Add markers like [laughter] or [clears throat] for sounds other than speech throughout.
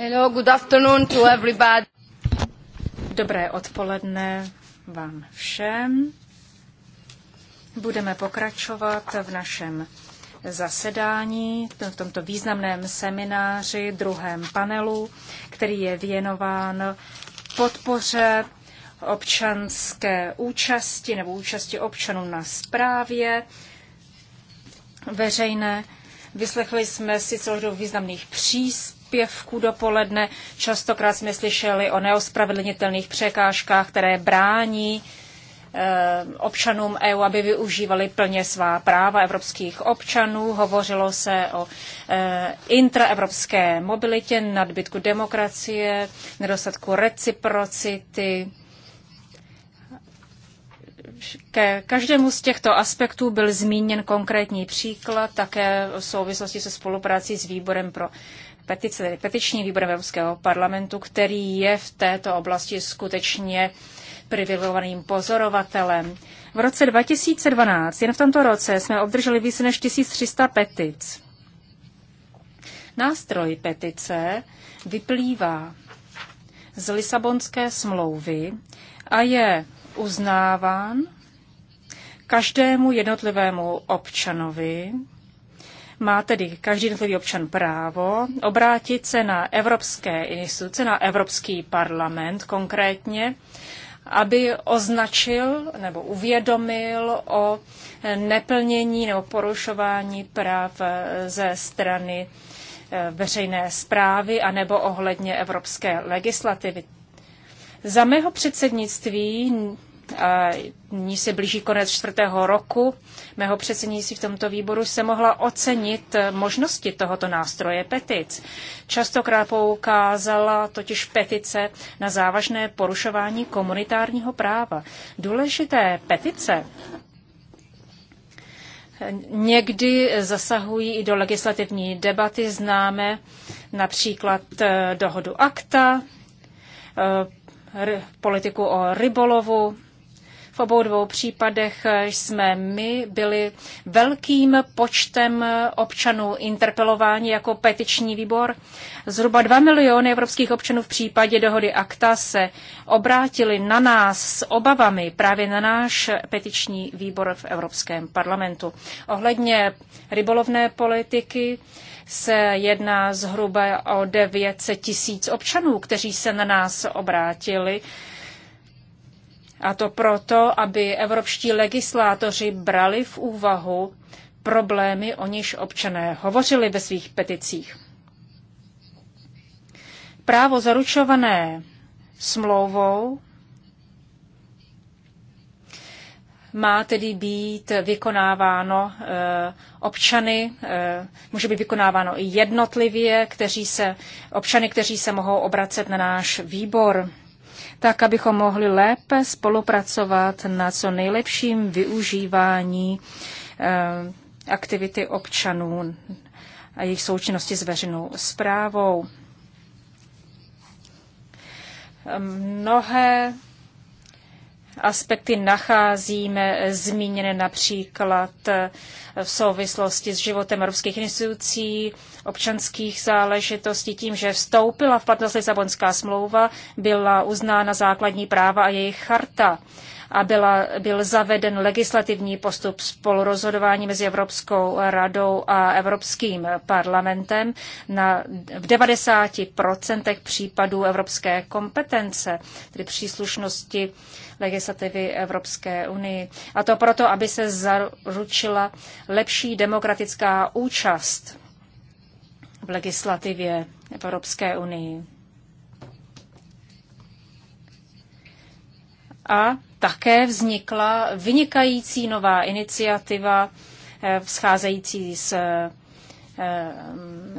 Hello, good afternoon to everybody. Dobré odpoledne vám všem. Budeme pokračovat v našem zasedání, v tomto významném semináři, druhém panelu, který je věnován podpoře občanské účasti nebo účasti občanů na správě veřejné. Vyslechli jsme si celou řadu významných příspěvků příspěvků dopoledne. Častokrát jsme slyšeli o neospravedlnitelných překážkách, které brání eh, občanům EU, aby využívali plně svá práva evropských občanů. Hovořilo se o eh, intraevropské mobilitě, nadbytku demokracie, nedostatku reciprocity. Ke každému z těchto aspektů byl zmíněn konkrétní příklad, také v souvislosti se spoluprací s Výborem pro petice, tedy petiční výbor Evropského parlamentu, který je v této oblasti skutečně privilegovaným pozorovatelem. V roce 2012, jen v tomto roce, jsme obdrželi více než 1300 petic. Nástroj petice vyplývá z Lisabonské smlouvy a je uznáván každému jednotlivému občanovi má tedy každý jednotlivý občan právo obrátit se na evropské instituce, na Evropský parlament konkrétně, aby označil nebo uvědomil o neplnění nebo porušování práv ze strany eh, veřejné zprávy nebo ohledně evropské legislativy. Za mého předsednictví Nyní ní se blíží konec čtvrtého roku mého si v tomto výboru, se mohla ocenit možnosti tohoto nástroje petic. Častokrát poukázala totiž petice na závažné porušování komunitárního práva. Důležité petice Někdy zasahují i do legislativní debaty, známe například eh, dohodu akta, eh, politiku o rybolovu v obou dvou případech jsme my byli velkým počtem občanů interpelováni jako petiční výbor. Zhruba 2 miliony evropských občanů v případě dohody akta se obrátili na nás s obavami právě na náš petiční výbor v Evropském parlamentu. Ohledně rybolovné politiky se jedná zhruba o 900 tisíc občanů, kteří se na nás obrátili a to proto, aby evropští legislátoři brali v úvahu problémy, o niž občané hovořili ve svých peticích. Právo zaručované smlouvou má tedy být vykonáváno eh, občany, eh, může být vykonáváno i jednotlivě, kteří se, občany, kteří se mohou obracet na náš výbor tak abychom mohli lépe spolupracovat na co nejlepším využívání eh, aktivity občanů a jejich součinnosti s veřejnou zprávou. Mnohé aspekty nacházíme zmíněné například eh, v souvislosti s životem evropských institucí, občanských záležitostí, tím, že vstoupila v platnost Lisabonská smlouva, byla uznána základní práva a jejich charta a byla, byl zaveden legislativní postup spolurozhodování mezi Evropskou radou a Evropským parlamentem na, v 90% případů evropské kompetence, tedy příslušnosti legislativy Evropské unii. A to proto, aby se zaručila lepší demokratická účast v legislativě Evropské unii. A také vznikla vynikající nová iniciativa eh, vzcházející z, eh,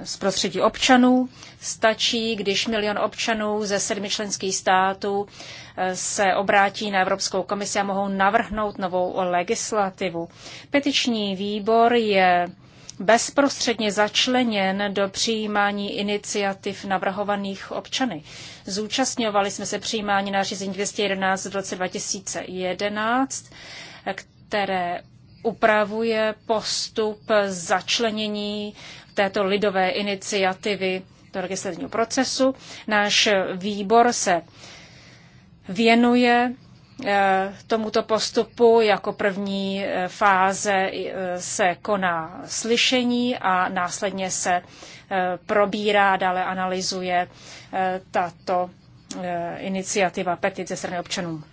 z prostředí občanů. Stačí, když milion občanů ze sedmi členských států se obrátí na Evropskou komisi a mohou navrhnout novou legislativu. Petiční výbor je bezprostředně začleněn do přijímání iniciativ navrhovaných občany. Zúčastňovali jsme se přijímání nařízení 211 v roce 2011, které upravuje postup začlenění této lidové iniciativy do legislativního procesu. Náš výbor se věnuje eh, tomuto postupu. Jako první eh, fáze eh, se koná slyšení a následně se probírá, dále analyzuje tato iniciativa petit ze strany občanů.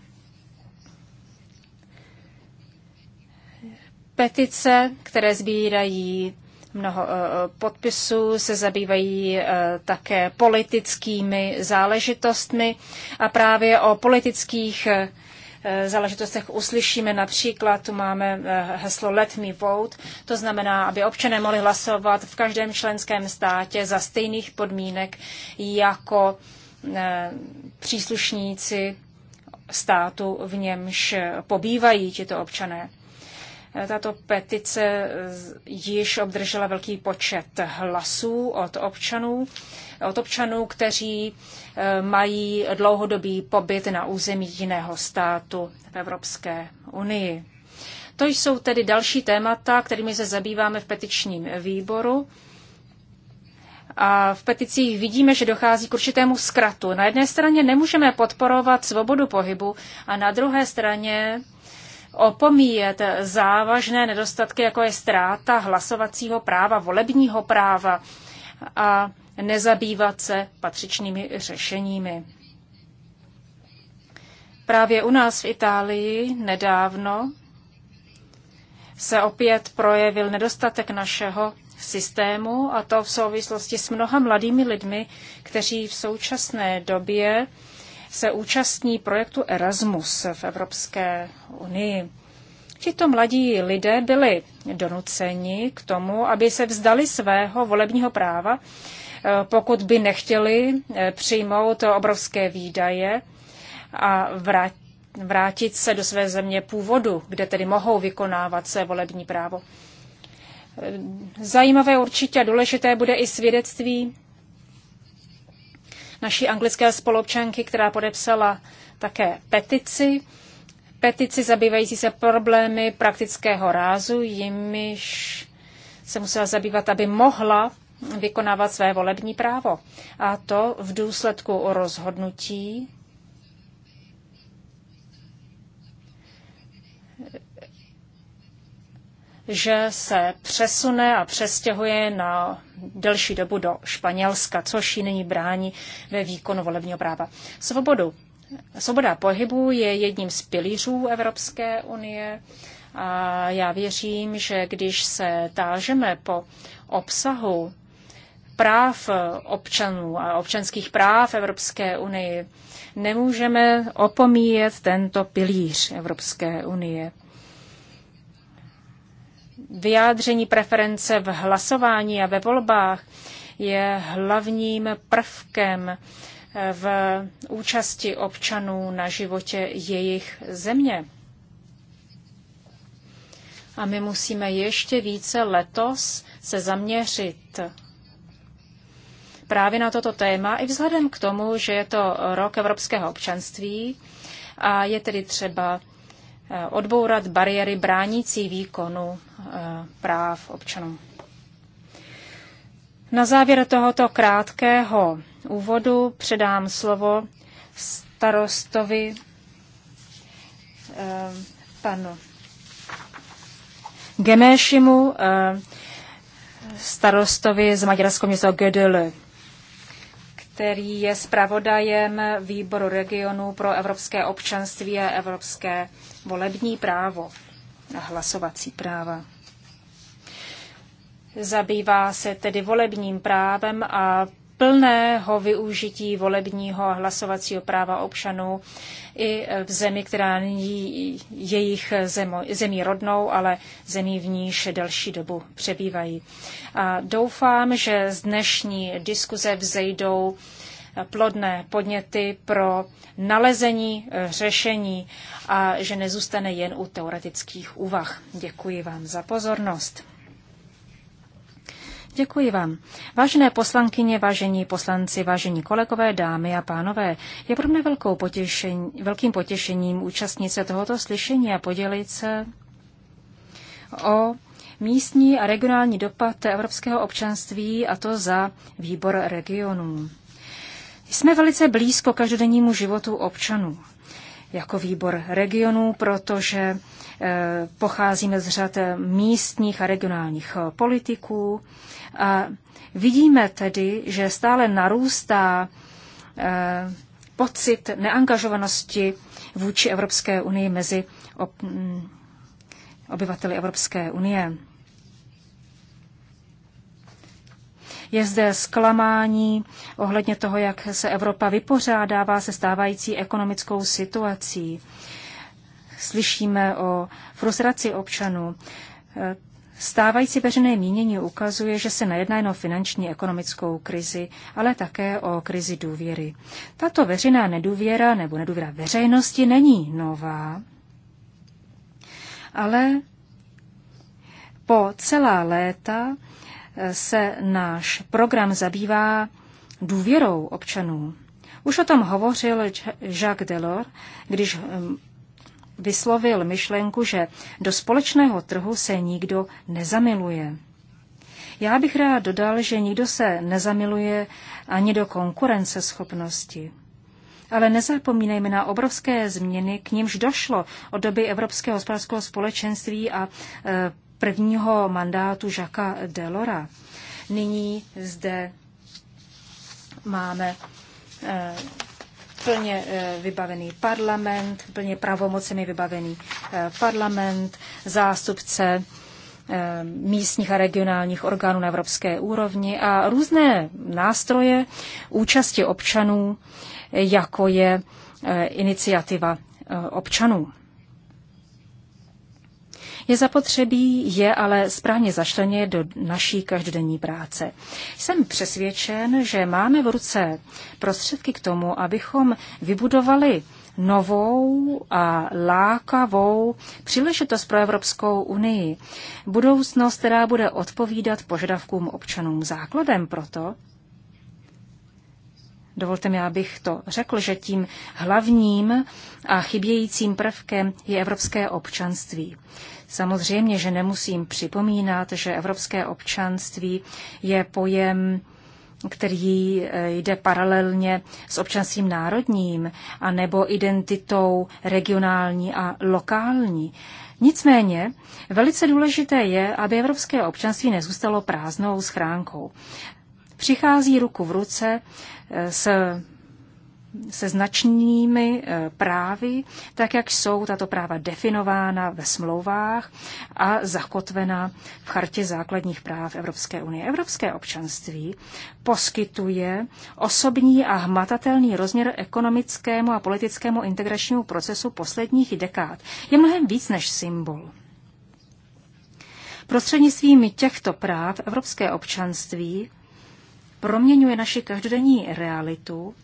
Petice, které sbírají mnoho eh, podpisů, se zabývají eh, také politickými záležitostmi a právě o politických eh, záležitostech uslyšíme. Například tu máme heslo Let me vote, to znamená, aby občané mohli hlasovat v každém členském státě za stejných podmínek jako příslušníci státu, v němž pobývají tito občané. Tato petice již obdržela velký počet hlasů od občanů, od občanů, kteří eh, mají dlouhodobý pobyt na území jiného státu v Evropské unii. To jsou tedy další témata, kterými se zabýváme v petičním výboru. A v peticích vidíme, že dochází k určitému zkratu. Na jedné straně nemůžeme podporovat svobodu pohybu a na druhé straně opomíjet závažné nedostatky, jako je ztráta hlasovacího práva, volebního práva a nezabývat se patřičnými řešeními. Právě u nás v Itálii nedávno se opět projevil nedostatek našeho systému a to v souvislosti s mnoha mladými lidmi, kteří v současné době se účastní projektu Erasmus v Evropské unii. Tito mladí lidé byli donuceni k tomu, aby se vzdali svého volebního práva, eh, pokud by nechtěli eh, přijmout obrovské výdaje a vrátit se do své země původu, kde tedy mohou vykonávat své volební právo. Zajímavé určitě a důležité bude i svědectví naší anglické spolupčanky, která podepsala také petici. Petici zabývající se problémy praktického rázu, jimiž se musela zabývat, aby mohla vykonávat své volební právo. A to v důsledku rozhodnutí že se přesune a přestěhuje na delší dobu do Španělska, což ji nyní brání ve výkonu volebního práva. Svobodu. Svoboda pohybu je jedním z pilířů Evropské unie a já věřím, že když se tážeme po obsahu práv občanů a občanských práv Evropské unie, nemůžeme opomíjet tento pilíř Evropské unie vyjádření preference v hlasování a ve volbách je hlavním prvkem eh, v účasti občanů na životě jejich země. A my musíme ještě více letos se zaměřit právě na toto téma i vzhledem k tomu, že je to rok evropského občanství a je tedy třeba Eh, odbourat bariéry bránící výkonu eh, práv občanů. Na závěr tohoto krátkého úvodu předám slovo starostovi eh, panu Gemešimu, starostovi z maďarského města GDL, který je zpravodajem výboru regionu pro evropské občanství a evropské volební právo a hlasovací práva. Zabývá se tedy volebním právem a plného využití volebního a hlasovacího práva občanů i v zemi, která není jejich zemo, zemí rodnou, ale zemí v níž delší dobu přebývají. A doufám, že z dnešní diskuze vzejdou plodné podněty pro nalezení eh, řešení a že nezůstane jen u teoretických úvah. Děkuji vám za pozornost. Děkuji vám. Vážené poslankyně, vážení poslanci, vážení kolegové, dámy a pánové, je pro mě velkou potěšení, velkým potěšením účastnit se tohoto slyšení a podělit se o místní a regionální dopad evropského občanství, a to za výbor regionů. Jsme velice blízko každodennímu životu občanů jako výbor regionů, protože eh, pocházíme z řad eh, místních a regionálních eh, politiků. A vidíme tedy, že stále narůstá pocit neangažovanosti vůči Evropské unii mezi mm, obyvateli Evropské unie. Je zde zklamání ohledně toho, jak se Evropa vypořádává se stávající ekonomickou situací. Slyšíme o frustraci občanů. Stávající veřejné mínění ukazuje, že se nejedná jen o finanční ekonomickou krizi, ale také o krizi důvěry. Tato veřejná nedůvěra nebo nedůvěra veřejnosti není nová, ale po celá léta se náš program zabývá důvěrou občanů. Už o tom hovořil Jacques Delors, když eh, vyslovil myšlenku, že do společného trhu se nikdo nezamiluje. Já bych rád dodal, že nikdo se nezamiluje ani do konkurenceschopnosti. Ale nezapomínejme na obrovské změny, k nímž došlo od doby Evropského hospodářského společenství a eh, prvního mandátu Žaka Delora. Nyní zde máme eh, plně eh, vybavený parlament, plně pravomocemi vybavený eh, parlament, zástupce místních a regionálních orgánů na evropské úrovni a různé nástroje účasti občanů, jako je iniciativa občanů. Je zapotřebí je ale správně zašleně do naší každodenní práce. Jsem přesvědčen, že máme v ruce prostředky k tomu, abychom vybudovali novou a lákavou příležitost pro Evropskou unii. Budoucnost, která bude odpovídat požadavkům občanům. Základem proto Dovolte mi, abych to řekl, že tím hlavním a chybějícím prvkem je evropské občanství. Samozřejmě, že nemusím připomínat, že evropské občanství je pojem který eh, jde paralelně s občanstvím národním a nebo identitou regionální a lokální. Nicméně velice důležité je, aby evropské občanství nezůstalo prázdnou schránkou. Přichází ruku v ruce eh, s se značnými eh, právy, tak jak jsou tato práva definována ve smlouvách a zakotvena v chartě základních práv Evropské unie. Evropské občanství poskytuje osobní a hmatatelný rozměr ekonomickému a politickému integračnímu procesu posledních dekád. Je mnohem víc než symbol. Prostřednictvím těchto práv evropské občanství proměňuje naši každodenní realitu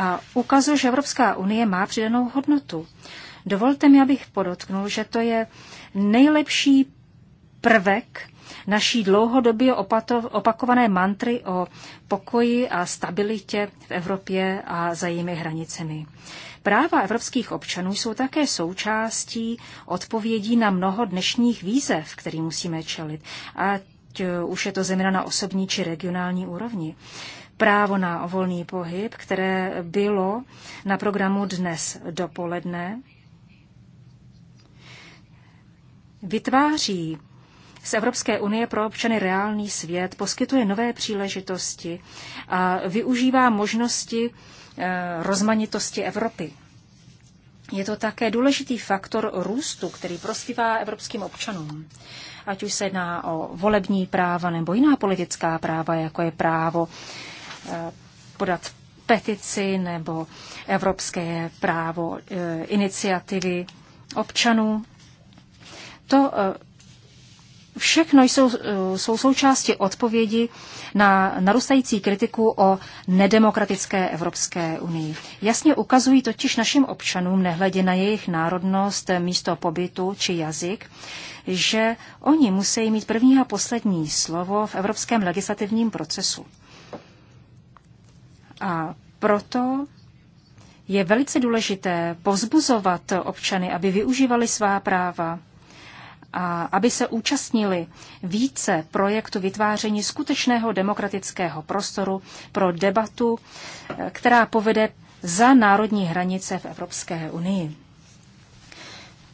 a ukazuje, že Evropská unie má přidanou hodnotu. Dovolte mi, abych podotknul, že to je nejlepší prvek naší dlouhodobě opakované mantry o pokoji a stabilitě v Evropě a za jejími hranicemi. Práva evropských občanů jsou také součástí odpovědí na mnoho dnešních výzev, který musíme čelit, ať už je to zeměna na osobní či regionální úrovni právo na volný pohyb, které bylo na programu dnes dopoledne, vytváří z Evropské unie pro občany reálný svět, poskytuje nové příležitosti a využívá možnosti eh, rozmanitosti Evropy. Je to také důležitý faktor růstu, který prospívá evropským občanům. Ať už se jedná o volební práva nebo jiná politická práva, jako je právo Eh, podat petici nebo evropské právo eh, iniciativy občanů. To eh, všechno jsou, jsou součásti odpovědi na narůstající kritiku o nedemokratické Evropské unii. Jasně ukazují totiž našim občanům, nehledě na jejich národnost, místo pobytu či jazyk, že oni musí mít první a poslední slovo v evropském legislativním procesu. A proto je velice důležité pozbuzovat občany, aby využívali svá práva a aby se účastnili více projektu vytváření skutečného demokratického prostoru pro debatu, která povede za národní hranice v Evropské unii.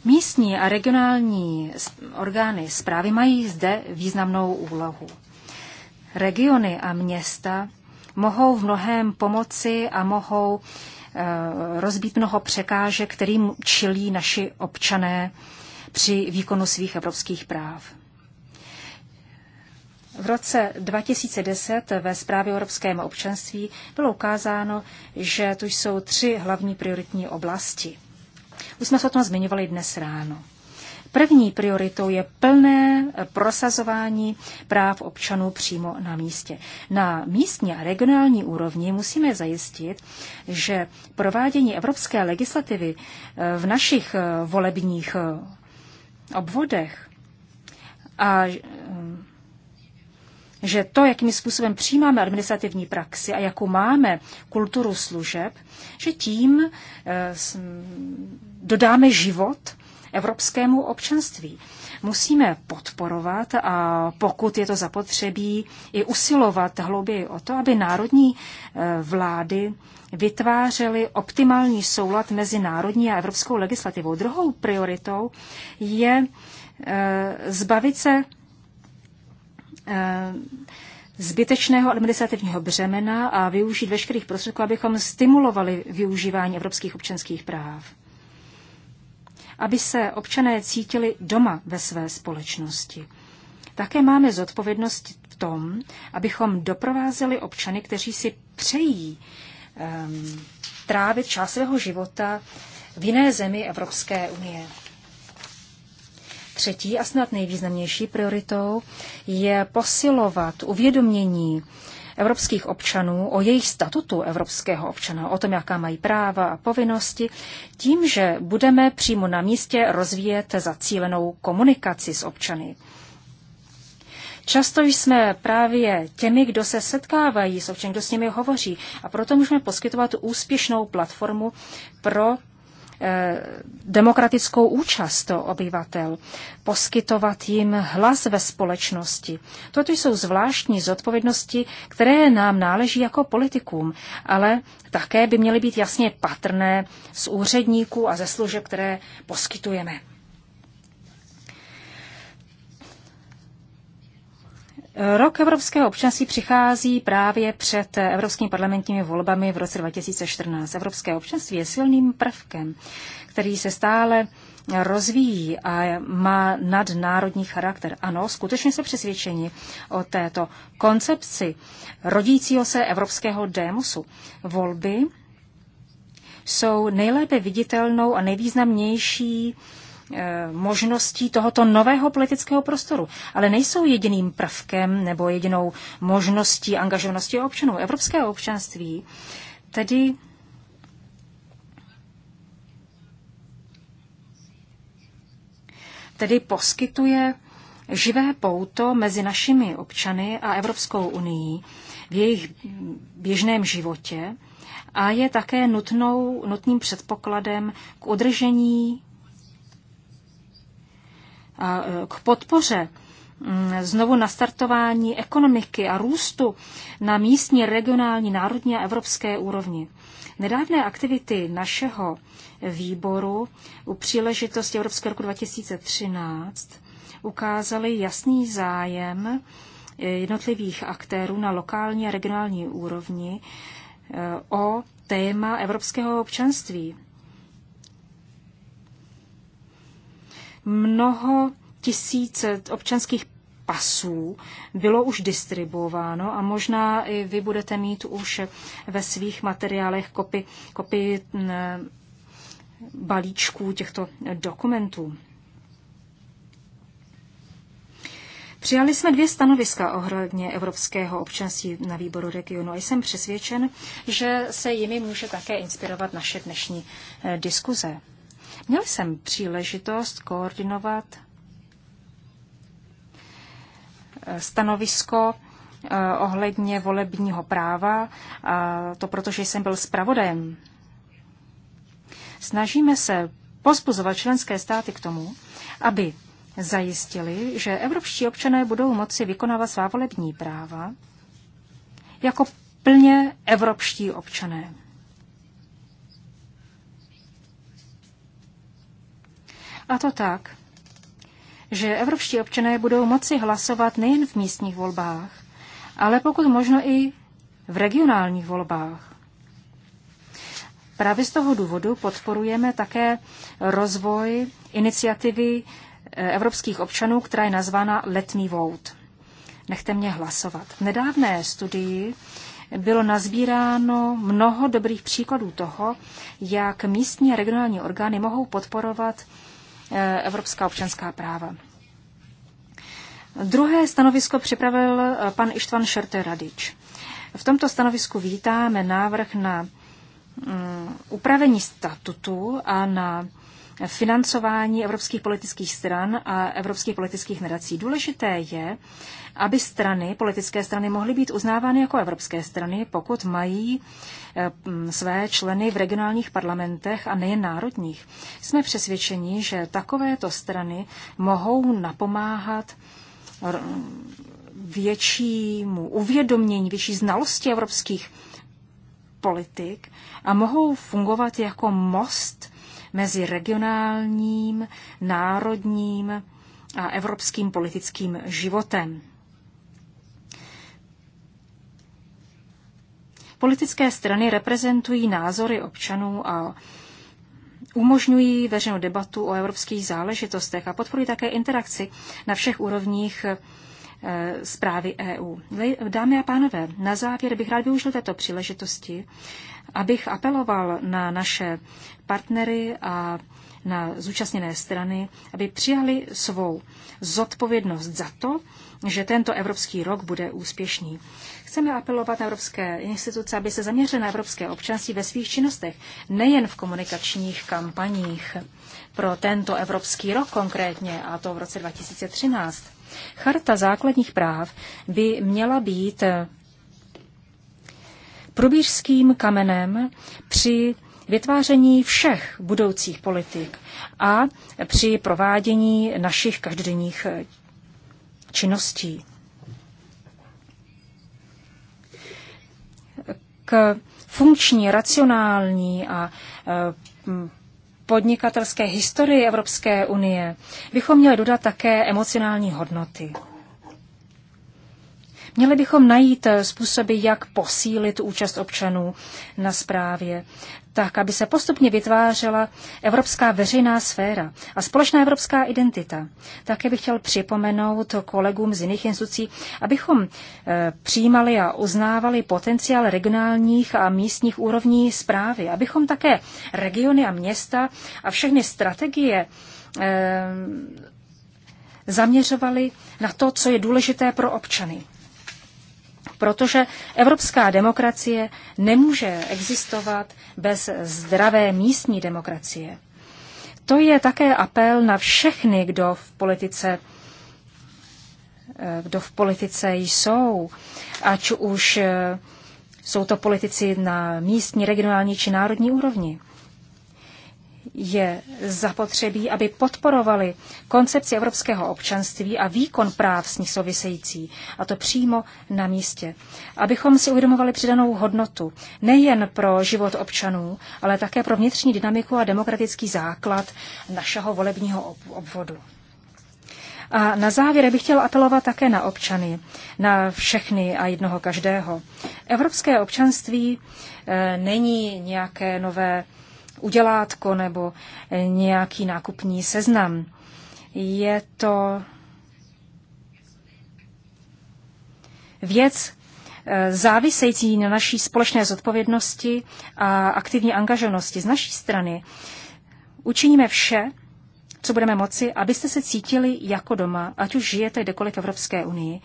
Místní a regionální orgány zprávy mají zde významnou úlohu. Regiony a města mohou v mnohém pomoci a mohou eh, rozbít mnoho překážek, kterým čilí naši občané při výkonu svých evropských práv. V roce 2010 ve zprávě o evropském občanství bylo ukázáno, že tu jsou tři hlavní prioritní oblasti. Už jsme se o tom zmiňovali dnes ráno. První prioritou je plné prosazování práv občanů přímo na místě. Na místní a regionální úrovni musíme zajistit, že provádění evropské legislativy eh, v našich eh, volebních eh, obvodech a že to, jakým způsobem přijímáme administrativní praxi a jakou máme kulturu služeb, že tím dodáme život evropskému občanství. Musíme podporovat a pokud je to zapotřebí, i usilovat hlouběji o to, aby národní eh, vlády vytvářely optimální soulad mezi národní a evropskou legislativou. Druhou prioritou je eh, zbavit se eh, zbytečného administrativního břemena a využít veškerých prostředků, abychom stimulovali využívání evropských občanských práv aby se občané cítili doma ve své společnosti. Také máme zodpovědnost v tom, abychom doprovázeli občany, kteří si přejí um, trávit část svého života v jiné zemi Evropské unie. Třetí a snad nejvýznamnější prioritou je posilovat uvědomění evropských občanů, o jejich statutu evropského občana, o tom, jaká mají práva a povinnosti, tím, že budeme přímo na místě rozvíjet zacílenou komunikaci s občany. Často jsme právě těmi, kdo se setkávají s občany, kdo s nimi hovoří a proto můžeme poskytovat úspěšnou platformu pro Eh, demokratickou účast obyvatel, poskytovat jim hlas ve společnosti. Toto jsou zvláštní zodpovědnosti, které nám náleží jako politikům, ale také by měly být jasně patrné z úředníků a ze služeb, které poskytujeme. Rok evropského občanství přichází právě před evropskými parlamentními volbami v roce 2014. Evropské občanství je silným prvkem, který se stále rozvíjí a má nadnárodní charakter. Ano, skutečně jsme přesvědčeni o této koncepci rodícího se evropského démosu. Volby jsou nejlépe viditelnou a nejvýznamnější Eh, možností tohoto nového politického prostoru, ale nejsou jediným prvkem nebo jedinou možností angažovanosti občanů. Evropské občanství tedy tedy poskytuje živé pouto mezi našimi občany a Evropskou unii v jejich běžném životě a je také nutnou, nutným předpokladem k udržení E, k podpoře mm, znovu nastartování ekonomiky a růstu na místní, regionální, národní a evropské úrovni. Nedávné aktivity našeho výboru u příležitosti Evropského roku 2013 ukázaly jasný zájem e, jednotlivých aktérů na lokální a regionální úrovni e, o téma evropského občanství. Mnoho tisíc občanských pasů bylo už distribuováno a možná i vy budete mít už ve svých materiálech kopy, kopy balíčků těchto dokumentů. Přijali jsme dvě stanoviska ohledně evropského občanství na výboru regionu a jsem přesvědčen, že se jimi může také inspirovat naše dnešní eh, diskuze. Měl jsem příležitost koordinovat eh, stanovisko eh, ohledně volebního práva, a to protože jsem byl zpravodajem. Snažíme se pozbuzovat členské státy k tomu, aby zajistili, že evropští občané budou moci vykonávat svá volební práva jako plně evropští občané. A to tak, že evropští občané budou moci hlasovat nejen v místních volbách, ale pokud možno i v regionálních volbách. Právě z toho důvodu podporujeme také rozvoj iniciativy eh, evropských občanů, která je nazvána Let me vote. Nechte mě hlasovat. V nedávné studii bylo nazbíráno mnoho dobrých příkladů toho, jak místní a regionální orgány mohou podporovat Eh, evropská občanská práva. Druhé stanovisko připravil eh, pan Ištvan Šerte Radič. V tomto stanovisku vítáme návrh na mm, upravení statutu a na financování evropských politických stran a evropských politických nadací. Důležité je, aby strany, politické strany, mohly být uznávány jako evropské strany, pokud mají své členy v regionálních parlamentech a nejen národních. Jsme přesvědčeni, že takovéto strany mohou napomáhat většímu uvědomění, větší znalosti evropských politik a mohou fungovat jako most mezi regionálním, národním a evropským politickým životem. Politické strany reprezentují názory občanů a umožňují veřejnou debatu o evropských záležitostech a podporují také interakci na všech úrovních eh, zprávy EU. Dámy a pánové, na závěr bych rád využil této příležitosti, abych apeloval na naše partnery a na zúčastněné strany, aby přijali svou zodpovědnost za to, že tento evropský rok bude úspěšný. Chceme apelovat na evropské instituce, aby se zaměřily na evropské občanství ve svých činnostech, nejen v komunikačních kampaních pro tento Evropský rok konkrétně, a to v roce 2013. Charta základních práv by měla být probířským kamenem při vytváření všech budoucích politik a při provádění našich každodenních činností. funkční, racionální a e, podnikatelské historii Evropské unie bychom měli dodat také emocionální hodnoty. Měli bychom najít eh, způsoby, jak posílit účast občanů na správě, tak aby se postupně vytvářela evropská veřejná sféra a společná evropská identita. Také bych chtěl připomenout kolegům z jiných institucí, abychom eh, přijímali a uznávali potenciál regionálních a místních úrovní zprávy, abychom také regiony a města a všechny strategie eh, zaměřovali na to, co je důležité pro občany protože evropská demokracie nemůže existovat bez zdravé místní demokracie. To je také apel na všechny, kdo v politice eh, kdo v politice jsou, ať už eh, jsou to politici na místní, regionální či národní úrovni je zapotřebí, aby podporovali koncepci evropského občanství a výkon práv s ní související, a to přímo na místě. Abychom si uvědomovali přidanou hodnotu nejen pro život občanů, ale také pro vnitřní dynamiku a demokratický základ našeho volebního obvodu. A na závěr bych chtěl apelovat také na občany, na všechny a jednoho každého. Evropské občanství eh, není nějaké nové udělátko nebo eh, nějaký nákupní seznam. Je to věc eh, závisející na naší společné zodpovědnosti a aktivní angažovanosti z naší strany. Učiníme vše, co budeme moci, abyste se cítili jako doma, ať už žijete kdekoliv v Evropské unii,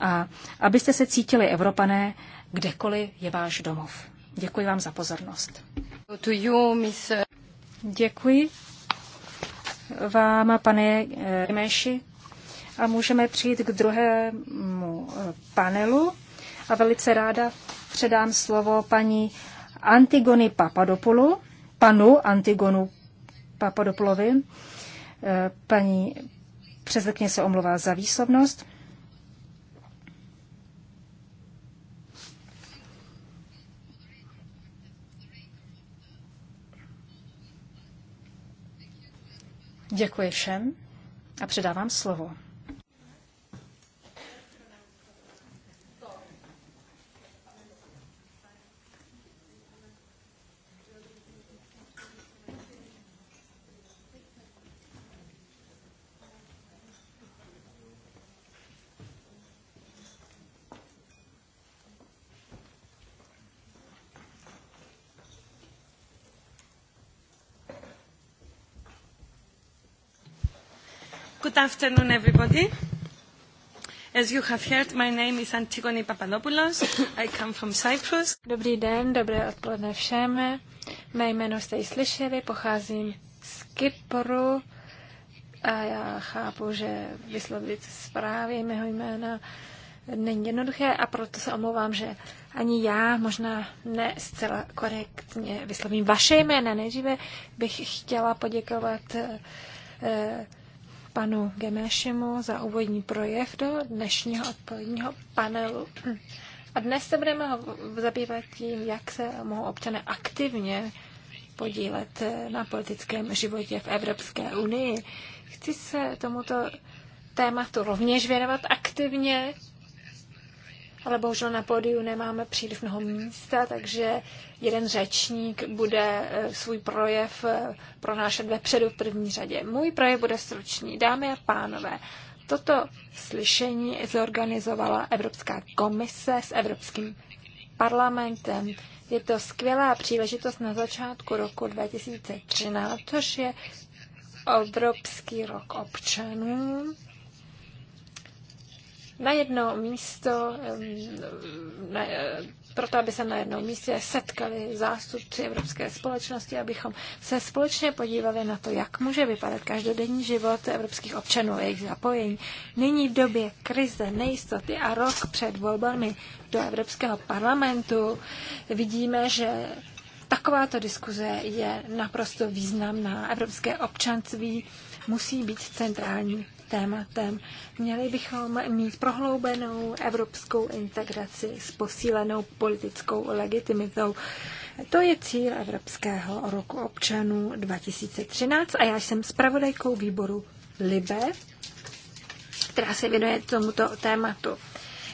a abyste se cítili Evropané, kdekoliv je váš domov. Děkuji vám za pozornost. To eh, Děkuji vám, pane eh, Meši. A můžeme přijít k druhému eh, panelu. A velice ráda předám slovo paní Antigony Papadopulu, panu Antigonu Papadopoulovi. Paní předsedkyně se omluvá za výslovnost. Děkuji všem a předávám slovo. Good afternoon, everybody. As you have heard, my name is Antigone Papadopoulos. I come from Cyprus. Dobrý den, dobré odpoledne všem. Mé jméno jste ji slyšeli, pocházím z Kypru a já chápu, že vyslovit zprávy mého jména není jednoduché a proto se omlouvám, že ani já možná ne zcela korektně vyslovím vaše jména. Nejdříve bych chtěla poděkovat eh, panu Gemešemu za úvodní projev do dnešního odpoledního panelu. A dnes se budeme zabývat tím, jak se mohou občané aktivně podílet na politickém životě v Evropské unii. Chci se tomuto tématu rovněž věnovat aktivně, ale bohužel na pódiu nemáme příliš mnoho místa, takže jeden řečník bude eh, svůj projev eh, pronášet vepředu v první řadě. Můj projev bude stručný. Dámy a pánové, toto slyšení zorganizovala Evropská komise s Evropským parlamentem. Je to skvělá příležitost na začátku roku 2013, což je Evropský rok občanů na jedno místo, na, eh, proto aby se na jednom místě setkali zástupci evropské společnosti, abychom se společně podívali na to, jak může vypadat každodenní život evropských občanů a jejich zapojení. Nyní v době krize, nejistoty a rok před volbami do Evropského parlamentu vidíme, že takováto diskuze je naprosto významná. Evropské občanství musí být centrální tématem. Měli bychom mít prohloubenou evropskou integraci s posílenou politickou legitimitou. To je cíl Evropského roku občanů 2013 a já jsem zpravodajkou výboru LIBE, která se věnuje tomuto tématu.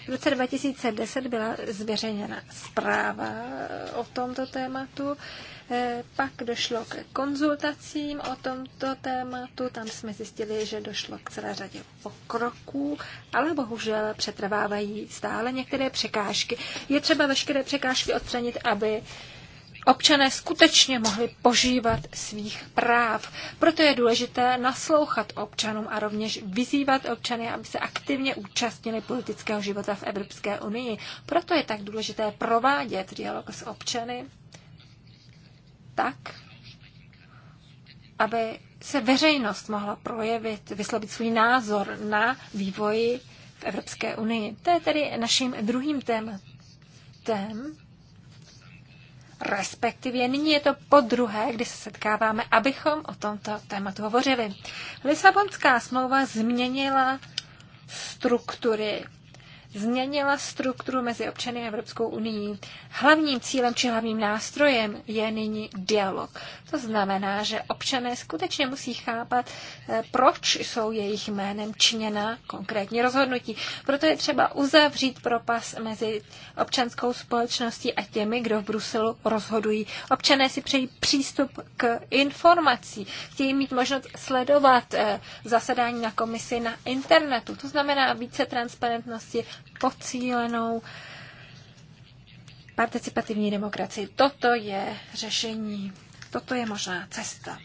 V roce 2010 byla zveřejněna zpráva o tomto tématu Eh, pak došlo k konzultacím o tomto tématu, tam jsme zjistili, že došlo k celé řadě pokroků, ale bohužel přetrvávají stále některé překážky. Je třeba veškeré překážky odstranit, aby občané skutečně mohli požívat svých práv. Proto je důležité naslouchat občanům a rovněž vyzývat občany, aby se aktivně účastnili politického života v Evropské unii. Proto je tak důležité provádět dialog s občany tak, aby se veřejnost mohla projevit, vyslovit svůj názor na vývoji v Evropské unii. To je tedy naším druhým tématem, respektive nyní je to po druhé, kdy se setkáváme, abychom o tomto tématu hovořili. Lisabonská smlouva změnila struktury změnila strukturu mezi občany Evropskou unii. Hlavním cílem či hlavním nástrojem je nyní dialog. To znamená, že občané skutečně musí chápat, eh, proč jsou jejich jménem činěna konkrétní rozhodnutí. Proto je třeba uzavřít propas mezi občanskou společností a těmi, kdo v Bruselu rozhodují. Občané si přejí přístup k informací, chtějí mít možnost sledovat eh, zasedání na komisi na internetu. To znamená více transparentnosti, pocílenou participativní demokracii. Toto je řešení, toto je možná cesta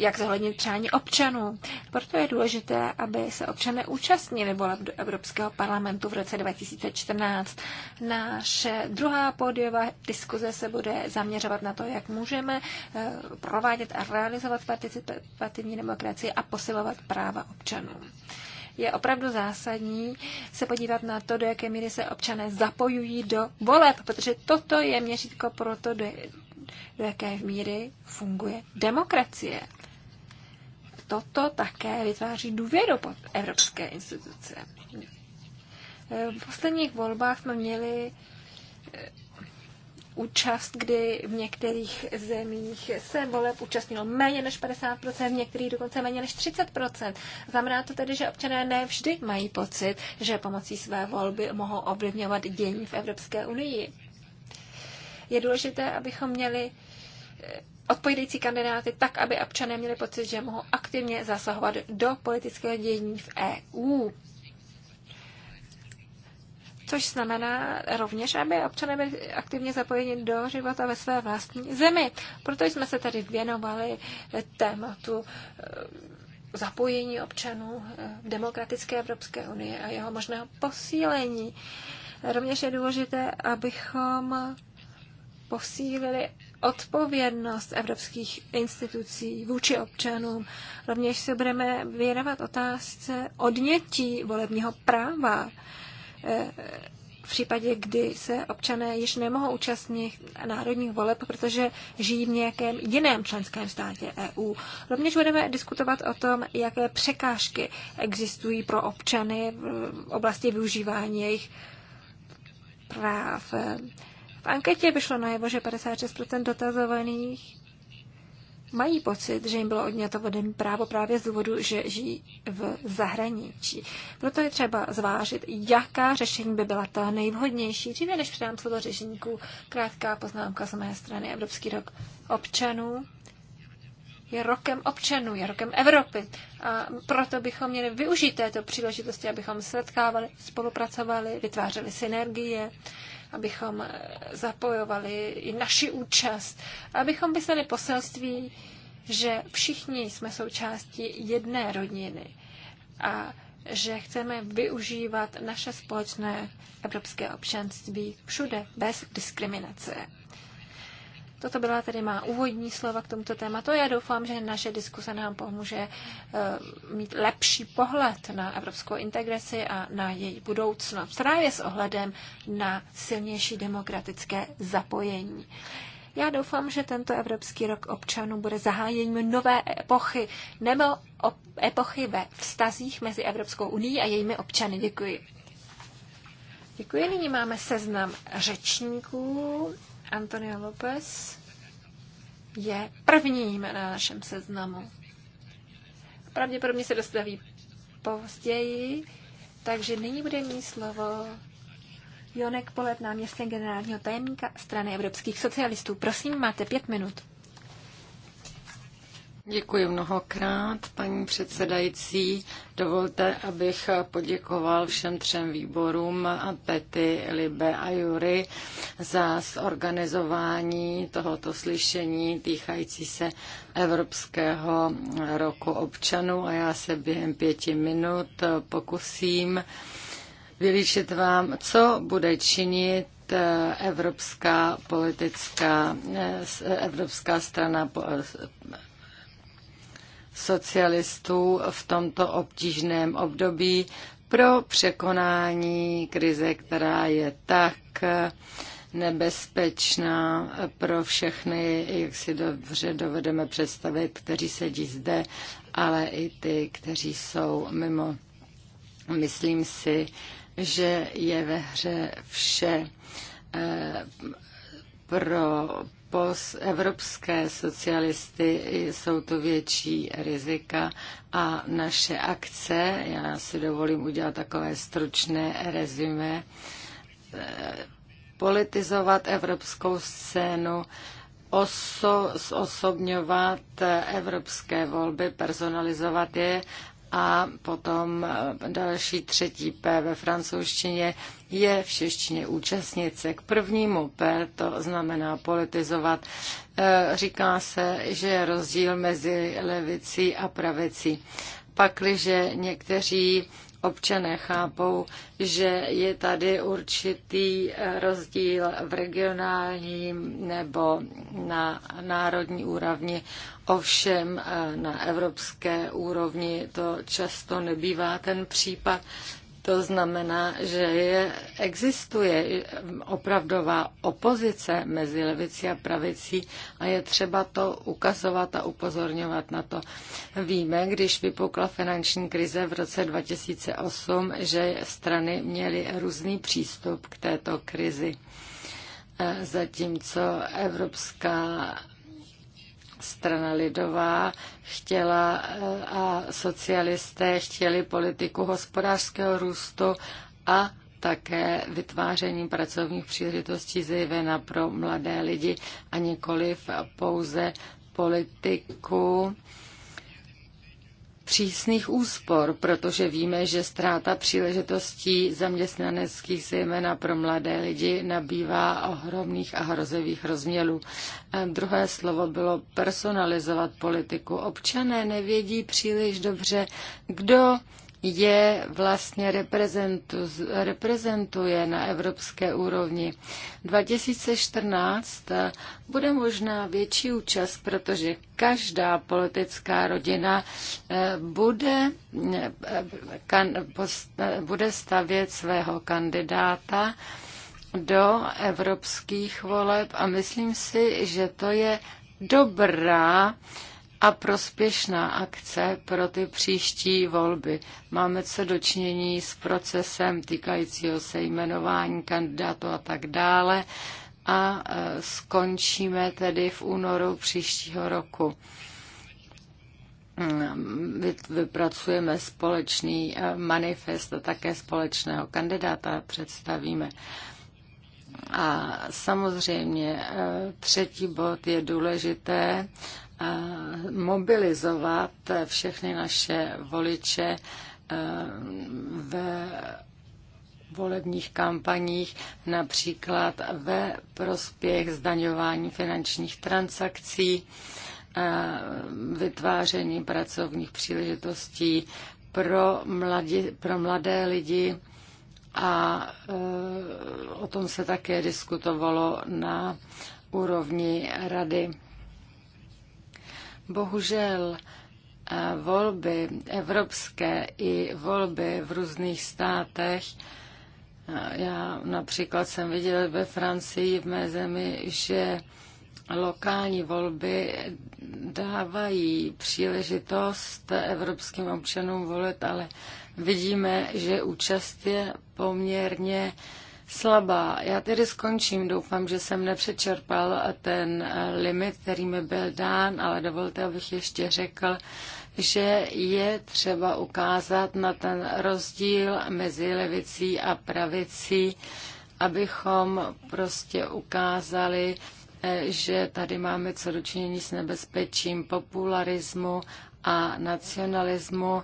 jak zohlednit přání občanů. Proto je důležité, aby se občané účastnili voleb do Evropského parlamentu v roce 2014. Naše druhá pódiová diskuze se bude zaměřovat na to, jak můžeme eh, provádět a realizovat participativní demokracii a posilovat práva občanů je opravdu zásadní se podívat na to, do jaké míry se občané zapojují do voleb, protože toto je měřítko pro to, do, do jaké míry funguje demokracie. Toto také vytváří důvěru pod evropské instituce. V posledních volbách jsme měli účast, kdy v některých zemích se voleb účastnilo méně než 50%, v některých dokonce méně než 30%. Znamená to tedy, že občané ne vždy mají pocit, že pomocí své volby mohou ovlivňovat dění v Evropské unii. Je důležité, abychom měli eh, odpovídající kandidáty tak, aby občané měli pocit, že mohou aktivně zasahovat do politického dění v EU což znamená rovněž, aby občané byli aktivně zapojeni do života ve své vlastní zemi. Proto jsme se tady věnovali tématu eh, zapojení občanů eh, v demokratické Evropské unii a jeho možného posílení. Rovněž je důležité, abychom posílili odpovědnost evropských institucí vůči občanům. Rovněž se budeme věnovat otázce odnětí volebního práva v případě, kdy se občané již nemohou účastnit národních voleb, protože žijí v nějakém jiném členském státě EU. Rovněž budeme diskutovat o tom, jaké překážky existují pro občany v oblasti využívání jejich práv. V anketě vyšlo najevo, že 56% dotazovaných mají pocit, že jim bylo odňato vodem právo právě z důvodu, že žijí v zahraničí. Proto je třeba zvážit, jaká řešení by byla ta nejvhodnější. Dříve než předám slovo řešníků, krátká poznámka z mé strany. Evropský rok občanů je rokem občanů, je rokem Evropy. A proto bychom měli využít této příležitosti, abychom setkávali, spolupracovali, vytvářeli synergie, abychom zapojovali i naši účast, abychom vyslali poselství, že všichni jsme součástí jedné rodiny a že chceme využívat naše společné evropské občanství všude bez diskriminace. Toto byla tedy má úvodní slova k tomuto tématu. Já doufám, že naše diskuse nám pomůže eh, mít lepší pohled na evropskou integraci a na její budoucnost právě s ohledem na silnější demokratické zapojení. Já doufám, že tento Evropský rok občanů bude zahájením nové epochy nebo epochy ve vztazích mezi Evropskou unii a jejími občany. Děkuji. Děkuji. Nyní máme seznam řečníků Antonio Lopez je první, na našem seznamu. Pravděpodobně se dostaví později, takže nyní bude mít slovo Jonek Polet, náměstek generálního tajemníka strany evropských socialistů. Prosím, máte pět minut. Děkuji mnohokrát, paní předsedající. Dovolte, abych poděkoval všem třem výborům Pety, Libe a Jury za zorganizování tohoto slyšení týkající se Evropského roku občanů a já se během pěti minut pokusím vylíčit vám, co bude činit evropská politická, evropská strana socialistů v tomto obtížném období pro překonání krize, která je tak nebezpečná pro všechny, jak si dobře dovedeme představit, kteří sedí zde, ale i ty, kteří jsou mimo. Myslím si, že je ve hře vše eh, pro evropské socialisty jsou to větší rizika a naše akce, já si dovolím udělat takové stručné rezime, eh, politizovat evropskou scénu, oso, zosobňovat eh, evropské volby, personalizovat je a potom eh, další třetí P ve francouzštině je v češtině účastnice. K prvnímu P to znamená politizovat. Eh, říká se, že je rozdíl mezi levicí a pravicí. Pakliže někteří občané chápou, že je tady určitý eh, rozdíl v regionálním nebo na národní úrovni. Ovšem eh, na evropské úrovni to často nebývá ten případ, to znamená, že je, existuje opravdová opozice mezi levicí a pravicí a je třeba to ukazovat a upozorňovat na to. Víme, když vypukla finanční krize v roce 2008, že strany měly různý přístup k této krizi. E, zatímco Evropská strana lidová chtěla eh, a socialisté chtěli politiku hospodářského růstu a také vytváření pracovních příležitostí zejména pro mladé lidi a nikoliv pouze politiku přísných úspor, protože víme, že ztráta příležitostí zaměstnaneckých, zejména pro mladé lidi, nabývá ohromných a hrozivých rozměrů. Druhé slovo bylo personalizovat politiku. Občané nevědí příliš dobře, kdo je vlastně reprezentuje na evropské úrovni. 2014 bude možná větší účast, protože každá politická rodina eh, bude, eh, kan, eh, bude stavět svého kandidáta do evropských voleb a myslím si, že to je dobrá a prospěšná akce pro ty příští volby. Máme co dočinění s procesem týkajícího se jmenování kandidátů a tak dále a e, skončíme tedy v únoru příštího roku. Mm, vypracujeme společný e, manifest a také společného kandidáta představíme. A samozřejmě e, třetí bod je důležité mobilizovat všechny naše voliče eh, ve volebních kampaních, například ve prospěch zdaňování finančních transakcí, eh, vytváření pracovních příležitostí pro, mladí, pro mladé lidi a eh, o tom se také diskutovalo na úrovni rady Bohužel eh, volby evropské i volby v různých státech eh, já například jsem viděl ve Francii, v mé zemi, že lokální volby dávají příležitost evropským občanům volit, ale vidíme, že účast je poměrně slabá. Já tedy skončím. Doufám, že jsem nepřečerpal ten eh, limit, který mi byl dán, ale dovolte, abych ještě řekl, že je třeba ukázat na ten rozdíl mezi levicí a pravicí, abychom prostě ukázali, eh, že tady máme co dočinění s nebezpečím popularismu a nacionalismu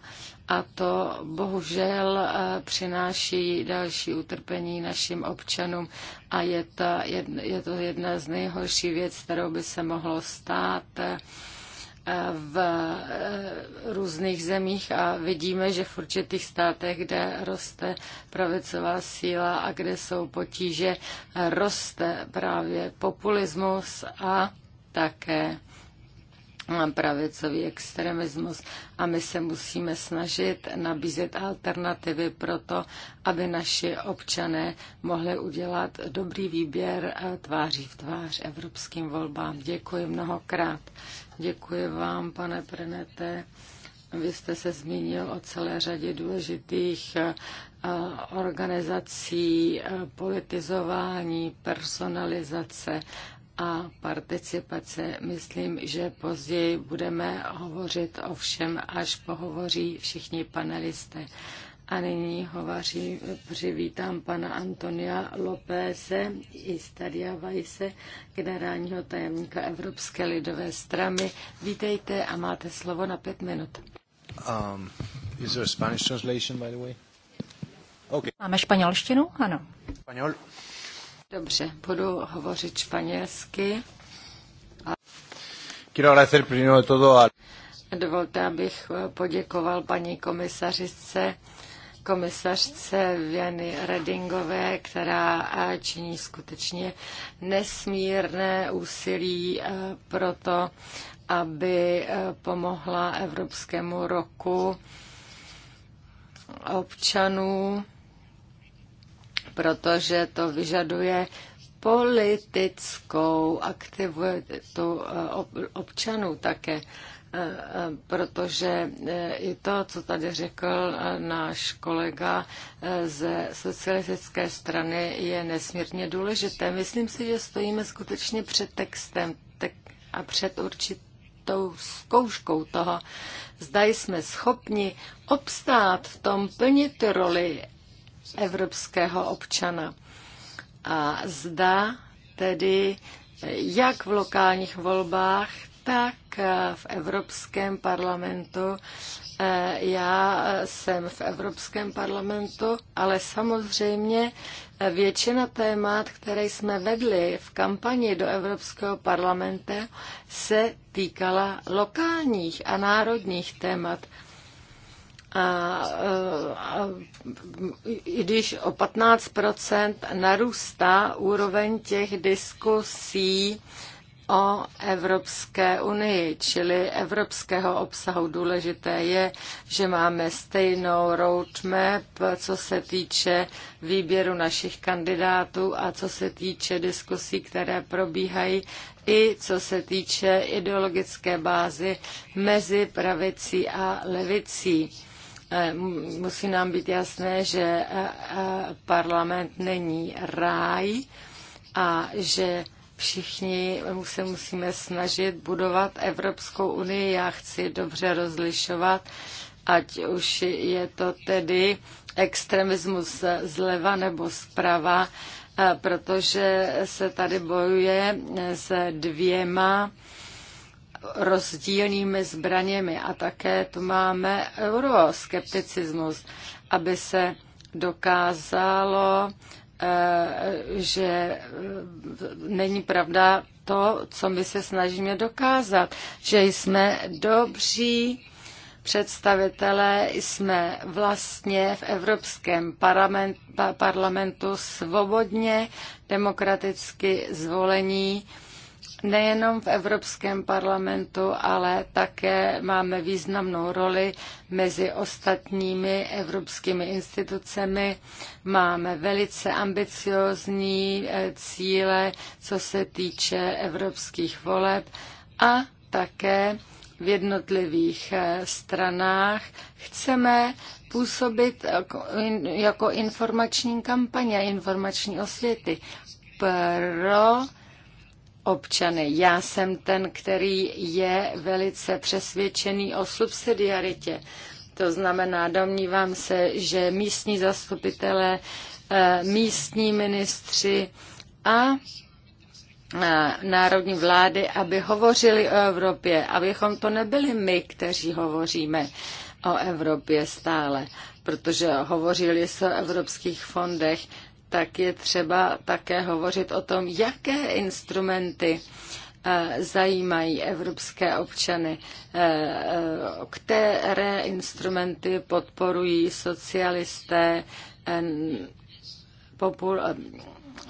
a to bohužel eh, přináší další utrpení našim občanům a je to, je to jedna z nejhorší věc, kterou by se mohlo stát eh, v eh, různých zemích a vidíme, že v určitých státech, kde roste pravicová síla a kde jsou potíže, roste právě populismus a také pravicový extremismus a my se musíme snažit nabízet alternativy pro to, aby naši občané mohli udělat dobrý výběr eh, tváří v tvář evropským volbám. Děkuji mnohokrát. Děkuji vám, pane Prenete. Vy jste se zmínil o celé řadě důležitých eh, eh, organizací, politizování, personalizace a participace. Myslím, že později budeme hovořit o všem, až pohovoří všichni panelisté. A nyní hovaří, přivítám pana Antonia Lopéze i Stadia Vajse, generálního tajemníka Evropské lidové strany. Vítejte a máte slovo na pět minut. Um, is there a Spanish translation, by the way? Okay. Máme španělštinu? Ano. Španěl. Dobře, budu hovořit španělsky. Quiero agradecer primero de todo a... Dovolte, abych poděkoval paní komisařice, komisařce Věny Redingové, která eh, činí skutečně nesmírné úsilí eh, pro to, aby eh, pomohla Evropskému roku občanů protože to vyžaduje politickou aktivitu eh, občanů také eh, eh, protože i to, co tady řekl náš kolega ze socialistické strany, je nesmírně důležité. Myslím si, že stojíme skutečně před textem a před určitou zkouškou toho, zda jsme schopni obstát v tom plnit roli evropského občana. A zda tedy jak v lokálních volbách, tak v Evropském parlamentu. E, já jsem v Evropském parlamentu, ale samozřejmě většina témat, které jsme vedli v kampani do Evropského parlamentu, se týkala lokálních a národních témat a, e, e, i když o 15 narůstá úroveň těch diskusí o Evropské unii, čili evropského obsahu. Důležité je, že máme stejnou roadmap, co se týče výběru našich kandidátů a co se týče diskusí, které probíhají i co se týče ideologické bázy mezi pravicí a levicí Eh, musí nám být jasné, že eh, eh, parlament není ráj a že všichni se musíme snažit budovat Evropskou unii. Já chci dobře rozlišovat, ať už je to tedy extremismus zleva nebo zprava, protože se tady bojuje se dvěma rozdílnými zbraněmi. A také tu máme euroskepticismus, aby se dokázalo, eh, že eh, není pravda to, co my se snažíme dokázat, že jsme dobří představitelé jsme vlastně v Evropském parlamentu svobodně demokraticky zvolení nejenom v Evropském parlamentu, ale také máme významnou roli mezi ostatními evropskými institucemi. Máme velice ambiciozní eh, cíle, co se týče evropských voleb a také v jednotlivých eh, stranách chceme působit jako, jako informační kampaně, informační osvěty pro občany. Já jsem ten, který je velice přesvědčený o subsidiaritě. To znamená, domnívám se, že místní zastupitelé, eh, místní ministři a eh, národní vlády, aby hovořili o Evropě, abychom to nebyli my, kteří hovoříme o Evropě stále, protože hovořili se o evropských fondech, tak je třeba také hovořit o tom, jaké instrumenty eh, zajímají evropské občany, eh, eh, které instrumenty podporují socialisté,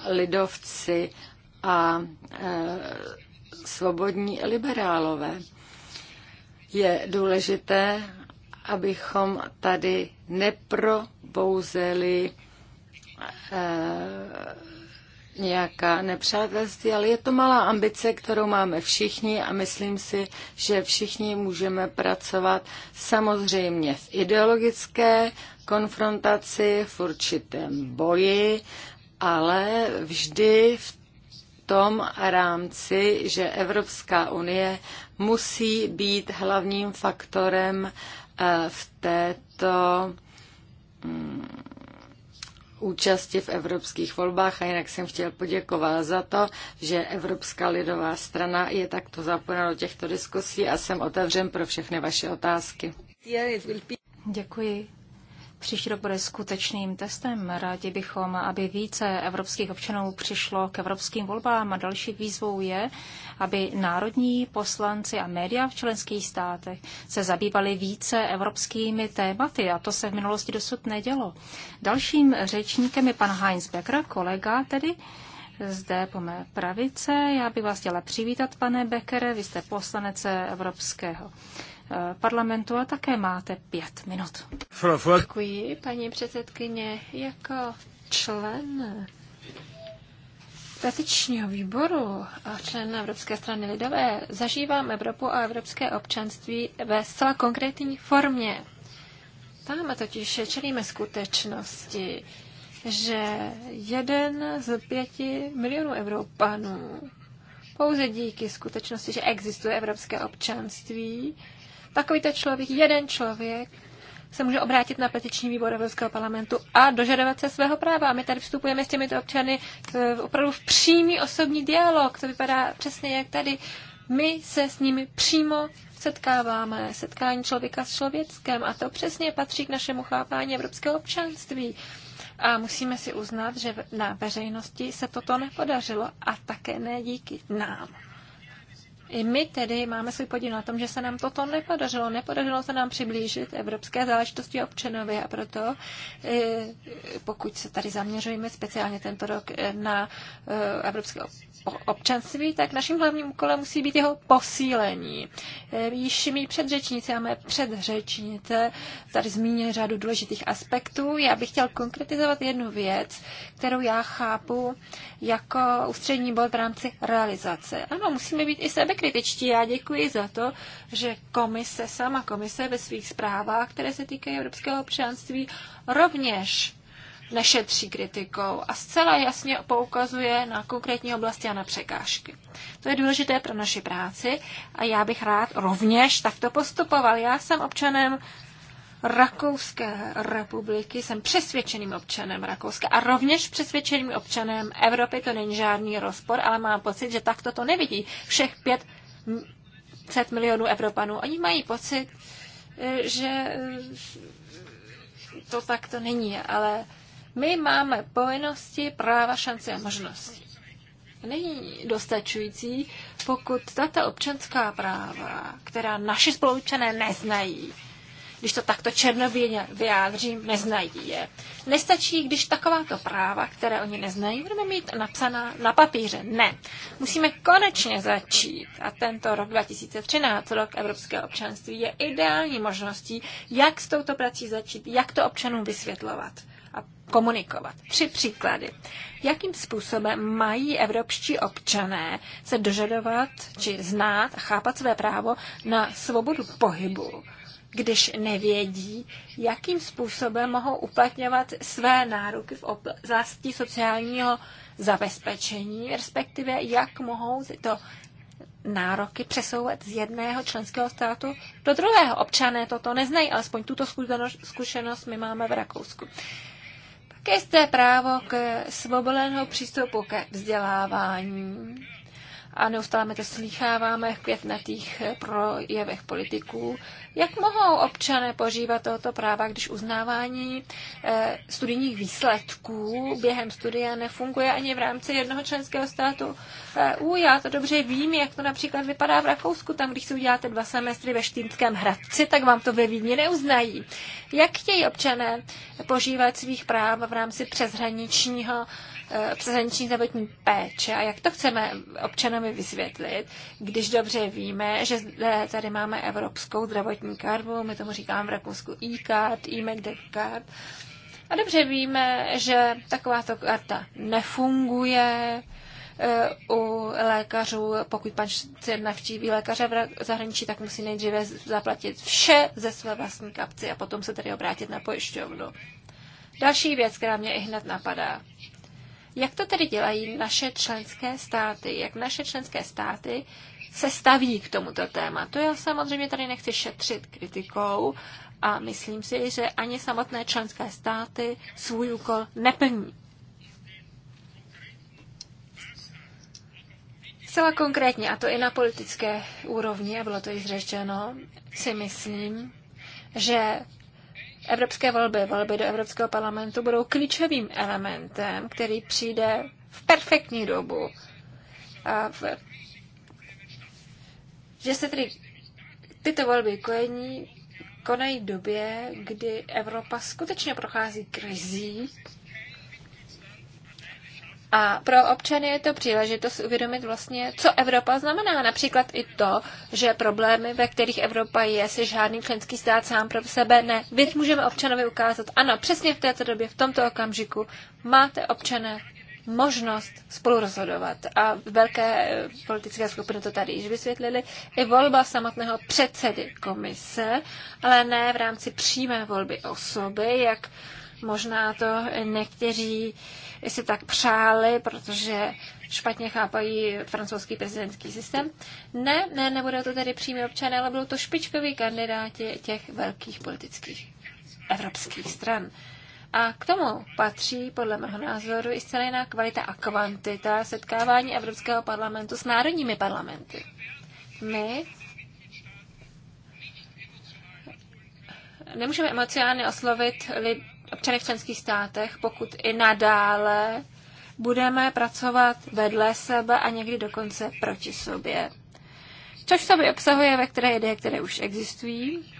lidovci a svobodní liberálové. Je důležité, abychom tady neprobouzeli Eh, nějaká nepřátelství, ale je to malá ambice, kterou máme všichni a myslím si, že všichni můžeme pracovat samozřejmě v ideologické konfrontaci, v určitém boji, ale vždy v tom rámci, že Evropská unie musí být hlavním faktorem eh, v této mm, účasti v evropských volbách a jinak jsem chtěl poděkovat za to, že Evropská lidová strana je takto zapojena do těchto diskusí a jsem otevřen pro všechny vaše otázky. Děkuji. Příští rok bude skutečným testem. Rádi bychom, aby více evropských občanů přišlo k evropským volbám a další výzvou je, aby národní poslanci a média v členských státech se zabývali více evropskými tématy a to se v minulosti dosud nedělo. Dalším řečníkem je pan Heinz Becker, kolega tedy, zde po mé pravice. Já bych vás chtěla přivítat, pane Beckere, vy jste poslanec Evropského Eh, parlamentu a také máte pět minut. Děkuji, paní předsedkyně. Jako člen petičního výboru a člen Evropské strany lidové zažívám Evropu a evropské občanství ve zcela konkrétní formě. Tam totiž čelíme skutečnosti, že jeden z pěti milionů Evropanů pouze díky skutečnosti, že existuje evropské občanství, ten člověk, jeden člověk, se může obrátit na petiční výbor Evropského parlamentu a dožadovat se svého práva. A my tady vstupujeme s těmito občany v, opravdu v přímý osobní dialog. To vypadá přesně jak tady. My se s nimi přímo setkáváme, setkání člověka s člověckem, a to přesně patří k našemu chápání evropského občanství. A musíme si uznat, že na veřejnosti se toto nepodařilo a také ne díky nám. I my tedy máme svůj podíl na tom, že se nám toto nepodařilo. Nepodařilo se nám přiblížit evropské záležitosti občanovi a proto, eh, pokud se tady zaměřujeme speciálně tento rok eh, na eh, evropské občanství, tak naším hlavním úkolem musí být jeho posílení. Již mý předřečníci a mé předřečnice tady zmíní řadu důležitých aspektů. Já bych chtěl konkretizovat jednu věc, kterou já chápu jako ústřední bod v rámci realizace. Ano, musíme být i sebe kritičtí. Já děkuji za to, že komise, sama komise ve svých zprávách, které se týkají evropského občanství, rovněž nešetří kritikou a zcela jasně poukazuje na konkrétní oblasti a na překážky. To je důležité pro naši práci a já bych rád rovněž takto postupoval. Já jsem občanem Rakouské republiky, jsem přesvědčeným občanem Rakouska a rovněž přesvědčeným občanem Evropy, to není žádný rozpor, ale mám pocit, že takto to nevidí všech 500 milionů Evropanů. Oni mají pocit, eh, že eh, to takto není, ale my máme povinnosti, práva, šance a možnosti. Není dostačující, pokud tato občanská práva, která naši spoluobčané neznají, když to takto černobíně vyjádřím, neznají je. Nestačí, když takováto práva, které oni neznají, budeme mít napsaná na papíře. Ne. Musíme konečně začít. A tento rok 2013, rok Evropského občanství, je ideální možností, jak s touto prací začít, jak to občanům vysvětlovat a komunikovat. Tři příklady. Jakým způsobem mají evropští občané se dožadovat či znát a chápat své právo na svobodu pohybu? když nevědí, jakým způsobem mohou uplatňovat své nároky v oblasti sociálního zabezpečení, respektive jak mohou tyto nároky přesouvat z jedného členského státu do druhého. Občané toto neznají, alespoň tuto zkušenost my máme v Rakousku. Také jste právo k svobodného přístupu ke vzdělávání, a neustále to slýcháváme v květnatých eh, projevech politiků. Jak mohou občané požívat tohoto práva, když uznávání eh, studijních výsledků během studia nefunguje ani v rámci jednoho členského státu U, eh, Já to dobře vím, jak to například vypadá v Rakousku. Tam, když si uděláte dva semestry ve Štýnském Hradci, tak vám to ve Vídni neuznají. Jak chtějí občané požívat svých práv v rámci přeshraničního Eh, přeshraniční zdravotní péče a jak to chceme občanovi vysvětlit, když dobře víme, že tady máme evropskou zdravotní kartu, my tomu říkáme v Rakousku e-card, e-medic card, a dobře víme, že takováto karta nefunguje, eh, u lékařů, pokud pan se navštíví lékaře v zahraničí, tak musí nejdříve zaplatit vše ze své vlastní kapci a potom se tedy obrátit na pojišťovnu. Další věc, která mě i hned napadá. Jak to tedy dělají naše členské státy? Jak naše členské státy se staví k tomuto tématu? Já samozřejmě tady nechci šetřit kritikou a myslím si, že ani samotné členské státy svůj úkol neplní. Celá konkrétně, a to i na politické úrovni, a bylo to již řečeno, si myslím, že Evropské volby, volby do Evropského parlamentu budou klíčovým elementem, který přijde v perfektní dobu. A v, že se tedy tyto volby kojení konají době, kdy Evropa skutečně prochází krizí a pro občany je to příležitost uvědomit vlastně, co Evropa znamená. Například i to, že problémy, ve kterých Evropa je, si žádný členský stát sám pro sebe ne. Vy můžeme občanovi ukázat, ano, přesně v této době, v tomto okamžiku máte občané možnost spolurozhodovat. A velké eh, politické skupiny to tady již vysvětlili. I volba samotného předsedy komise, ale ne v rámci přímé volby osoby, jak možná to někteří si tak přáli, protože špatně chápají francouzský prezidentský systém. Ne, ne, nebudou to tedy přímí občané, ale budou to špičkoví kandidáti těch velkých politických evropských stran. A k tomu patří, podle mého názoru, i zcela jiná kvalita a kvantita setkávání Evropského parlamentu s národními parlamenty. My nemůžeme emocionálně oslovit lid, občany v členských státech, pokud i nadále budeme pracovat vedle sebe a někdy dokonce proti sobě. Což v sobě obsahuje veškeré ideje, které už existují.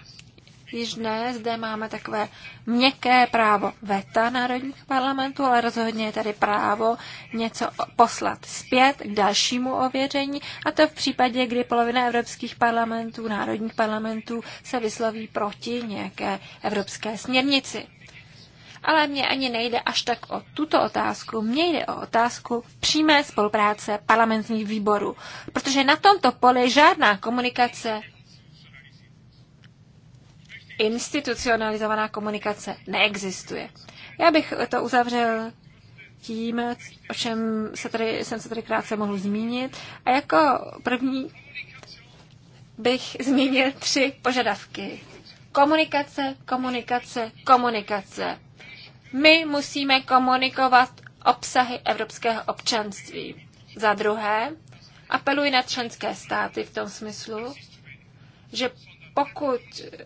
Již dnes zde máme takové měkké právo veta národních parlamentů, ale rozhodně je tady právo něco poslat zpět k dalšímu ověření, a to v případě, kdy polovina evropských parlamentů, národních parlamentů se vysloví proti nějaké evropské směrnici ale mně ani nejde až tak o tuto otázku, mně jde o otázku přímé spolupráce parlamentních výborů, protože na tomto poli žádná komunikace institucionalizovaná komunikace neexistuje. Já bych to uzavřel tím, o čem se tady, jsem se tady krátce mohl zmínit. A jako první bych zmínil tři požadavky. Komunikace, komunikace, komunikace. My musíme komunikovat obsahy evropského občanství. Za druhé, apeluji na členské státy v tom smyslu, že pokud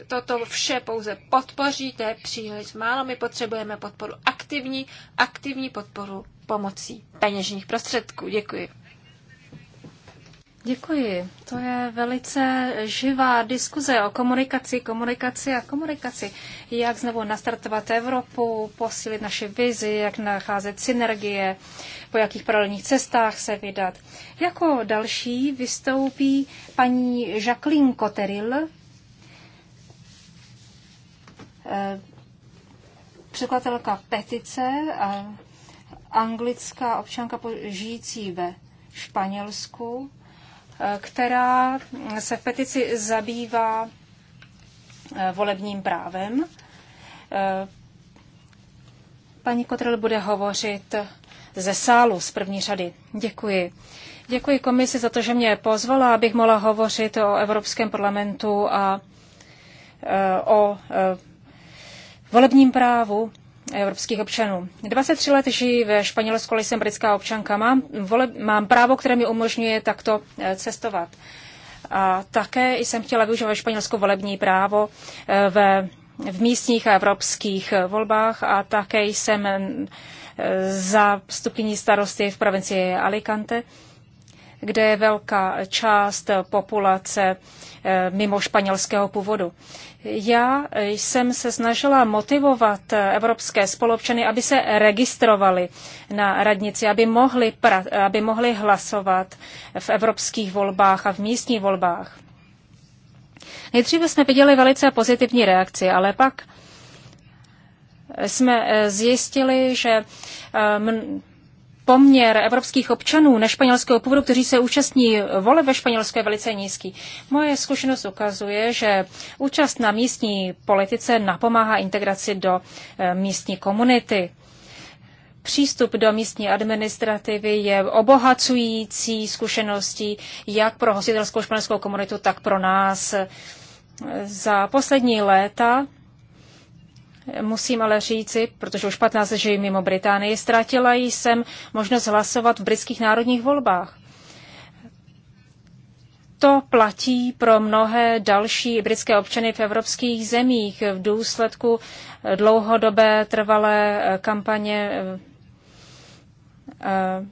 toto vše pouze podpoří, to je příliš málo. My potřebujeme podporu aktivní, aktivní podporu pomocí peněžních prostředků. Děkuji. Děkuji. To je velice živá diskuze o komunikaci, komunikaci a komunikaci. Jak znovu nastartovat Evropu, posílit naše vizi, jak nacházet synergie, po jakých paralelních cestách se vydat. Jako další vystoupí paní Jacqueline Koteril, eh, překladatelka petice, anglická občanka žijící ve Španělsku která se v petici zabývá eh, volebním právem. Eh, paní Kotrel bude hovořit ze sálu z první řady. Děkuji. Děkuji komisi za to, že mě pozvala, abych mohla hovořit o Evropském parlamentu a eh, o volebním právu evropských občanů. 23 let žijí ve Španělsku, ale jsem britská občanka. Mám, vole, mám právo, které mi umožňuje takto eh, cestovat. A také jsem chtěla využívat španělsko volební právo eh, ve, v místních a evropských eh, volbách a také jsem za zástupkyní starosty v provincii Alicante, kde je velká část populace mimo španělského původu. Já jsem se snažila motivovat evropské spolupčany, aby se registrovali na radnici, aby mohli, pra- aby mohli hlasovat v evropských volbách a v místních volbách. Nejdříve jsme viděli velice pozitivní reakci, ale pak jsme eh, zjistili, že eh, poměr evropských občanů nešpanělského původu, kteří se účastní vole ve Španělsku, je velice nízký. Moje zkušenost ukazuje, že účast na místní politice napomáhá integraci do eh, místní komunity. Přístup do místní administrativy je obohacující zkušeností jak pro hostitelskou španělskou komunitu, tak pro nás. Za poslední léta Musím ale říci, protože už 15 žiji mimo Británii, ztratila jsem možnost hlasovat v britských národních volbách. To platí pro mnohé další britské občany v evropských zemích v důsledku dlouhodobé trvalé eh, kampaně eh, eh,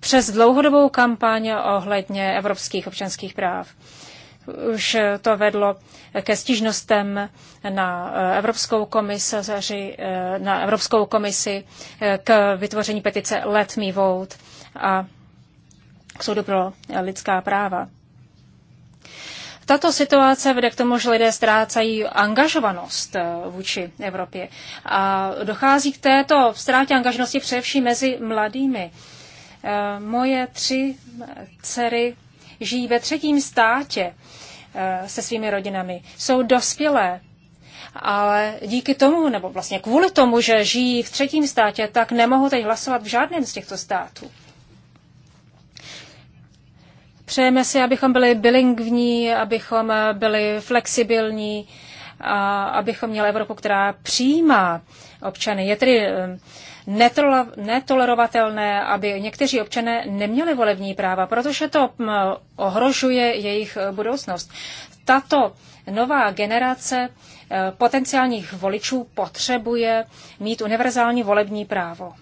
přes dlouhodobou kampaň ohledně evropských občanských práv. Už to vedlo ke stížnostem na eh, Evropskou, komisaři, eh, na Evropskou komisi eh, k vytvoření petice Let Me Vote a k soudu pro lidská práva. Tato situace vede k tomu, že lidé ztrácají angažovanost vůči Evropě. A dochází k této ztrátě angažovanosti především mezi mladými. Moje tři dcery žijí ve třetím státě Eh, se svými rodinami. Jsou dospělé, ale díky tomu, nebo vlastně kvůli tomu, že žijí v třetím státě, tak nemohou teď hlasovat v žádném z těchto států. Přejeme si, abychom byli bilingvní, abychom byli flexibilní, a abychom měli Evropu, která přijímá občany. Je tedy eh, netolerovatelné, aby někteří občané neměli volební práva, protože to ohrožuje jejich e, budoucnost. Tato nová generace e, potenciálních voličů potřebuje mít univerzální volební právo.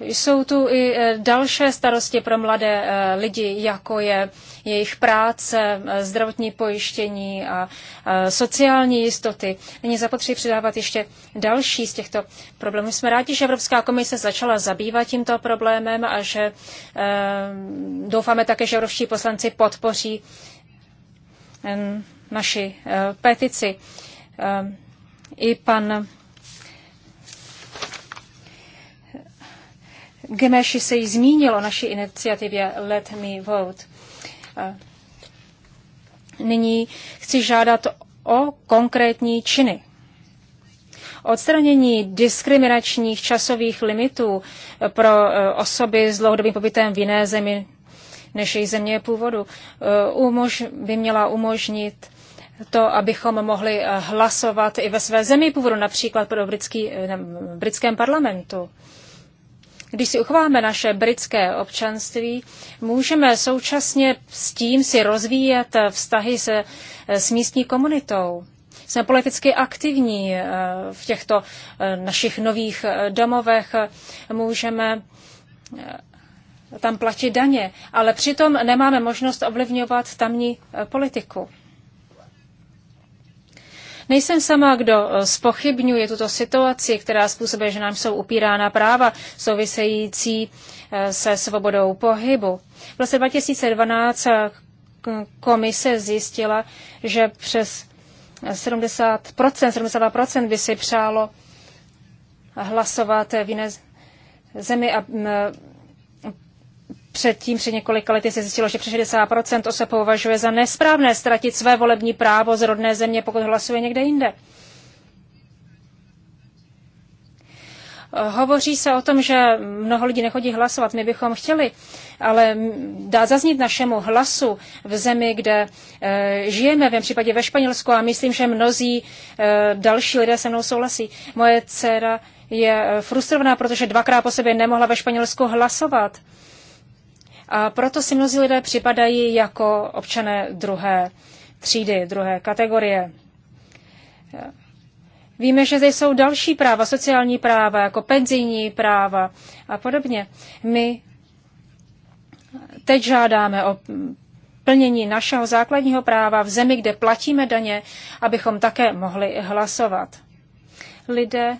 Jsou tu i e, další starosti pro mladé e, lidi, jako je jejich práce, e, zdravotní pojištění a sociální jistoty. Není zapotřebí přidávat ještě další z těchto problémů. Jsme rádi, že Evropská komise začala zabývat tímto problémem a že doufáme také, že evropští poslanci podpoří naši petici. I pan Gemeši se jí zmínil o naší iniciativě Let Me Vote. Nyní chci žádat o konkrétní činy. Odstranění diskriminačních časových limitů pro e, osoby s dlouhodobým pobytem v jiné zemi než jejich země původu e, by měla umožnit to, abychom mohli e, hlasovat i ve své zemi původu, například pro britský, ne, britském parlamentu. Když si uchováme naše britské občanství, můžeme současně s tím si rozvíjet vztahy se, eh, s místní komunitou. Jsme politicky aktivní eh, v těchto eh, našich nových domovech, můžeme tam platit daně, ale přitom nemáme možnost ovlivňovat tamní politiku. Nejsem sama, kdo eh, spochybňuje tuto situaci, která způsobuje, že nám jsou upírána práva související eh, se svobodou pohybu. V roce 2012 eh, komise zjistila, že přes 70%, 72% by si přálo hlasovat v jiné zemi a Předtím před několika lety se zjistilo, že přes 60% se považuje za nesprávné ztratit své volební právo z rodné země, pokud hlasuje někde jinde. Hovoří se o tom, že mnoho lidí nechodí hlasovat. My bychom chtěli, ale dá zaznít našemu hlasu v zemi, kde eh, žijeme, v mém případě ve Španělsku a myslím, že mnozí eh, další lidé se mnou souhlasí. Moje dcera je eh, frustrovaná, protože dvakrát po sobě nemohla ve Španělsku hlasovat. A proto si mnozí lidé připadají jako občané druhé třídy, druhé kategorie. Víme, že zde jsou další práva, sociální práva, jako penzijní práva a podobně. My teď žádáme o plnění našeho základního práva v zemi, kde platíme daně, abychom také mohli hlasovat. Lidé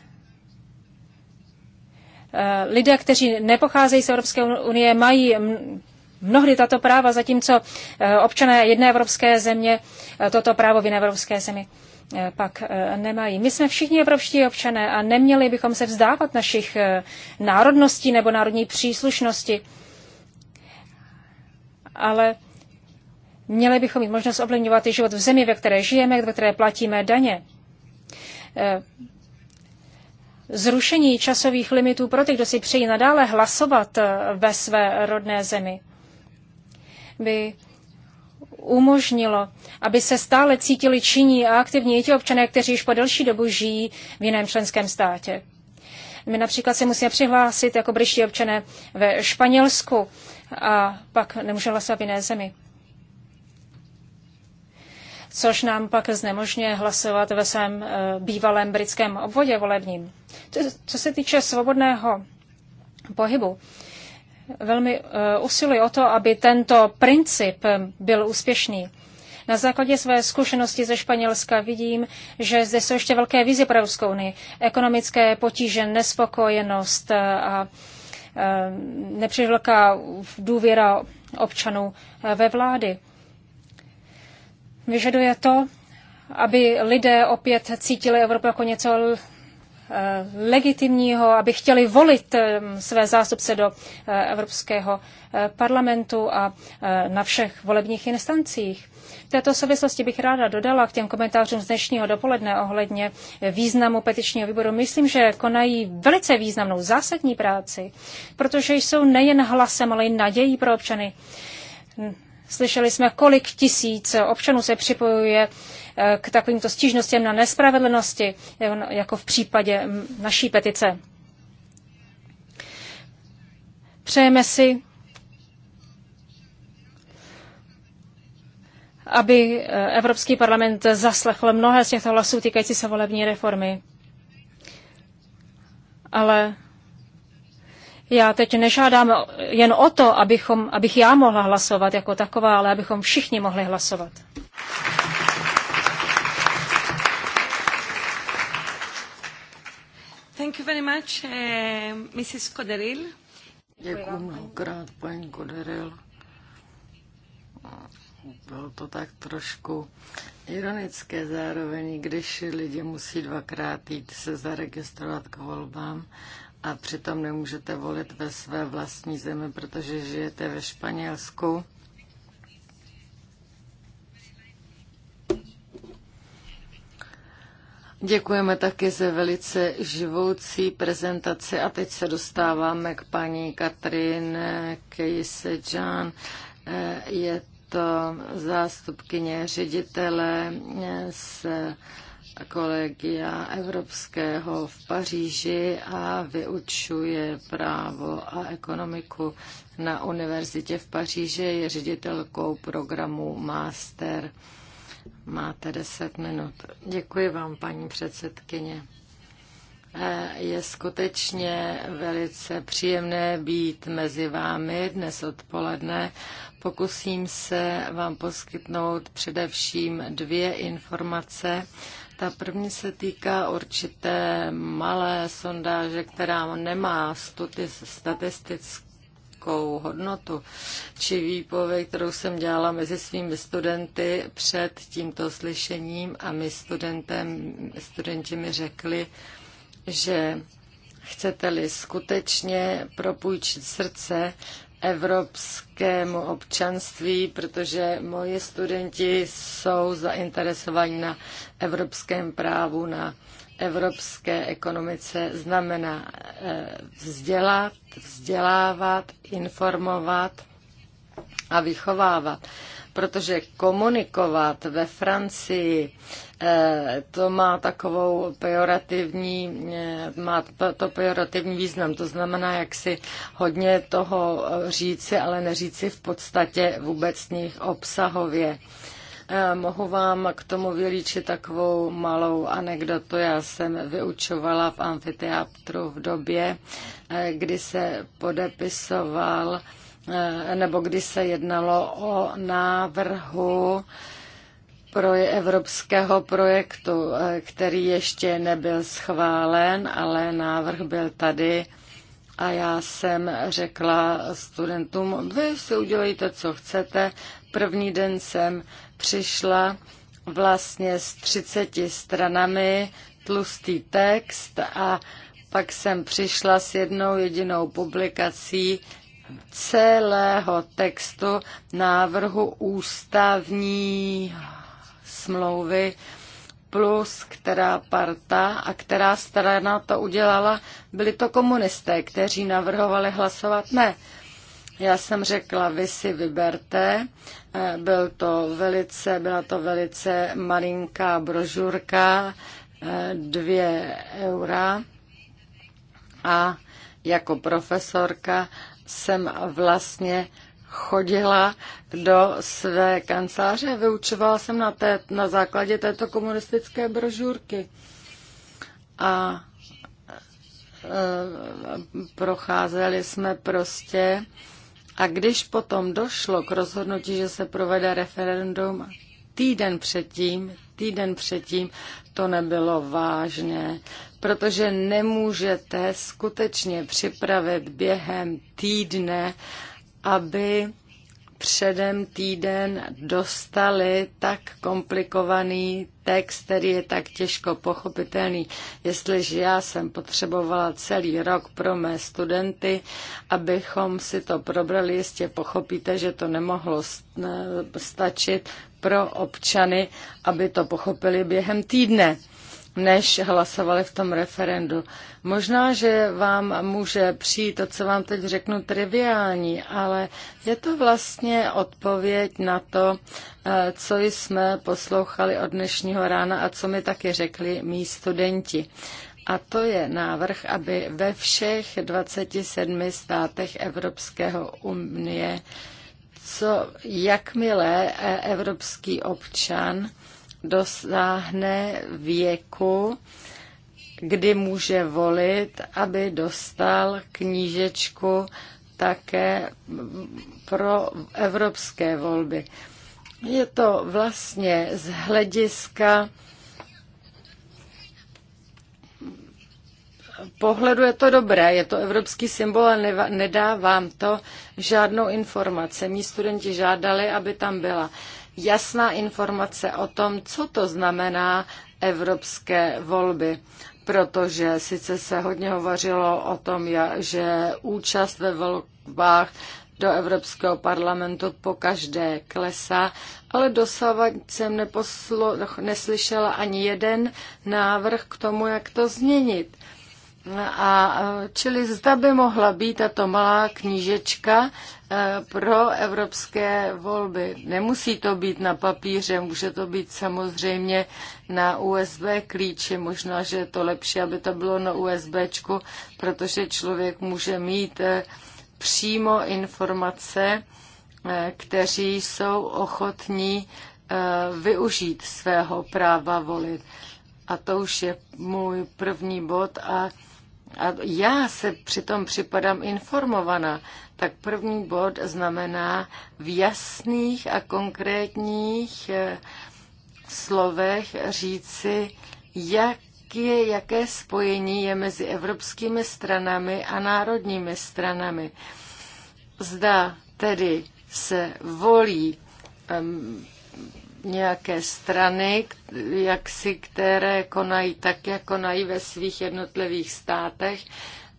Eh, lidé, kteří nepocházejí z Evropské unie, mají mnohdy tato práva, zatímco eh, občané jedné evropské země eh, toto právo v jiné evropské zemi pak nemají. My jsme všichni evropští občané a neměli bychom se vzdávat našich národností nebo národní příslušnosti, ale měli bychom mít možnost ovlivňovat i život v zemi, ve které žijeme, ve které platíme daně zrušení časových limitů pro ty, kdo si přejí nadále hlasovat eh, ve své rodné zemi, by umožnilo, aby se stále cítili činní a aktivní i ti občané, kteří již po delší dobu žijí v jiném členském státě. My například se musíme přihlásit jako bližší občané ve Španělsku a pak nemůžeme hlasovat v jiné zemi což nám pak znemožňuje hlasovat ve svém eh, bývalém britském obvodě volebním. Co se týče svobodného pohybu, velmi eh, usiluji o to, aby tento princip eh, byl úspěšný. Na základě své zkušenosti ze Španělska vidím, že zde jsou ještě velké vizi pro Evropskou unii. Ekonomické potíže, nespokojenost a nepříliš důvěra občanů ve vlády. Vyžaduje to, aby lidé opět cítili Evropu jako něco eh, legitimního, aby chtěli volit eh, své zástupce do eh, Evropského parlamentu a na všech volebních instancích. V této souvislosti bych ráda dodala k těm komentářům z dnešního dopoledne ohledně významu petičního výboru. Myslím, že konají velice významnou zásadní práci, protože jsou nejen hlasem, ale i nadějí pro občany. Slyšeli jsme, kolik tisíc občanů se připojuje eh, k takovýmto stížnostem na nespravedlnosti, eh, jako v případě naší petice. Přejeme si, aby eh, Evropský parlament zaslechl mnohé z těchto hlasů týkající se volební reformy. Ale já teď nežádám jen o to, abychom, abych já mohla hlasovat jako taková, ale abychom všichni mohli hlasovat. Thank you very much, uh, eh, Mrs. Koderil. Děkuji mnohokrát, paní Koderil. Bylo to tak trošku ironické zároveň, když lidi musí dvakrát jít se zaregistrovat k volbám a přitom nemůžete volit ve své vlastní zemi, protože žijete ve Španělsku. Děkujeme také za velice živoucí prezentaci a teď se dostáváme k paní Katrin Kejsejan. Je to zástupkyně ředitele z kolegia Evropského v Paříži a vyučuje právo a ekonomiku na univerzitě v Paříži. Je ředitelkou programu Master. Máte 10 minut. Děkuji vám, paní předsedkyně. E, je skutečně velice příjemné být mezi vámi dnes odpoledne. Pokusím se vám poskytnout především dvě informace ta první se týká určité malé sondáže, která nemá statistickou hodnotu, či výpověď, kterou jsem dělala mezi svými studenty před tímto slyšením a my studentem, studenti mi řekli, že chcete-li skutečně propůjčit srdce, evropskému občanství, protože moji studenti jsou zainteresovaní na evropském právu, na evropské ekonomice. Znamená eh, vzdělat, vzdělávat, informovat a vychovávat. Protože komunikovat ve Francii, eh, to má takovou pejorativní, eh, má to pejorativní význam. To znamená, jak si hodně toho eh, říci, ale neříci v podstatě vůbec nich obsahově. Mohu vám k tomu vylíčit takovou malou anekdotu. Já jsem vyučovala v amfiteátru v době, kdy se podepisoval Eh, nebo kdy se jednalo o návrhu pro evropského projektu, eh, který ještě nebyl schválen, ale návrh byl tady a já jsem řekla studentům, vy si udělejte, co chcete. První den jsem přišla vlastně s 30 stranami, tlustý text a pak jsem přišla s jednou jedinou publikací, celého textu návrhu ústavní smlouvy plus která parta a která strana to udělala, byli to komunisté, kteří navrhovali hlasovat ne. Já jsem řekla, vy si vyberte. Eh, byl to velice, byla to velice malinká brožurka, eh, dvě eura. A jako profesorka jsem vlastně chodila do své kanceláře a vyučovala jsem na, té, na základě této komunistické brožurky. A e, procházeli jsme prostě. A když potom došlo k rozhodnutí, že se provede referendum, týden předtím, týden předtím, to nebylo vážné protože nemůžete skutečně připravit během týdne, aby předem týden dostali tak komplikovaný text, který je tak těžko pochopitelný. Jestliže já jsem potřebovala celý rok pro mé studenty, abychom si to probrali, jistě pochopíte, že to nemohlo stačit pro občany, aby to pochopili během týdne než hlasovali v tom referendu. Možná, že vám může přijít to, co vám teď řeknu, triviální, ale je to vlastně odpověď na to, eh, co jsme poslouchali od dnešního rána a co mi taky řekli mý studenti. A to je návrh, aby ve všech 27 státech Evropského unie, co jakmile eh, evropský občan dosáhne věku, kdy může volit, aby dostal knížečku také pro evropské volby. Je to vlastně z hlediska pohledu je to dobré, je to evropský symbol a nedá vám to žádnou informaci. Mí studenti žádali, aby tam byla jasná informace o tom, co to znamená evropské volby protože sice se hodně hovořilo o tom, že účast ve volbách do Evropského parlamentu po každé klesá, ale dosávat jsem neposlo, neslyšela ani jeden návrh k tomu, jak to změnit. A čili zda by mohla být tato malá knížečka eh, pro evropské volby. Nemusí to být na papíře, může to být samozřejmě na USB klíči. Možná, že je to lepší, aby to bylo na USBčku, protože člověk může mít eh, přímo informace, eh, kteří jsou ochotní využít svého práva volit. A to už je můj první bod a a já se přitom připadám informovaná, tak první bod znamená v jasných a konkrétních eh, slovech říci, jak je, jaké spojení je mezi evropskými stranami a národními stranami. Zda tedy se volí nějaké strany, jak si, které konají tak, jak konají ve svých jednotlivých státech,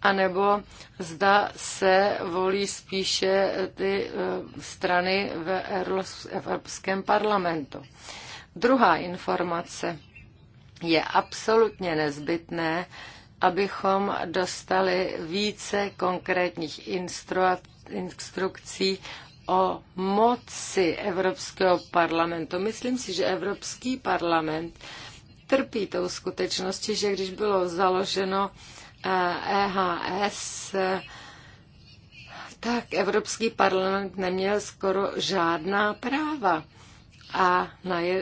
anebo zda se volí spíše ty eh, strany v Evropském parlamentu. Druhá informace. Je absolutně nezbytné, abychom dostali více konkrétních instrukcí o moci Evropského parlamentu. Myslím si, že Evropský parlament trpí tou skutečností, že když bylo založeno EHS, e eh, tak Evropský parlament neměl skoro žádná práva. A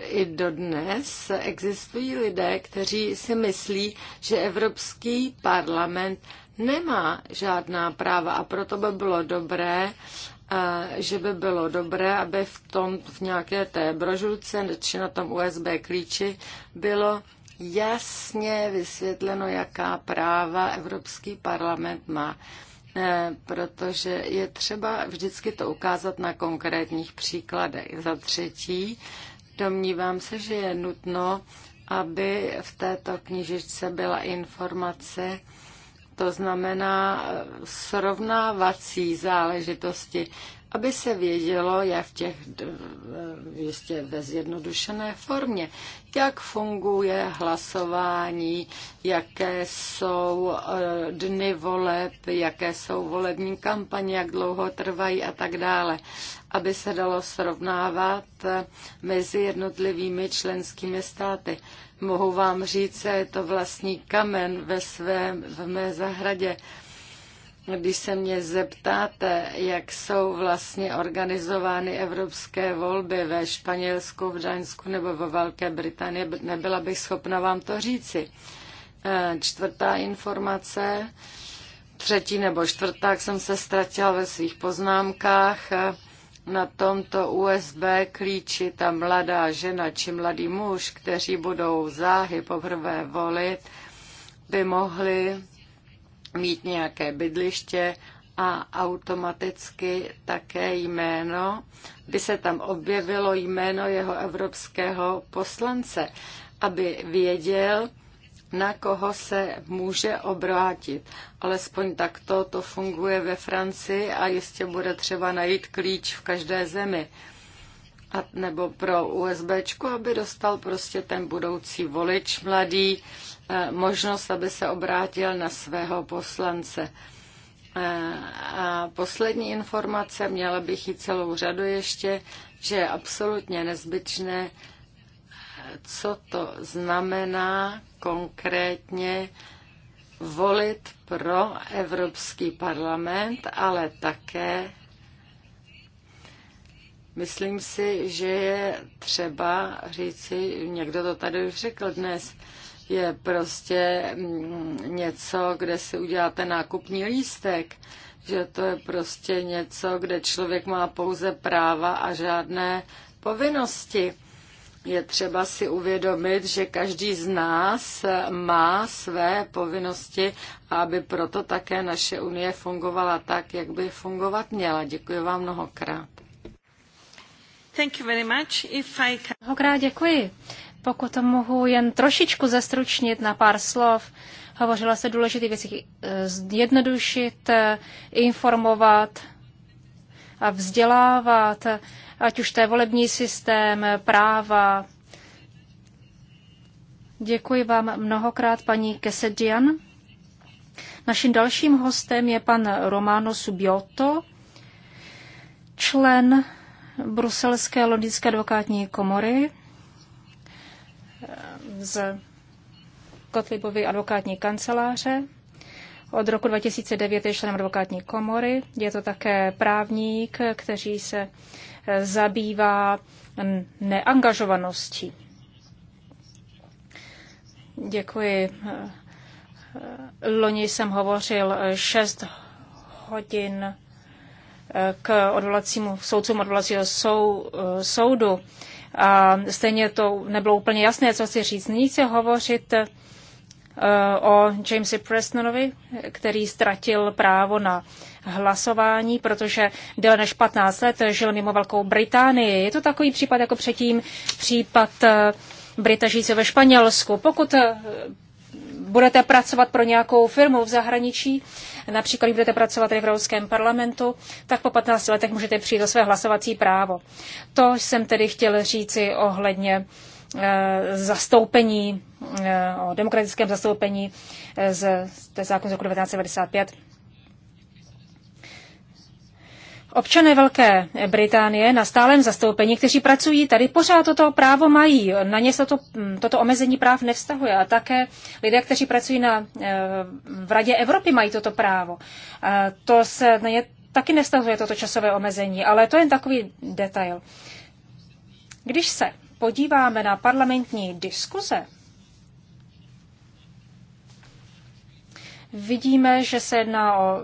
i dodnes existují lidé, kteří si myslí, že Evropský parlament nemá žádná práva a proto by bylo dobré, že by bylo dobré, aby v tom, v nějaké té brožurce, či na tom USB klíči, bylo jasně vysvětleno, jaká práva Evropský parlament má. Eh, protože je třeba vždycky to ukázat na konkrétních příkladech. Za třetí, domnívám se, že je nutno, aby v této knižičce byla informace, to znamená eh, srovnávací záležitosti, aby se vědělo, jak v těch jistě ve zjednodušené formě, jak funguje hlasování, jaké jsou eh, dny voleb, jaké jsou volební kampaně, jak dlouho trvají a tak dále, aby se dalo srovnávat eh, mezi jednotlivými členskými státy mohu vám říct, je to vlastní kamen ve svém, v mé zahradě. Když se mě zeptáte, jak jsou vlastně organizovány evropské volby ve Španělsku, v Dánsku nebo ve Velké Británii, nebyla bych schopna vám to říci. E, čtvrtá informace, třetí nebo čtvrtá, jak jsem se ztratila ve svých poznámkách na tomto USB klíči ta mladá žena či mladý muž, kteří budou záhy poprvé volit, by mohli mít nějaké bydliště a automaticky také jméno, by se tam objevilo jméno jeho evropského poslance, aby věděl, na koho se může obrátit. Alespoň takto to funguje ve Francii a jistě bude třeba najít klíč v každé zemi. A nebo pro USBčku, aby dostal prostě ten budoucí volič mladý eh, možnost, aby se obrátil na svého poslance. Eh, a poslední informace, měla bych ji celou řadu ještě, že je absolutně nezbytné co to znamená konkrétně volit pro Evropský parlament, ale také myslím si, že je třeba říci, někdo to tady už řekl dnes, je prostě mm, něco, kde si uděláte nákupní lístek, že to je prostě něco, kde člověk má pouze práva a žádné povinnosti je třeba si uvědomit, že každý z nás má své povinnosti, aby proto také naše unie fungovala tak, jak by fungovat měla. Děkuji vám mnohokrát. Thank you very much. If I can... Mnohokrát děkuji. Pokud to mohu jen trošičku zestručnit na pár slov, hovořila se důležité věci eh, zjednodušit, eh, informovat a vzdělávat ať už to je volební systém, práva. Děkuji vám mnohokrát, paní Kesedian. Naším dalším hostem je pan Romano Subioto, člen Bruselské londýnské advokátní komory z Kotlibovy advokátní kanceláře. Od roku 2009 je členem advokátní komory. Je to také právník, který se zabývá neangažovaností. Děkuji. Loni jsem hovořil 6 hodin k odvolacímu soudcům odvolacího sou, soudu. A stejně to nebylo úplně jasné, co chci říct. Nyní chci hovořit eh, o Jamesi Prestonovi, který ztratil právo na hlasování, protože déle než 15 let žil mimo Velkou Británii. Je to takový případ jako předtím případ eh, Brita žijící ve Španělsku. Pokud eh, budete pracovat pro nějakou firmu v zahraničí, například když budete pracovat v Evropském parlamentu, tak po 15 letech můžete přijít o své hlasovací právo. To jsem tedy chtěl říci ohledně eh, zastoupení, o demokratickém zastoupení z, z té zákon z roku 1995. Občané Velké Británie na stálem zastoupení, kteří pracují tady, pořád toto právo mají. Na ně se to, mm, toto omezení práv nevztahuje. A také lidé, kteří pracují na, eh, v Radě Evropy, mají toto právo. A to se na ně taky nevztahuje toto časové omezení, ale to je jen takový detail. Když se podíváme na parlamentní diskuze, vidíme, že se jedná o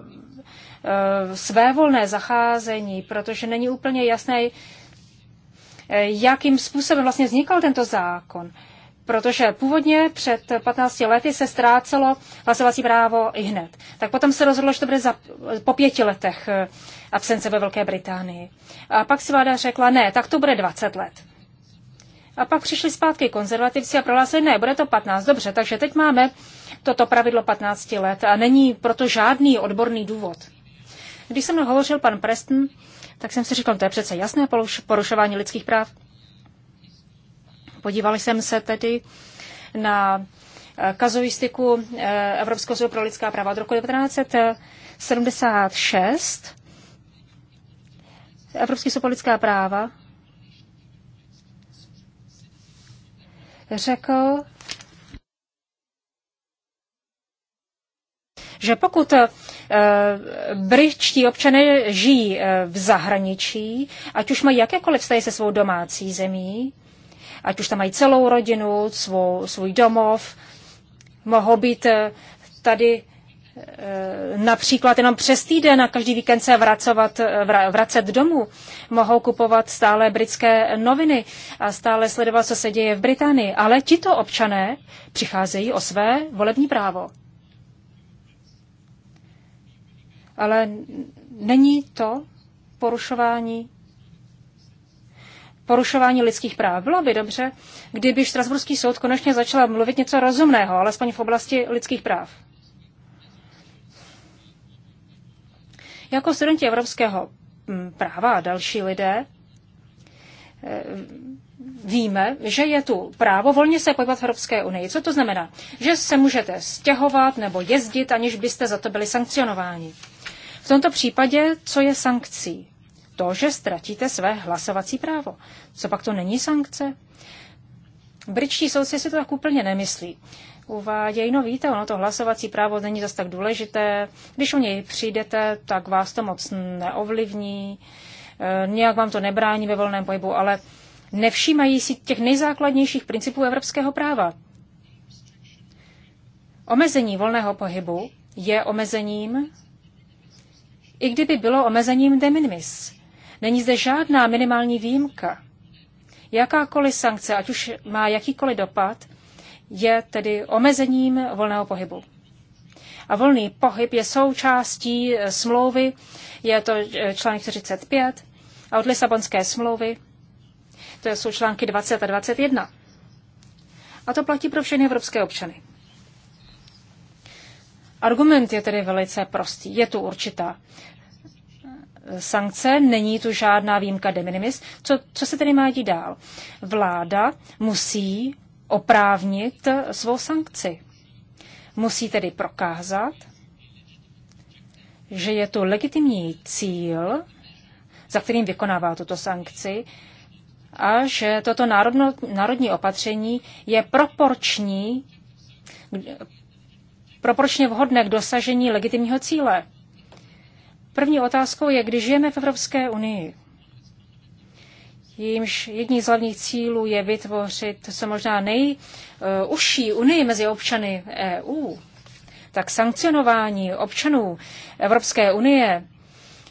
Eh, svévolné zacházení, protože není úplně jasné, eh, jakým způsobem vlastně vznikal tento zákon. Protože původně před 15 lety se ztrácelo hlasovací právo i hned. Tak potom se rozhodlo, že to bude za, po pěti letech eh, absence ve Velké Británii. A pak si vláda řekla, ne, tak to bude 20 let. A pak přišli zpátky konzervativci a prohlásili, ne, bude to 15, dobře, takže teď máme toto pravidlo 15 let a není proto žádný odborný důvod. Když se mnou hovořil pan Preston, tak jsem si říkal, no to je přece jasné porušování lidských práv. Podívali jsem se tedy na eh, kazuistiku eh, Evropského soudu pro lidská práva od roku 1976. Evropský soud pro lidská práva řekl, že pokud eh, britští občané žijí eh, v zahraničí, ať už mají jakékoliv vztahy se svou domácí zemí, ať už tam mají celou rodinu, svou, svůj domov, mohou být eh, tady například jenom přes týden a každý víkend se vracovat, vracet domů. Mohou kupovat stále britské noviny a stále sledovat, co se děje v Británii. Ale tito občané přicházejí o své volební právo. Ale není to porušování porušování lidských práv. Bylo by dobře, kdyby Štrasburský soud konečně začal mluvit něco rozumného, alespoň v oblasti lidských práv. Jako studenti evropského mm, práva a další lidé eh, víme, že je tu právo volně se pohybovat v Evropské unii. Co to znamená? Že se můžete stěhovat nebo jezdit, aniž byste za to byli sankcionováni tomto případě, co je sankcí? To, že ztratíte své hlasovací právo. Co pak to není sankce? Britští soudci si to tak úplně nemyslí. Uvádějí, no víte, ono to hlasovací právo není zas tak důležité. Když o něj přijdete, tak vás to moc neovlivní. Eh, nějak vám to nebrání ve volném pohybu, ale nevšímají si těch nejzákladnějších principů evropského práva. Omezení volného pohybu je omezením i kdyby bylo omezením de minimis. Není zde žádná minimální výjimka. Jakákoliv sankce, ať už má jakýkoliv dopad, je tedy omezením volného pohybu. A volný pohyb je součástí eh, smlouvy, je to eh, článek 45 a od Lisabonské smlouvy, to jsou články 20 a 21. A to platí pro všechny evropské občany. Argument je tedy velice prostý. Je tu určitá sankce, není tu žádná výjimka de minimis. Co, co se tedy má dít dál? Vláda musí oprávnit svou sankci. Musí tedy prokázat, že je to legitimní cíl, za kterým vykonává tuto sankci, a že toto národno, národní opatření je proporční, proporčně vhodné k dosažení legitimního cíle. První otázkou je, když žijeme v Evropské unii, jímž jedním z hlavních cílů je vytvořit co možná nejužší unii mezi občany EU, tak sankcionování občanů Evropské unie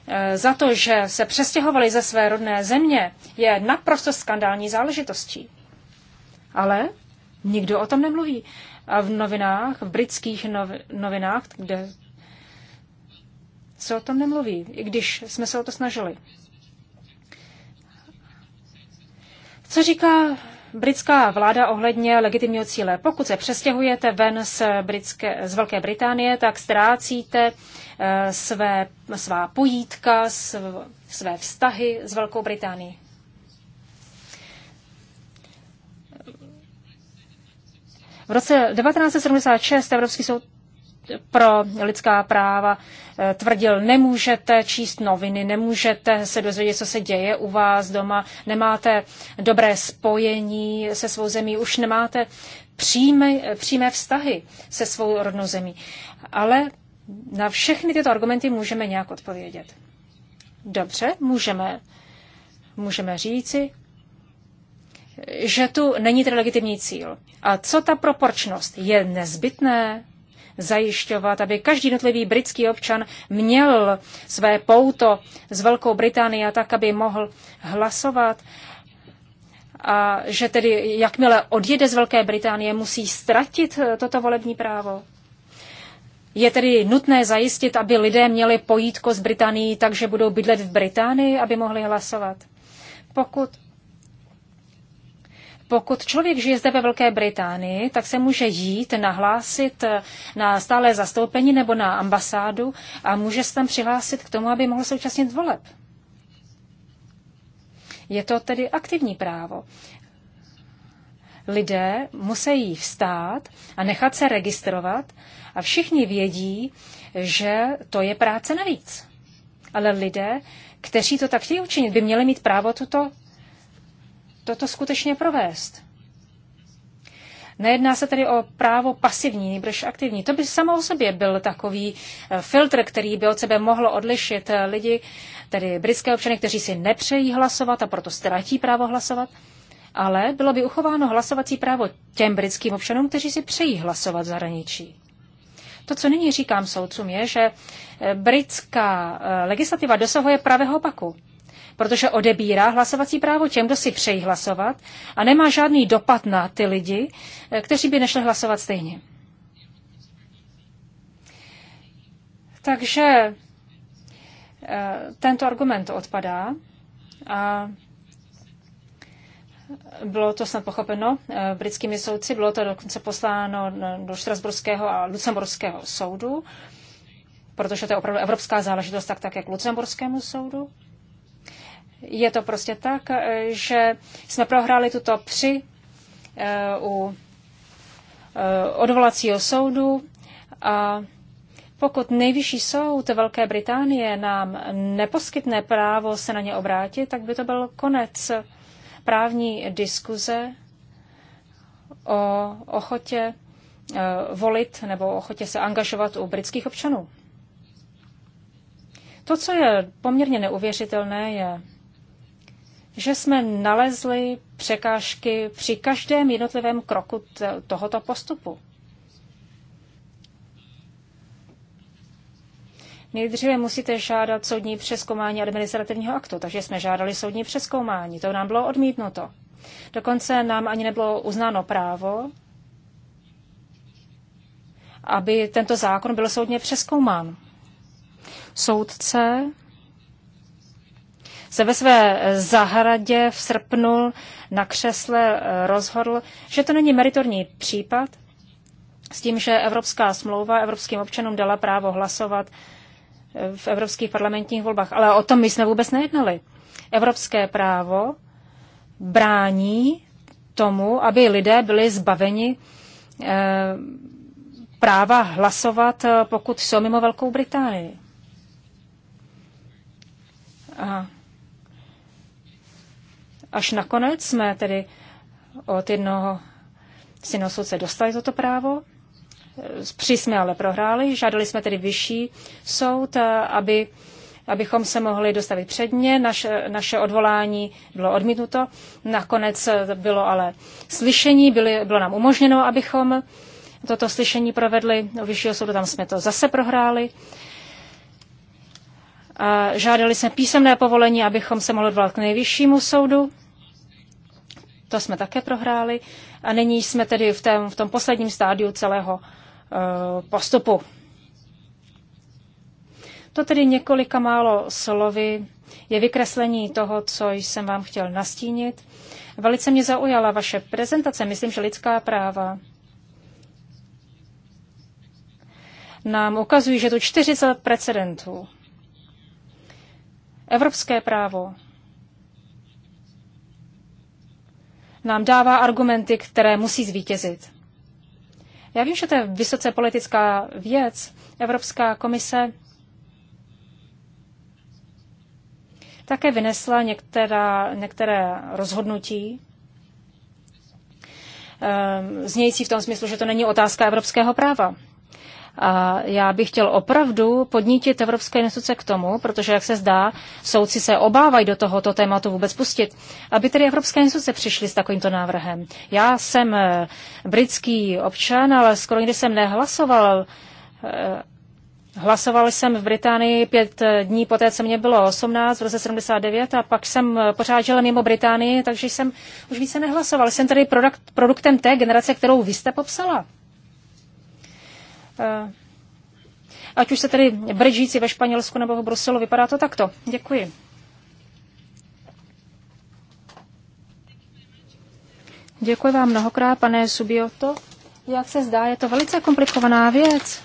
eh, za to, že se přestěhovali ze své rodné země, je naprosto skandální záležitostí. Ale nikdo o tom nemluví. A v novinách, v britských novinách, kde se o tom nemluví, i když jsme se o to snažili. Co říká britská vláda ohledně legitimního cíle? Pokud se přestěhujete ven z, britské, z Velké Británie, tak ztrácíte eh, své, svá pojítka, své vztahy s Velkou Británií. V roce 1976 Evropský soud pro lidská práva eh, tvrdil, nemůžete číst noviny, nemůžete se dozvědět, co se děje u vás doma, nemáte dobré spojení se svou zemí, už nemáte přímé, eh, přímé vztahy se svou rodnou zemí. Ale na všechny tyto argumenty můžeme nějak odpovědět. Dobře, můžeme, můžeme říci, že tu není ten legitimní cíl. A co ta proporčnost? Je nezbytné zajišťovat, aby každý jednotlivý britský občan měl své pouto z Velkou Británií a tak, aby mohl hlasovat. A že tedy jakmile odjede z Velké Británie, musí ztratit eh, toto volební právo. Je tedy nutné zajistit, aby lidé měli pojítko z Británií, takže budou bydlet v Británii, aby mohli hlasovat. Pokud pokud člověk žije zde ve Velké Británii, tak se může jít nahlásit eh, na stále zastoupení nebo na ambasádu a může se tam přihlásit k tomu, aby mohl se voleb. Je to tedy aktivní právo. Lidé musí vstát a nechat se registrovat a všichni vědí, že to je práce navíc. Ale lidé, kteří to tak chtějí učinit, by měli mít právo tuto toto skutečně provést. Nejedná se tedy o právo pasivní, nebož aktivní. To by samo o sobě byl takový eh, filtr, který by od sebe mohlo odlišit eh, lidi, tedy britské občany, kteří si nepřejí hlasovat a proto ztratí právo hlasovat. Ale bylo by uchováno hlasovací právo těm britským občanům, kteří si přejí hlasovat v zahraničí. To, co nyní říkám soudcům, je, že eh, britská legislativa dosahuje pravého opaku protože odebírá hlasovací právo těm, kdo si přejí hlasovat a nemá žádný dopad na ty lidi, eh, kteří by nešli hlasovat stejně. Takže eh, tento argument odpadá a bylo to snad pochopeno eh, britskými soudci, bylo to dokonce posláno do Štrasburského a Lucemburského soudu, protože to je opravdu evropská záležitost, tak také k Lucemburskému soudu. Je to prostě tak, eh, že jsme prohráli tuto při eh, u eh, odvolacího soudu a pokud nejvyšší soud Velké Británie nám neposkytne právo se na ně obrátit, tak by to byl konec právní diskuze o ochotě volit nebo o ochotě se angažovat u britských občanů. To, co je poměrně neuvěřitelné, je, že jsme nalezli překážky při každém jednotlivém kroku tohoto postupu. Nejdříve musíte žádat soudní přeskoumání administrativního aktu, takže jsme žádali soudní přeskoumání. To nám bylo odmítnuto. Dokonce nám ani nebylo uznáno právo, aby tento zákon byl soudně přeskoumán. Soudce se ve své zahradě v srpnu na křesle eh, rozhodl, že to není meritorní případ, s tím, že Evropská smlouva evropským občanům dala právo hlasovat eh, v evropských parlamentních volbách. Ale o tom my jsme vůbec nejednali. Evropské právo brání tomu, aby lidé byli zbaveni eh, práva hlasovat, pokud jsou mimo Velkou Británii. Aha. Až nakonec jsme tedy od jednoho synosudce dostali toto právo, při jsme ale prohráli, žádali jsme tedy vyšší soud, aby, abychom se mohli dostavit předně, naše, naše odvolání bylo odmítnuto, nakonec bylo ale slyšení, byly, bylo nám umožněno, abychom toto slyšení provedli, u vyššího soudu tam jsme to zase prohráli. A žádali jsme písemné povolení, abychom se mohli odvolat k nejvyššímu soudu to jsme také prohráli. A nyní jsme tedy v, tom v tom posledním stádiu celého eh, postupu. To tedy několika málo slovy je vykreslení toho, co jsem vám chtěl nastínit. Velice mě zaujala vaše prezentace, myslím, že lidská práva nám ukazují, že tu 40 precedentů. Evropské právo nám dává argumenty, které musí zvítězit. Já vím, že to je vysoce politická věc. Evropská komise také vynesla některá, některé rozhodnutí, ehm, znějící v tom smyslu, že to není otázka evropského práva. A já bych chtěl opravdu podnítit Evropské instituce k tomu, protože, jak se zdá, soudci se obávají do tohoto tématu vůbec pustit, aby tedy Evropské instituce přišly s takovýmto návrhem. Já jsem eh, britský občan, ale skoro nikdy jsem nehlasoval eh, Hlasoval jsem v Británii pět eh, dní poté, co mě bylo 18 v roce 79 a pak jsem pořád žil mimo Británii, takže jsem už více nehlasoval. Jsem tady produkt, produktem té generace, kterou vy jste popsala. Eh, ať už se tedy bržíci ve Španělsku nebo v Bruselu, vypadá to takto. Děkuji. Děkuji vám mnohokrát, pane Subioto. Jak se zdá, je to velice komplikovaná věc.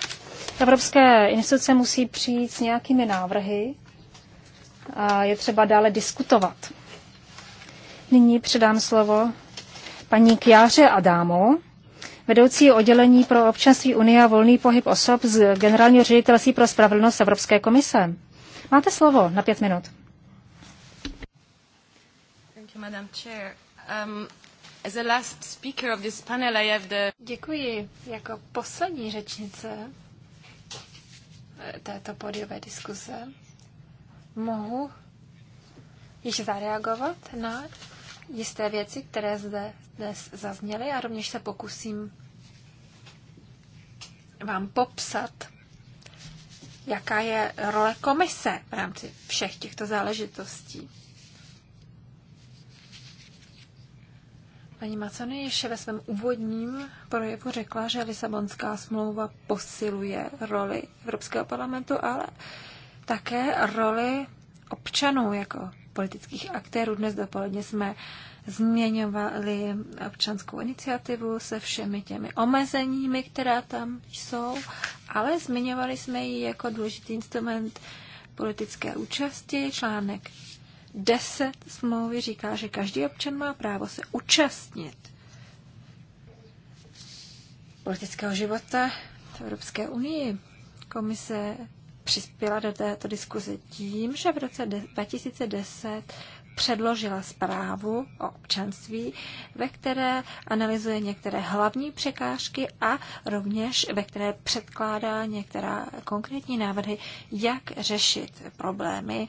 Evropské instituce musí přijít s nějakými návrhy a je třeba dále diskutovat. Nyní předám slovo paní Kjáře Adámo vedoucí oddělení pro občanství Unie a volný pohyb osob z Generálního ředitelství pro spravedlnost Evropské komise. Máte slovo na pět minut. Um, Děkuji. Jako poslední řečnice eh, této podiové diskuse, mohu již zareagovat na jisté věci, které zde dnes zazněly a rovněž se pokusím vám popsat, jaká je role komise v rámci všech těchto záležitostí. Paní Macony ještě ve svém úvodním projevu řekla, že Lisabonská smlouva posiluje roli Evropského parlamentu, ale také roli občanů jako politických aktérů. Dnes dopoledně jsme změňovali občanskou iniciativu se všemi těmi omezeními, která tam jsou, ale zmiňovali jsme ji jako důležitý instrument politické účasti. Článek 10 smlouvy říká, že každý občan má právo se účastnit politického života v Evropské unii. Komise přispěla do této diskuze tím, že v roce 2010 předložila zprávu o občanství, ve které analyzuje některé hlavní překážky a rovněž ve které předkládá některá konkrétní návrhy, jak řešit problémy,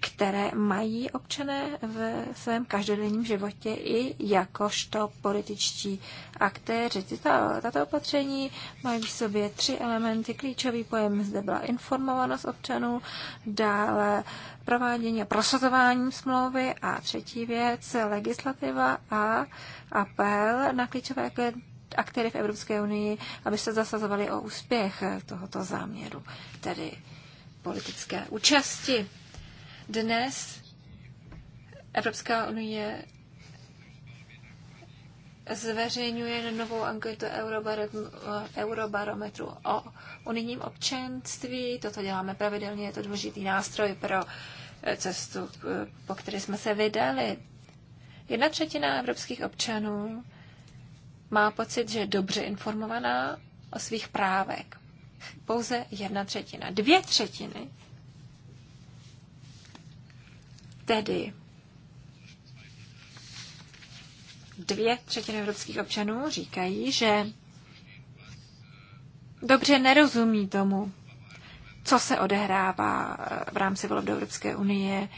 které mají občané v svém každodenním životě i jakožto političtí aktéři. Tato, tato opatření mají v sobě tři elementy. Klíčový pojem zde byla informovanost občanů, dále provádění a prosazování smlouvy a třetí věc legislativa a apel na klíčové aktéry v Evropské unii, aby se zasazovali o úspěch tohoto záměru, tedy politické účasti. Dnes Evropská unie zveřejňuje novou anketu Eurobarometru o unijním občanství. Toto děláme pravidelně, je to důležitý nástroj pro eh, cestu, eh, po které jsme se vydali. Jedna třetina evropských občanů má pocit, že je dobře informovaná o svých právech. Pouze jedna třetina. Dvě třetiny Tedy dvě třetiny evropských občanů říkají, že dobře nerozumí tomu, co se odehrává v rámci voleb do Evropské unie,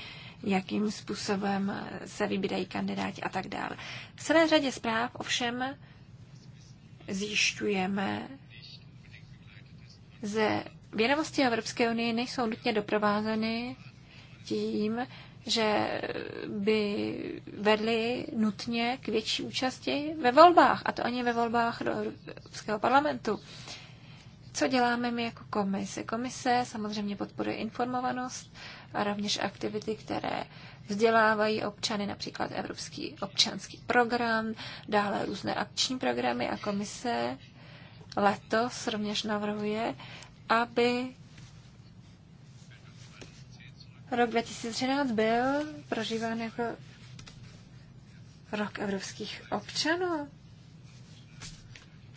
jakým způsobem se vybírají kandidáti a tak dále. V celé řadě zpráv ovšem zjišťujeme, že vědomosti Evropské unie nejsou nutně doprovázeny tím, že by vedly nutně k větší účasti ve volbách, a to ani ve volbách do Evropského parlamentu. Co děláme my jako komise? Komise samozřejmě podporuje informovanost a rovněž aktivity, které vzdělávají občany, například Evropský občanský program, dále různé akční programy a komise letos rovněž navrhuje, aby Rok 2013 byl prožíván jako rok evropských občanů.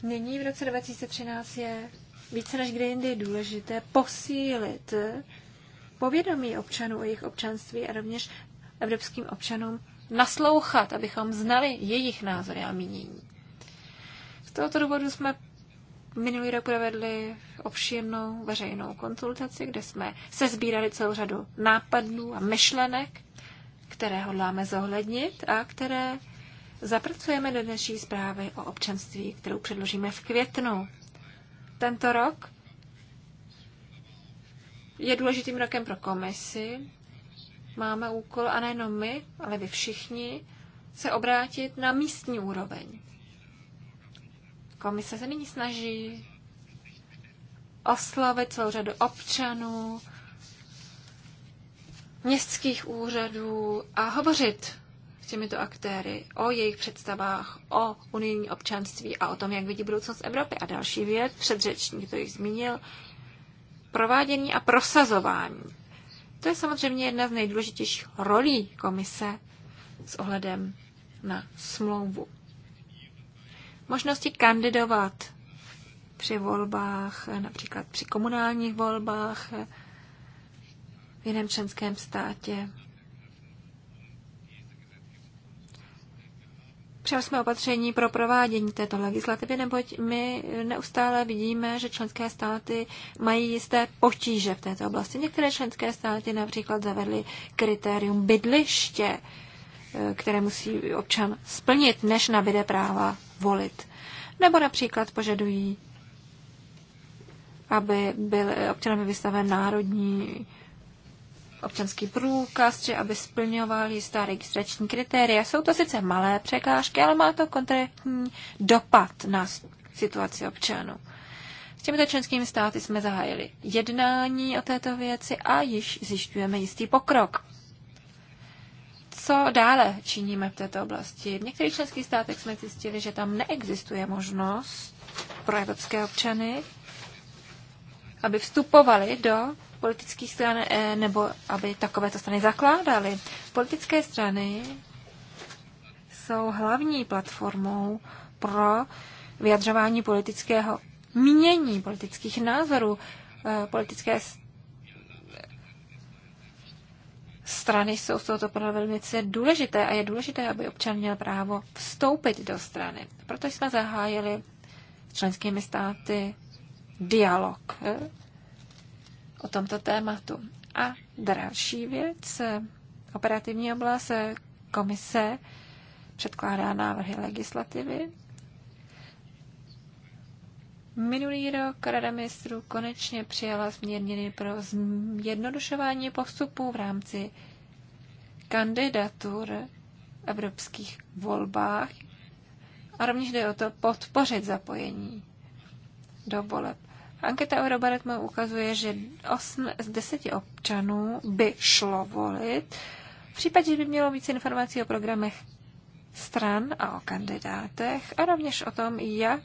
Nyní v roce 2013 je více než kdy jindy důležité posílit povědomí občanů o jejich občanství a rovněž evropským občanům naslouchat, abychom znali jejich názory a mínění. Z tohoto důvodu jsme Minulý rok provedli obšírnou veřejnou konzultaci, kde jsme se sbírali celou řadu nápadů a myšlenek, které hodláme zohlednit a které zapracujeme do dnešní zprávy o občanství, kterou předložíme v květnu. Tento rok je důležitým rokem pro komisi. Máme úkol, a nejenom my, ale vy všichni, se obrátit na místní úroveň. Komise se nyní snaží oslovit celou řadu občanů, městských úřadů a hovořit s těmito aktéry o jejich představách, o unijní občanství a o tom, jak vidí budoucnost Evropy. A další věc, předřečník to již zmínil, provádění a prosazování. To je samozřejmě jedna z nejdůležitějších rolí komise s ohledem na smlouvu možnosti kandidovat při volbách, například při komunálních volbách v jiném členském státě. Přijali jsme opatření pro provádění této legislativy, neboť my neustále vidíme, že členské státy mají jisté potíže v této oblasti. Některé členské státy například zavedly kritérium bydliště které musí občan splnit, než nabide práva volit. Nebo například požadují, aby byl občanem vystaven národní občanský průkaz, či aby splňoval jistá registrační kritéria. Jsou to sice malé překážky, ale má to konkrétní dopad na situaci občanů. S těmito členskými státy jsme zahájili jednání o této věci a již zjišťujeme jistý pokrok co dále činíme v této oblasti? V některých členských státech jsme zjistili, že tam neexistuje možnost pro evropské občany, aby vstupovali do politických stran eh, nebo aby takovéto strany zakládali. Politické strany jsou hlavní platformou pro vyjadřování politického mínění, politických názorů. Eh, politické strany jsou z tohoto podle velmi důležité a je důležité, aby občan měl právo vstoupit do strany. Proto jsme zahájili s členskými státy dialog eh, o tomto tématu. A další věc, operativní oblast eh, komise předkládá návrhy legislativy Minulý rok Rada ministrů konečně přijala změny pro zjednodušování postupů v rámci kandidatur v evropských volbách a rovněž jde o to podpořit zapojení do voleb. Anketa Eurobaretma ukazuje, že 8 z 10 občanů by šlo volit. V případě, že by mělo více informací o programech stran a o kandidátech a rovněž o tom, jak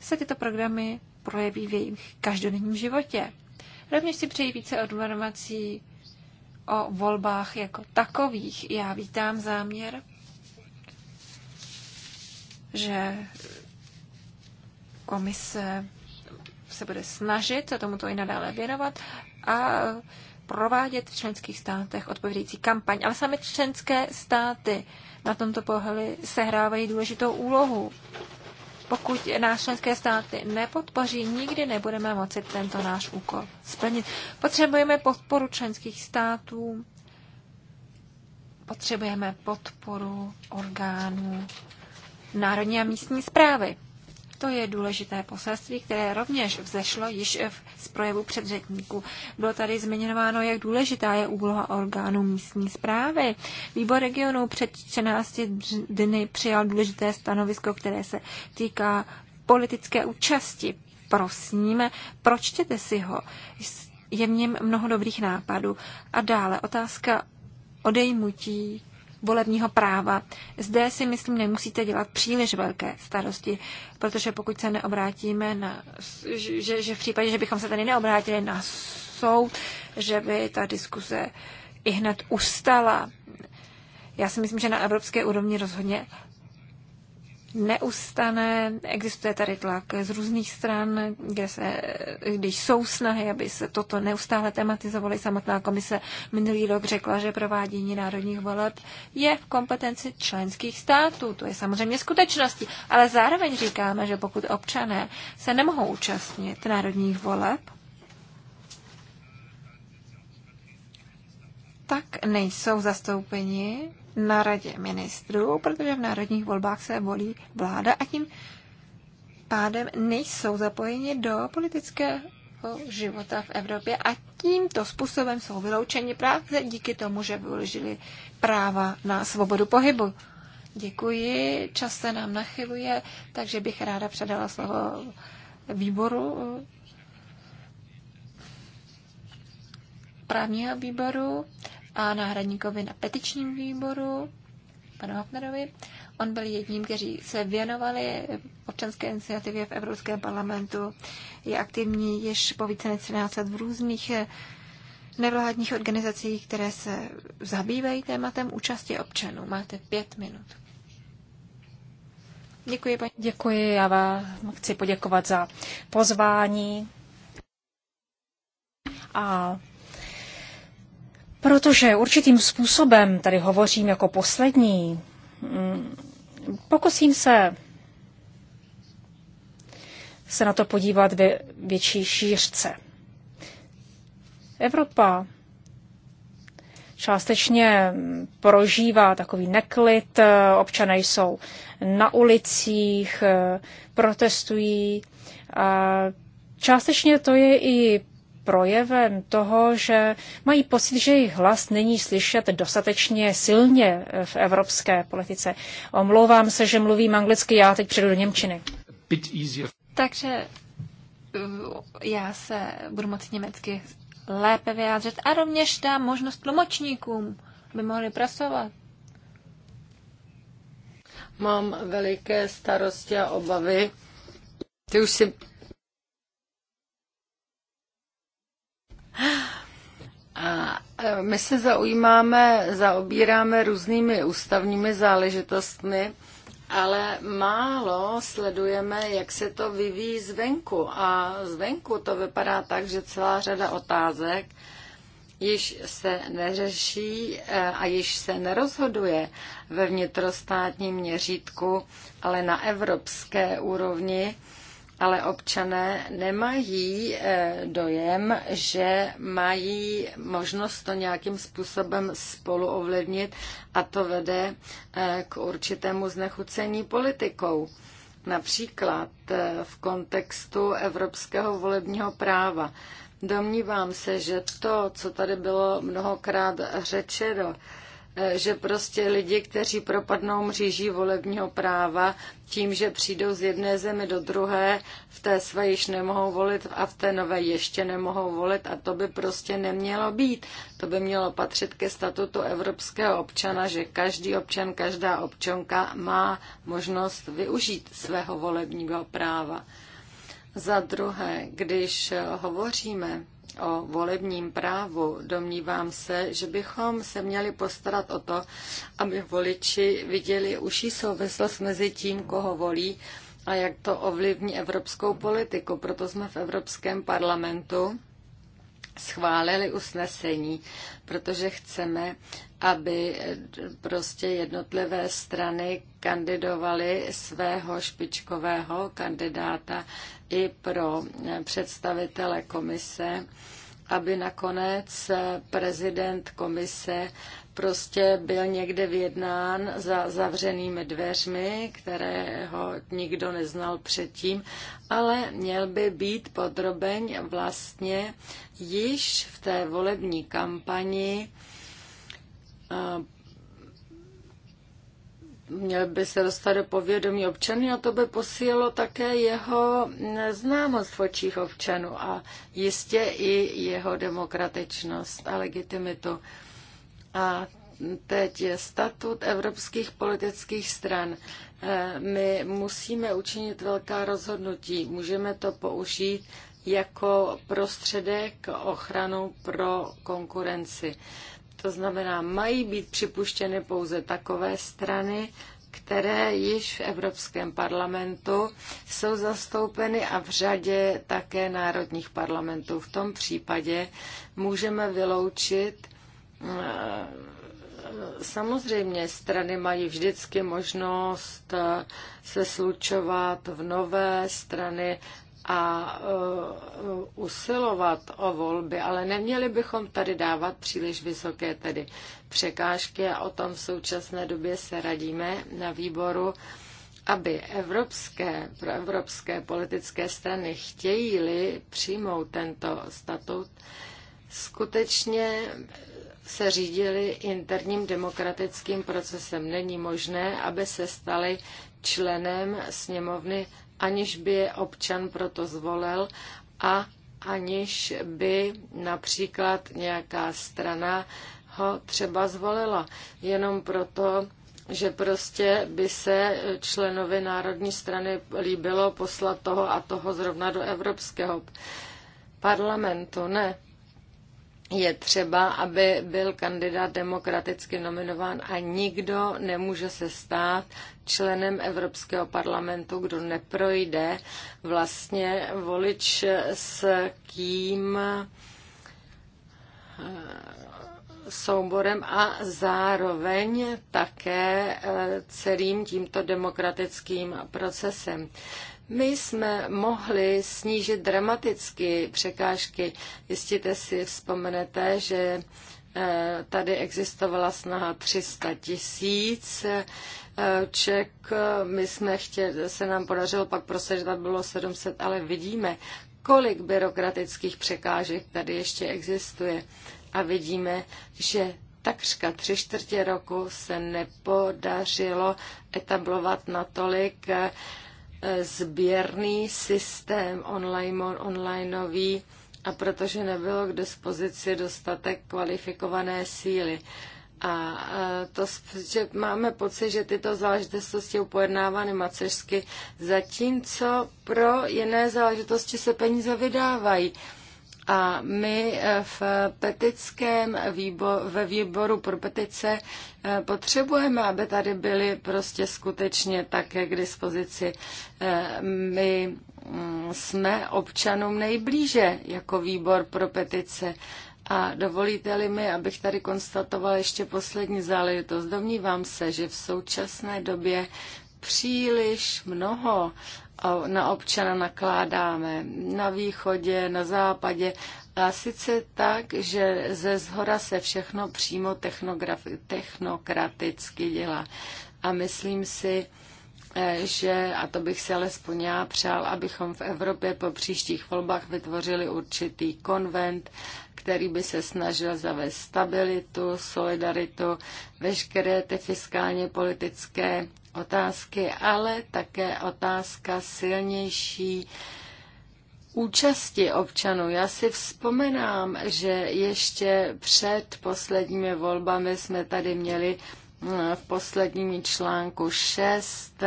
se tyto programy projeví v jejich každodenním životě. Rovněž si přeji více informací o volbách jako takových. Já vítám záměr, že komise se bude snažit se tomuto i nadále věnovat a provádět v členských státech odpovědající kampaň. Ale sami členské státy na tomto pohledu sehrávají důležitou úlohu. Pokud náš členské státy nepodpoří, nikdy nebudeme moci tento náš úkol splnit. Potřebujeme podporu členských států, potřebujeme podporu orgánů národní a místní zprávy. To je důležité poselství, které rovněž vzešlo již z projevu předřetníků. Bylo tady zmiňováno, jak důležitá je úloha orgánů místní zprávy. Výbor regionu před 14 dny přijal důležité stanovisko, které se týká politické účasti. Prosím, pročtěte si ho. Je v něm mnoho dobrých nápadů. A dále otázka odejmutí volebního práva. Zde si myslím, nemusíte dělat příliš velké starosti, protože pokud se neobrátíme na, že, že v případě, že bychom se tady neobrátili na soud, že by ta diskuse i hned ustala. Já si myslím, že na evropské úrovni rozhodně neustane. Existuje tady tlak z různých stran, kde se, když jsou snahy, aby se toto neustále tematizovaly. Samotná komise minulý rok řekla, že provádění národních voleb je v kompetenci členských států. To je samozřejmě skutečností. Ale zároveň říkáme, že pokud občané se nemohou účastnit národních voleb, tak nejsou zastoupeni na radě ministrů, protože v národních volbách se volí vláda a tím pádem nejsou zapojeni do politického života v Evropě a tímto způsobem jsou vyloučeni právě díky tomu, že vyložili práva na svobodu pohybu. Děkuji, čas se nám nachyluje, takže bych ráda předala slovo výboru eh, právního výboru a náhradníkovi na petičním výboru, panu Hafnerovi. On byl jedním, kteří se věnovali občanské iniciativě v Evropském parlamentu. Je aktivní již po více než 13 let v různých eh, nevládních organizacích, které se zabývají tématem účasti občanů. Máte pět minut. Děkuji, paní. Děkuji, já vám chci poděkovat za pozvání. A Protože určitým způsobem, tady hovořím jako poslední, mm, pokusím se se na to podívat ve větší šířce. Evropa částečně prožívá takový neklid, občané jsou na ulicích, protestují. A částečně to je i projevem toho, že mají pocit, že jejich hlas není slyšet dostatečně silně v evropské politice. Omlouvám se, že mluvím anglicky, já teď přijdu do Němčiny. Takže eh, já se budu moci německy lépe vyjádřit a rovněž dám možnost tlumočníkům, aby mohli pracovat. Mám veliké starosti a obavy. Ty už si E, my se zaujímáme, zaobíráme různými ústavními záležitostmi, ale málo sledujeme, jak se to vyvíjí zvenku. A zvenku to vypadá tak, že celá řada otázek již se neřeší e, a již se nerozhoduje ve vnitrostátním měřítku, ale na evropské úrovni ale občané nemají eh, dojem, že mají možnost to nějakým způsobem spolu ovlivnit a to vede eh, k určitému znechucení politikou. Například eh, v kontextu evropského volebního práva. Domnívám se, že to, co tady bylo mnohokrát řečeno, Eh, že prostě lidi, kteří propadnou mříží volebního práva tím, že přijdou z jedné zemi do druhé, v té své již nemohou volit a v té nové ještě nemohou volit a to by prostě nemělo být. To by mělo patřit ke statutu evropského občana, že každý občan, každá občanka má možnost využít svého volebního práva. Za druhé, když hovoříme o volebním právu, domnívám se, že bychom se měli postarat o to, aby voliči viděli užší souvislost mezi tím, koho volí a jak to ovlivní evropskou politiku. Proto jsme v Evropském parlamentu schválili usnesení, protože chceme aby prostě jednotlivé strany kandidovaly svého špičkového kandidáta i pro představitele komise, aby nakonec prezident komise prostě byl někde vyjednán za zavřenými dveřmi, které ho nikdo neznal předtím, ale měl by být podrobeň vlastně již v té volební kampani měl by se dostat do povědomí občanů a to by posílilo také jeho známost v očích občanů a jistě i jeho demokratičnost a legitimitu. A teď je statut evropských politických stran. E, my musíme učinit velká rozhodnutí. Můžeme to použít jako prostředek ochranu pro konkurenci. To znamená, mají být připuštěny pouze takové strany, které již v Evropském parlamentu jsou zastoupeny a v řadě také národních parlamentů. V tom případě můžeme vyloučit eh, Samozřejmě strany mají vždycky možnost eh, se slučovat v nové strany a uh, usilovat o volby, ale neměli bychom tady dávat příliš vysoké tedy překážky a o tom v současné době se radíme na výboru aby evropské, pro evropské politické strany chtějí-li přijmout tento statut, skutečně se řídili interním demokratickým procesem. Není možné, aby se stali členem sněmovny aniž by je občan proto zvolil a aniž by například nějaká strana ho třeba zvolila. Jenom proto, že prostě by se členovi Národní strany líbilo poslat toho a toho zrovna do Evropského parlamentu. Ne. Je třeba, aby byl kandidát demokraticky nominován a nikdo nemůže se stát členem Evropského parlamentu, kdo neprojde vlastně volič s kým eh, souborem a zároveň také eh, celým tímto demokratickým procesem. My jsme mohli snížit dramaticky překážky. Jistě si vzpomenete, že Eh, tady existovala snaha 300 tisíc eh, ček. Eh, my jsme chtěli, se nám podařilo pak prosadit, aby bylo 700, ale vidíme, kolik byrokratických překážek tady ještě existuje. A vidíme, že takřka tři čtvrtě roku se nepodařilo etablovat natolik sběrný systém online, onlineový, a protože nebylo k dispozici dostatek kvalifikované síly. A e, to, že máme pocit, že tyto záležitosti jsou pojednávány macežsky, zatímco pro jiné záležitosti se peníze vydávají. A my e, v petickém výboru, ve výboru pro petice e, potřebujeme, aby tady byly prostě skutečně také k dispozici. My Mm, jsme občanům nejblíže jako výbor pro petice. A dovolíte-li mi, abych tady konstatoval ještě poslední záležitost. Domnívám se, že v současné době příliš mnoho na občana nakládáme na východě, na západě. A sice tak, že ze zhora se všechno přímo technokraticky dělá. A myslím si, že, a to bych si alespoň já přál, abychom v Evropě po příštích volbách vytvořili určitý konvent, který by se snažil zavést stabilitu, solidaritu, veškeré ty fiskálně politické otázky, ale také otázka silnější účasti občanů. Já si vzpomenám, že ještě před posledními volbami jsme tady měli v posledním článku 6,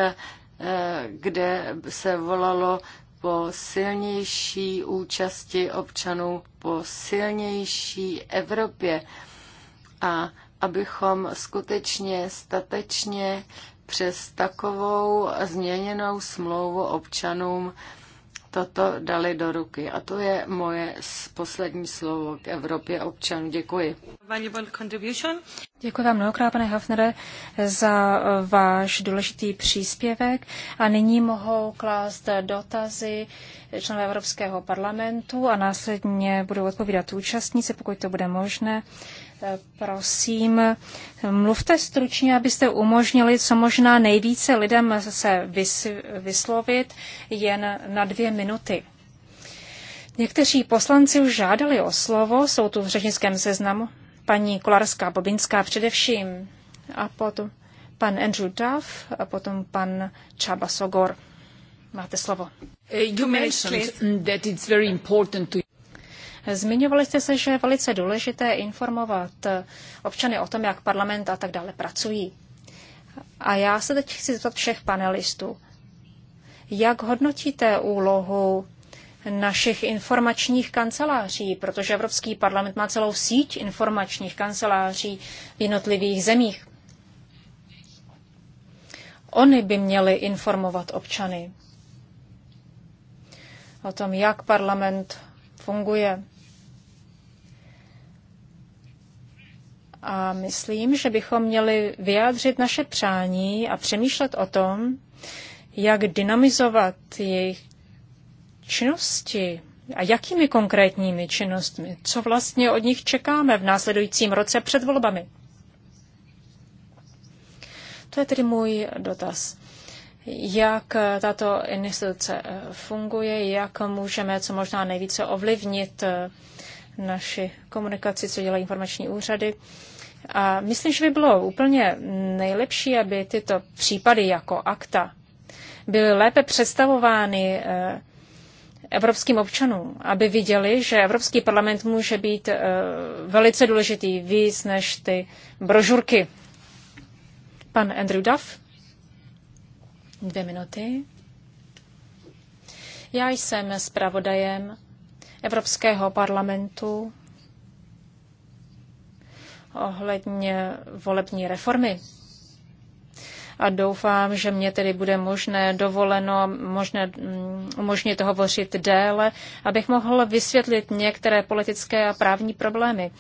eh, kde se volalo po silnější účasti občanů, po silnější Evropě a abychom skutečně statečně přes takovou změněnou smlouvu občanům toto dali do ruky. A to je moje poslední slovo k Evropě občanů. Děkuji. Děkuji vám mnohokrát, pane Hafnere, za eh, váš důležitý příspěvek. A nyní mohou klást dotazy členové Evropského parlamentu a následně budou odpovídat účastníci, pokud to bude možné. Prosím, mluvte stručně, abyste umožnili co možná nejvíce lidem se vyslovit jen na dvě minuty. Někteří poslanci už žádali o slovo, jsou tu v řečnickém seznamu paní Kolarská Bobinská především a potom pan Andrew Duff a potom pan Čaba Sogor. Máte slovo. Uh, you mentioned that it's very important to Zmiňovali jste se, že je velice důležité informovat občany o tom, jak parlament a tak dále pracují. A já se teď chci zeptat všech panelistů. Jak hodnotíte úlohu našich informačních kanceláří, protože Evropský parlament má celou síť informačních kanceláří v jednotlivých zemích. Oni by měli informovat občany o tom, jak parlament funguje. A myslím, že bychom měli vyjádřit naše přání a přemýšlet o tom, jak dynamizovat jejich činnosti a jakými konkrétními činnostmi, co vlastně od nich čekáme v následujícím roce před volbami. To je tedy můj dotaz jak tato instituce eh, funguje, jak můžeme co možná nejvíce ovlivnit eh, naši komunikaci, co dělají informační úřady. A myslím, že by bylo úplně nejlepší, aby tyto případy jako akta byly lépe představovány eh, evropským občanům, aby viděli, že Evropský parlament může být velice důležitý víc než ty brožurky. Pan Andrew Duff. Dvě minuty. Já jsem zpravodajem Evropského parlamentu ohledně volební reformy. A doufám, že mě tedy bude možné dovoleno, možné, mm, umožnit hovořit déle, abych mohl vysvětlit některé politické a právní problémy,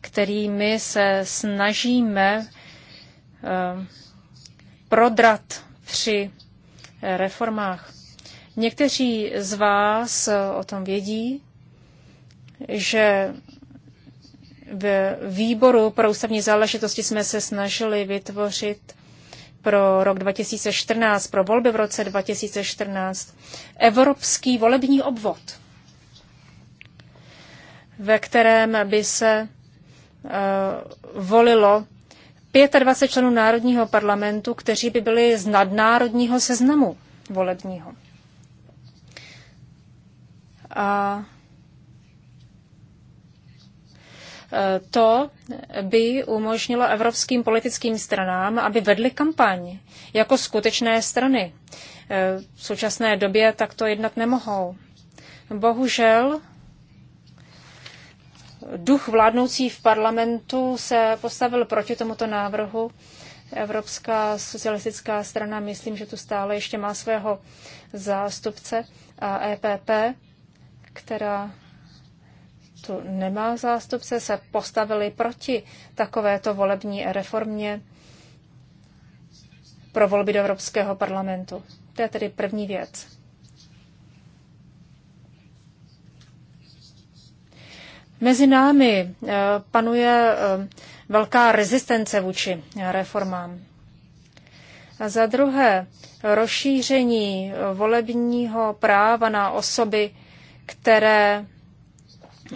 kterými se snažíme eh, prodrat při reformách. Někteří z vás o tom vědí, že v výboru pro ústavní záležitosti jsme se snažili vytvořit pro rok 2014, pro volby v roce 2014, evropský volební obvod, ve kterém by se uh, volilo 25 členů Národního parlamentu, kteří by byli z nadnárodního seznamu volebního. A e, to by umožnilo evropským politickým stranám, aby vedly kampaň jako skutečné strany. E, v současné době takto jednat nemohou. Bohužel duch vládnoucí v parlamentu se postavil proti tomuto návrhu. Evropská socialistická strana, myslím, že tu stále ještě má svého zástupce a EPP, která tu nemá zástupce, se postavili proti takovéto volební reformě pro volby do Evropského parlamentu. To je tedy první věc. Mezi námi eh, panuje eh, velká rezistence vůči reformám. A za druhé, rozšíření eh, volebního práva na osoby, které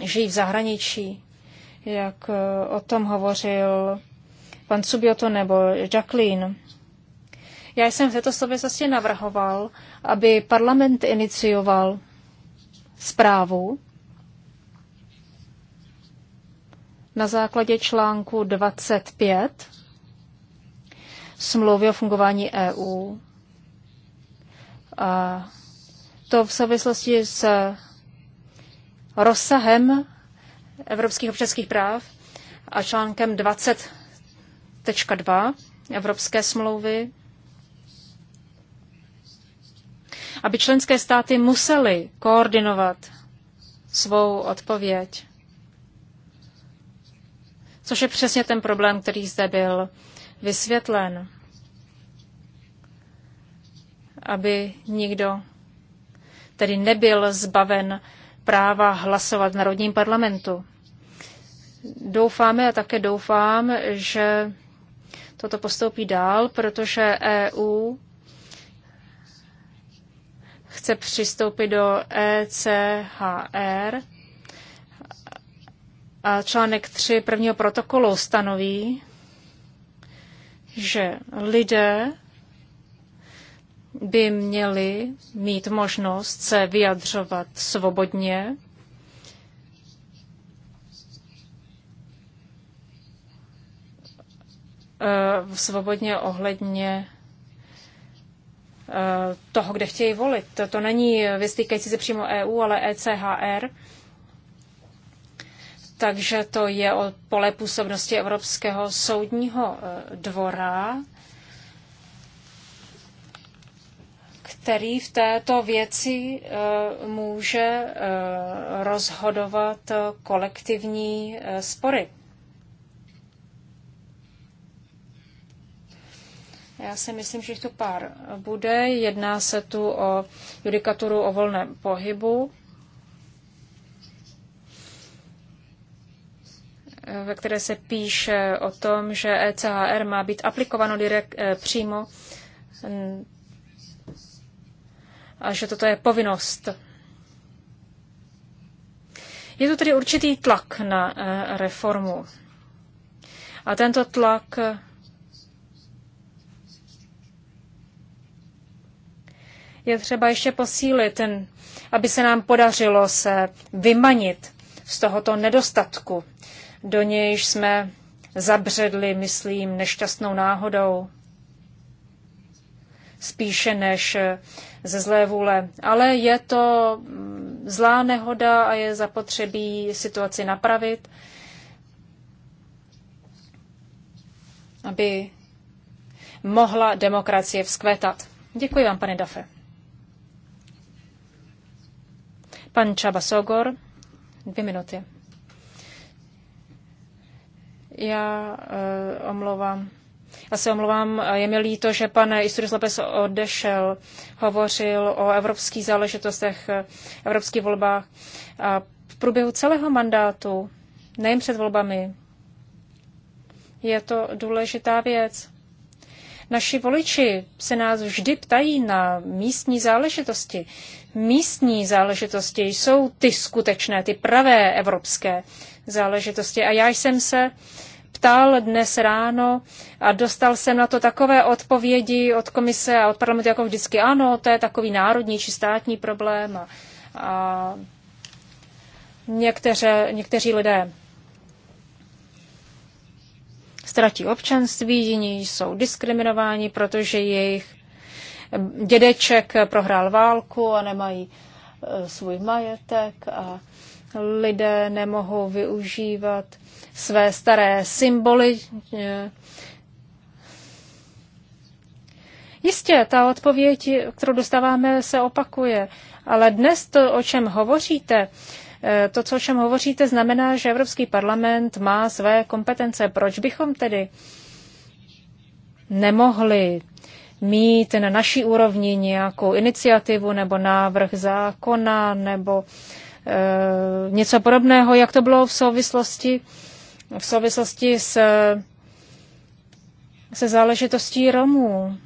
žijí v zahraničí, jak o tom hovořil pan Subioto nebo Jacqueline. Já jsem v této souvislosti navrhoval, aby parlament inicioval zprávu na základě článku 25 smlouvy o fungování EU. A to v souvislosti s rozsahem evropských občanských práv a článkem 20.2 Evropské smlouvy, aby členské státy musely koordinovat svou odpověď což je přesně ten problém, který zde byl vysvětlen, aby nikdo tedy nebyl zbaven práva hlasovat v Národním parlamentu. Doufáme a také doufám, že toto postoupí dál, protože EU chce přistoupit do ECHR, a článek 3 prvního protokolu stanoví, že lidé by měli mít možnost se vyjadřovat svobodně eh, svobodně ohledně eh, toho, kde chtějí volit. To není vystýkající se přímo EU, ale ECHR takže to je o pole působnosti Evropského soudního eh, dvora, který v této věci eh, může eh, rozhodovat kolektivní spory. Já si myslím, že jich tu pár bude. Jedná se tu o judikaturu o volném pohybu ve které se píše o tom, že ECHR má být aplikováno direkt, eh, přímo mm, a že toto je povinnost. Je tu tedy určitý tlak na eh, reformu. A tento tlak eh, je třeba ještě posílit, ten, aby se nám podařilo se vymanit z tohoto nedostatku do nějž jsme zabředli, myslím, nešťastnou náhodou, spíše než eh, ze zlé vůle. Ale je to mm, zlá nehoda a je zapotřebí situaci napravit, aby mohla demokracie vzkvétat. Děkuji vám, pane Dafe. Pan Čaba Sogor, dvě minuty. Já uh, omlouvám. Já se omlouvám, je mi líto, že pan Isturis Lepes odešel, hovořil o evropských záležitostech, eh, evropských volbách. A v průběhu celého mandátu, nejen před volbami, je to důležitá věc. Naši voliči se nás vždy ptají na místní záležitosti. Místní záležitosti jsou ty skutečné, ty pravé evropské záležitosti. A já jsem se uh, ptal dnes ráno a dostal jsem na to takové odpovědi od komise a od parlamentu jako vždycky, ano, to je takový národní či státní problém. A, a někteře, někteří lidé ztratí občanství, jiní jsou diskriminováni, protože jejich dědeček prohrál válku a nemají e, svůj majetek a lidé nemohou využívat své staré symboly. Jistě, ta odpověď, kterou dostáváme, se opakuje, ale dnes to, o čem hovoříte, eh, to, co o čem hovoříte, znamená, že Evropský parlament má své kompetence. Proč bychom tedy nemohli mít na naší úrovni nějakou iniciativu nebo návrh zákona nebo e, něco podobného, jak to bylo v souvislosti v souvislosti s, se záležitostí Romů.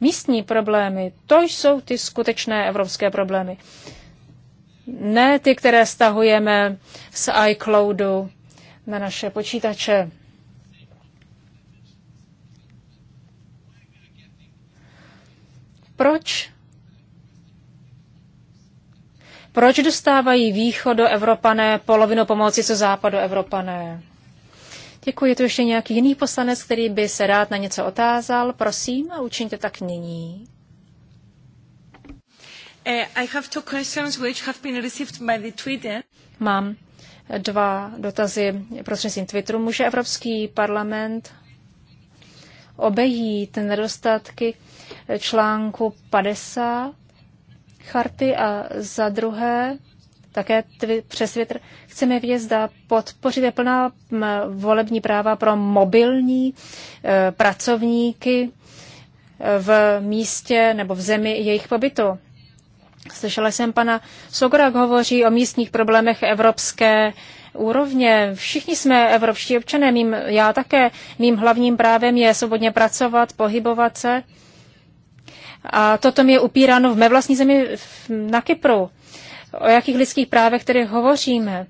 Místní problémy, to jsou ty skutečné evropské problémy. Ne ty, které stahujeme z iCloudu na naše počítače. Proč proč dostávají Evropané polovinu pomoci, co Evropané? Děkuji. Je tu ještě nějaký jiný poslanec, který by se rád na něco otázal? Prosím, a učiňte tak nyní. Mám dva dotazy prostřednictvím Twitteru. Může Evropský parlament obejít nedostatky článku 50 charty a za druhé také přes větr. Chceme vědět, zda podpoříte plná volební práva pro mobilní e, pracovníky e, v místě nebo v zemi jejich pobytu. Slyšela jsem pana Sogora, hovoří o místních problémech evropské úrovně. Všichni jsme evropští občané, mým, já také. Mým hlavním právem je svobodně pracovat, pohybovat se. A toto mi je upíráno v mé vlastní zemi na Kypru. O jakých lidských právech tedy hovoříme?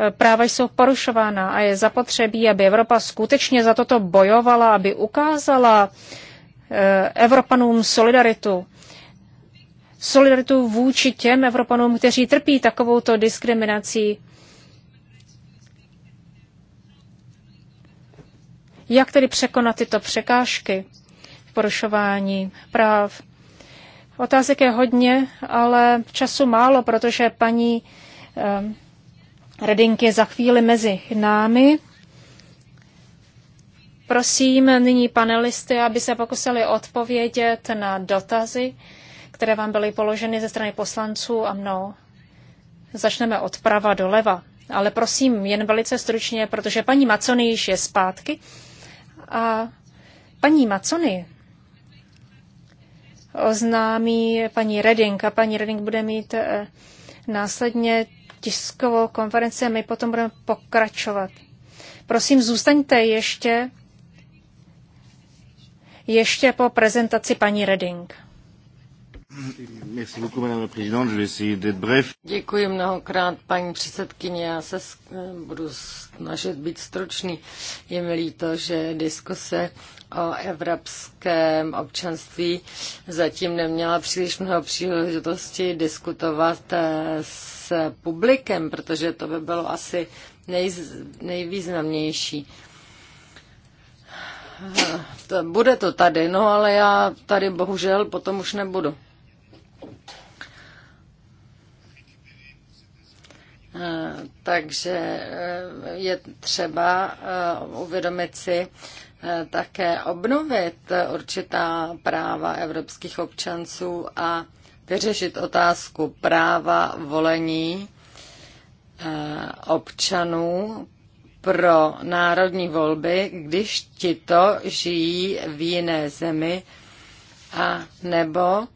E, práva jsou porušována a je zapotřebí, aby Evropa skutečně za toto bojovala, aby ukázala e, Evropanům solidaritu. Solidaritu vůči těm Evropanům, kteří trpí takovouto diskriminací. Jak tedy překonat tyto překážky? porušování práv. Otázek je hodně, ale času málo, protože paní eh, Redink je za chvíli mezi námi. Prosím nyní panelisty, aby se pokusili odpovědět na dotazy, které vám byly položeny ze strany poslanců a mnou. Začneme od prava doleva. Ale prosím, jen velice stručně, protože paní Macony již je zpátky. A paní Macony oznámí paní Reding a paní Reding bude mít eh, následně tiskovou konferenci a my potom budeme pokračovat. Prosím, zůstaňte ještě ještě po prezentaci paní Reding. Děkuji mnohokrát, paní předsedkyně. Já se budu snažit být stručný. Je mi líto, že diskuse o evropském občanství zatím neměla příliš mnoho příležitosti diskutovat eh, s publikem, protože to by bylo asi nej, nejvýznamnější eh, bude to tady, no ale já tady bohužel potom už nebudu. Takže eh, je třeba eh, uvědomit si eh, také obnovit určitá práva evropských občanců a vyřešit otázku práva volení občanů pro národní volby, když tito žijí v jiné zemi a nebo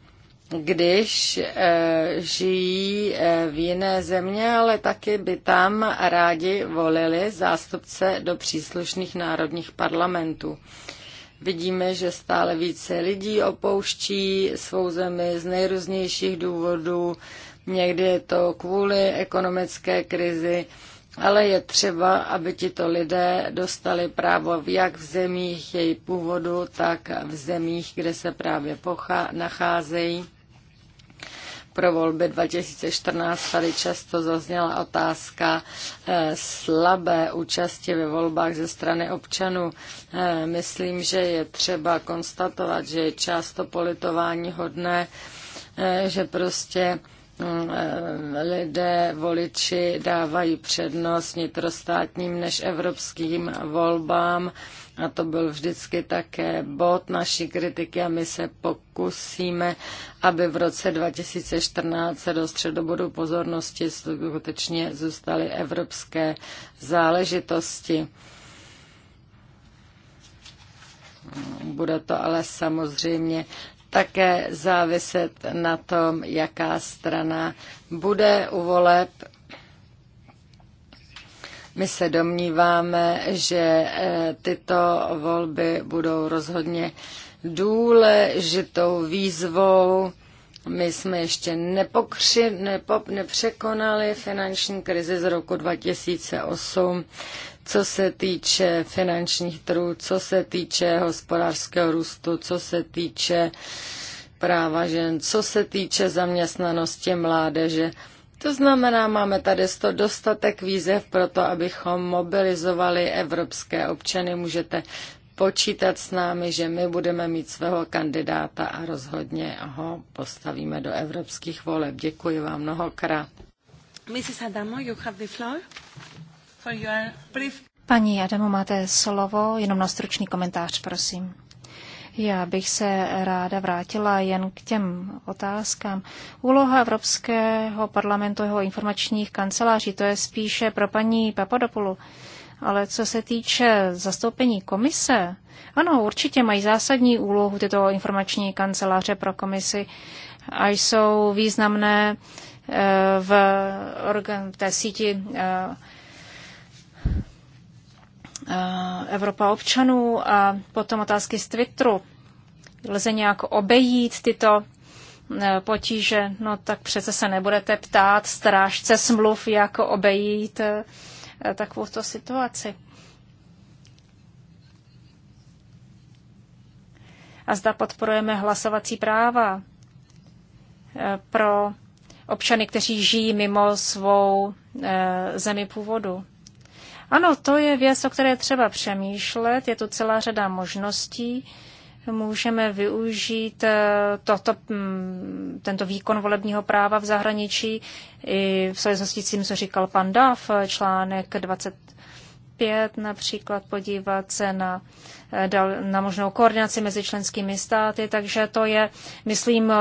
když eh, žijí eh, v jiné země, ale taky by tam rádi volili zástupce do příslušných národních parlamentů. Vidíme, že stále více lidí opouští svou zemi z nejrůznějších důvodů. Někdy je to kvůli ekonomické krizi, ale je třeba, aby tito lidé dostali právo v jak v zemích jejich původu, tak v zemích, kde se právě nacházejí pro volby 2014 tady často zazněla otázka eh, slabé účasti ve volbách ze strany občanů. Eh, myslím, že je třeba konstatovat, že je často politování hodné, eh, že prostě mm, lidé, voliči dávají přednost nitrostátním než evropským volbám a to byl vždycky také bod naší kritiky a my se pokusíme, aby v roce 2014 se do středobodu pozornosti skutečně zůstaly evropské záležitosti. Bude to ale samozřejmě také záviset na tom, jaká strana bude u voleb my se domníváme, že eh, tyto volby budou rozhodně důležitou výzvou. My jsme ještě nepokři, nepop, nepřekonali finanční krizi z roku 2008, co se týče finančních trhů, co se týče hospodářského růstu, co se týče práva žen, co se týče zaměstnanosti mládeže. To znamená, máme tady sto dostatek výzev pro to, abychom mobilizovali evropské občany. Můžete počítat s námi, že my budeme mít svého kandidáta a rozhodně ho postavíme do evropských voleb. Děkuji vám mnohokrát. Mrs. Adamo, you have the floor for your brief... Paní Adamo, máte slovo, jenom na stručný komentář, prosím. Já bych se ráda vrátila jen k těm otázkám. Úloha Evropského parlamentu jeho informačních kanceláří, to je spíše pro paní Papadopoulu. Ale co se týče zastoupení komise, ano, určitě mají zásadní úlohu tyto informační kanceláře pro komisi a jsou významné eh, v, v té síti eh, Eh, Evropa občanů a potom otázky z Twitteru. Lze nějak obejít tyto eh, potíže? No tak přece se nebudete ptát strážce smluv, jak obejít eh, takovouto situaci. A zda podporujeme hlasovací práva pro občany, kteří žijí mimo svou zemi původu. Ano, to je věc, o které třeba přemýšlet. Je tu celá řada možností. Můžeme využít eh, toto, mm, tento výkon volebního práva v zahraničí i v souvislosti s tím, co říkal pan Dav, článek 25 například, podívat se na, eh, na možnou koordinaci mezi členskými státy, takže to je, myslím, eh,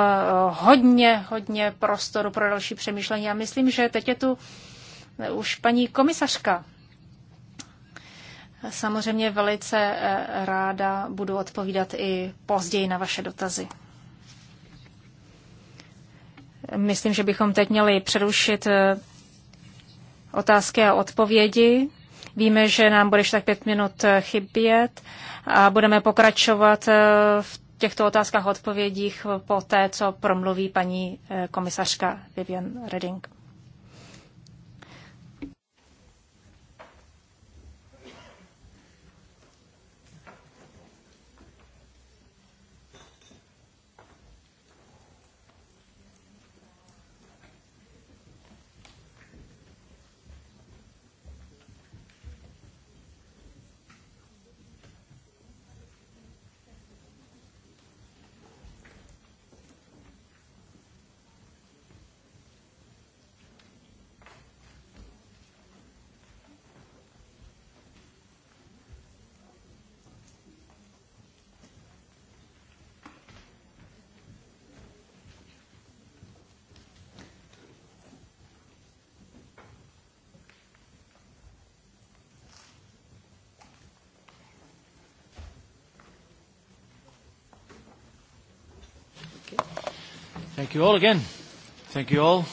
hodně, hodně prostoru pro další přemýšlení. A myslím, že teď je tu už paní komisařka Samozřejmě velice eh, ráda budu odpovídat i později na vaše dotazy. Myslím, že bychom teď měli přerušit eh, otázky a odpovědi. Víme, že nám bude tak pět minut eh, chybět a budeme pokračovat v těchto otázkách a odpovědích po té, co promluví paní komisařka Vivian Redding. Thank you all again. Thank you all.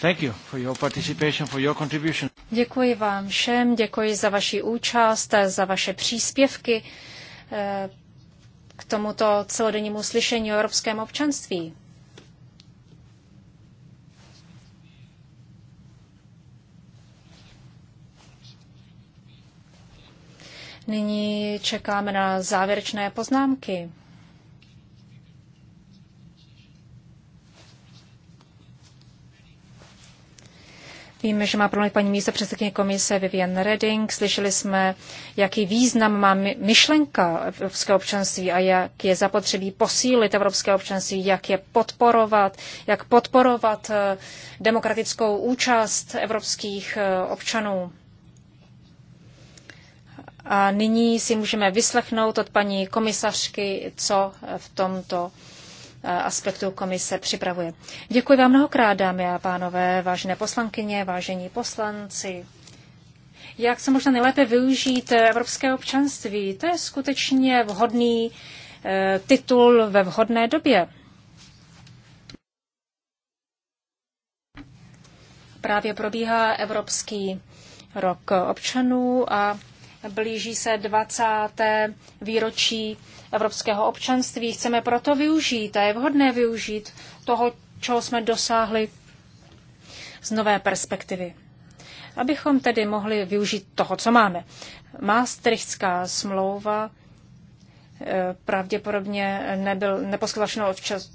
Thank you for your participation, for your contribution. Děkuji vám všem, děkuji za vaši účast, za vaše příspěvky eh, k tomuto celodennímu slyšení o evropském občanství. Nyní čekáme na závěrečné poznámky. Víme, že má promluvit paní místa předsedkyně komise Vivian Redding. Slyšeli jsme, jaký význam má myšlenka evropského občanství a jak je zapotřebí posílit evropské občanství, jak je podporovat, jak podporovat eh, demokratickou účast evropských eh, občanů. A nyní si můžeme vyslechnout od paní komisařky, co v tomto Eh, aspektu komise připravuje. Děkuji vám mnohokrát, dámy a pánové, vážené poslankyně, vážení poslanci. Jak se možná nejlépe využít eh, evropské občanství? To je skutečně vhodný eh, titul ve vhodné době. Právě probíhá Evropský rok občanů a blíží se 20. výročí evropského občanství. Chceme proto využít a je vhodné využít toho, čeho jsme dosáhli z nové perspektivy. Abychom tedy mohli využít toho, co máme. Maastrichtská smlouva eh, pravděpodobně nebyl, neposkytlačnou všechno včas,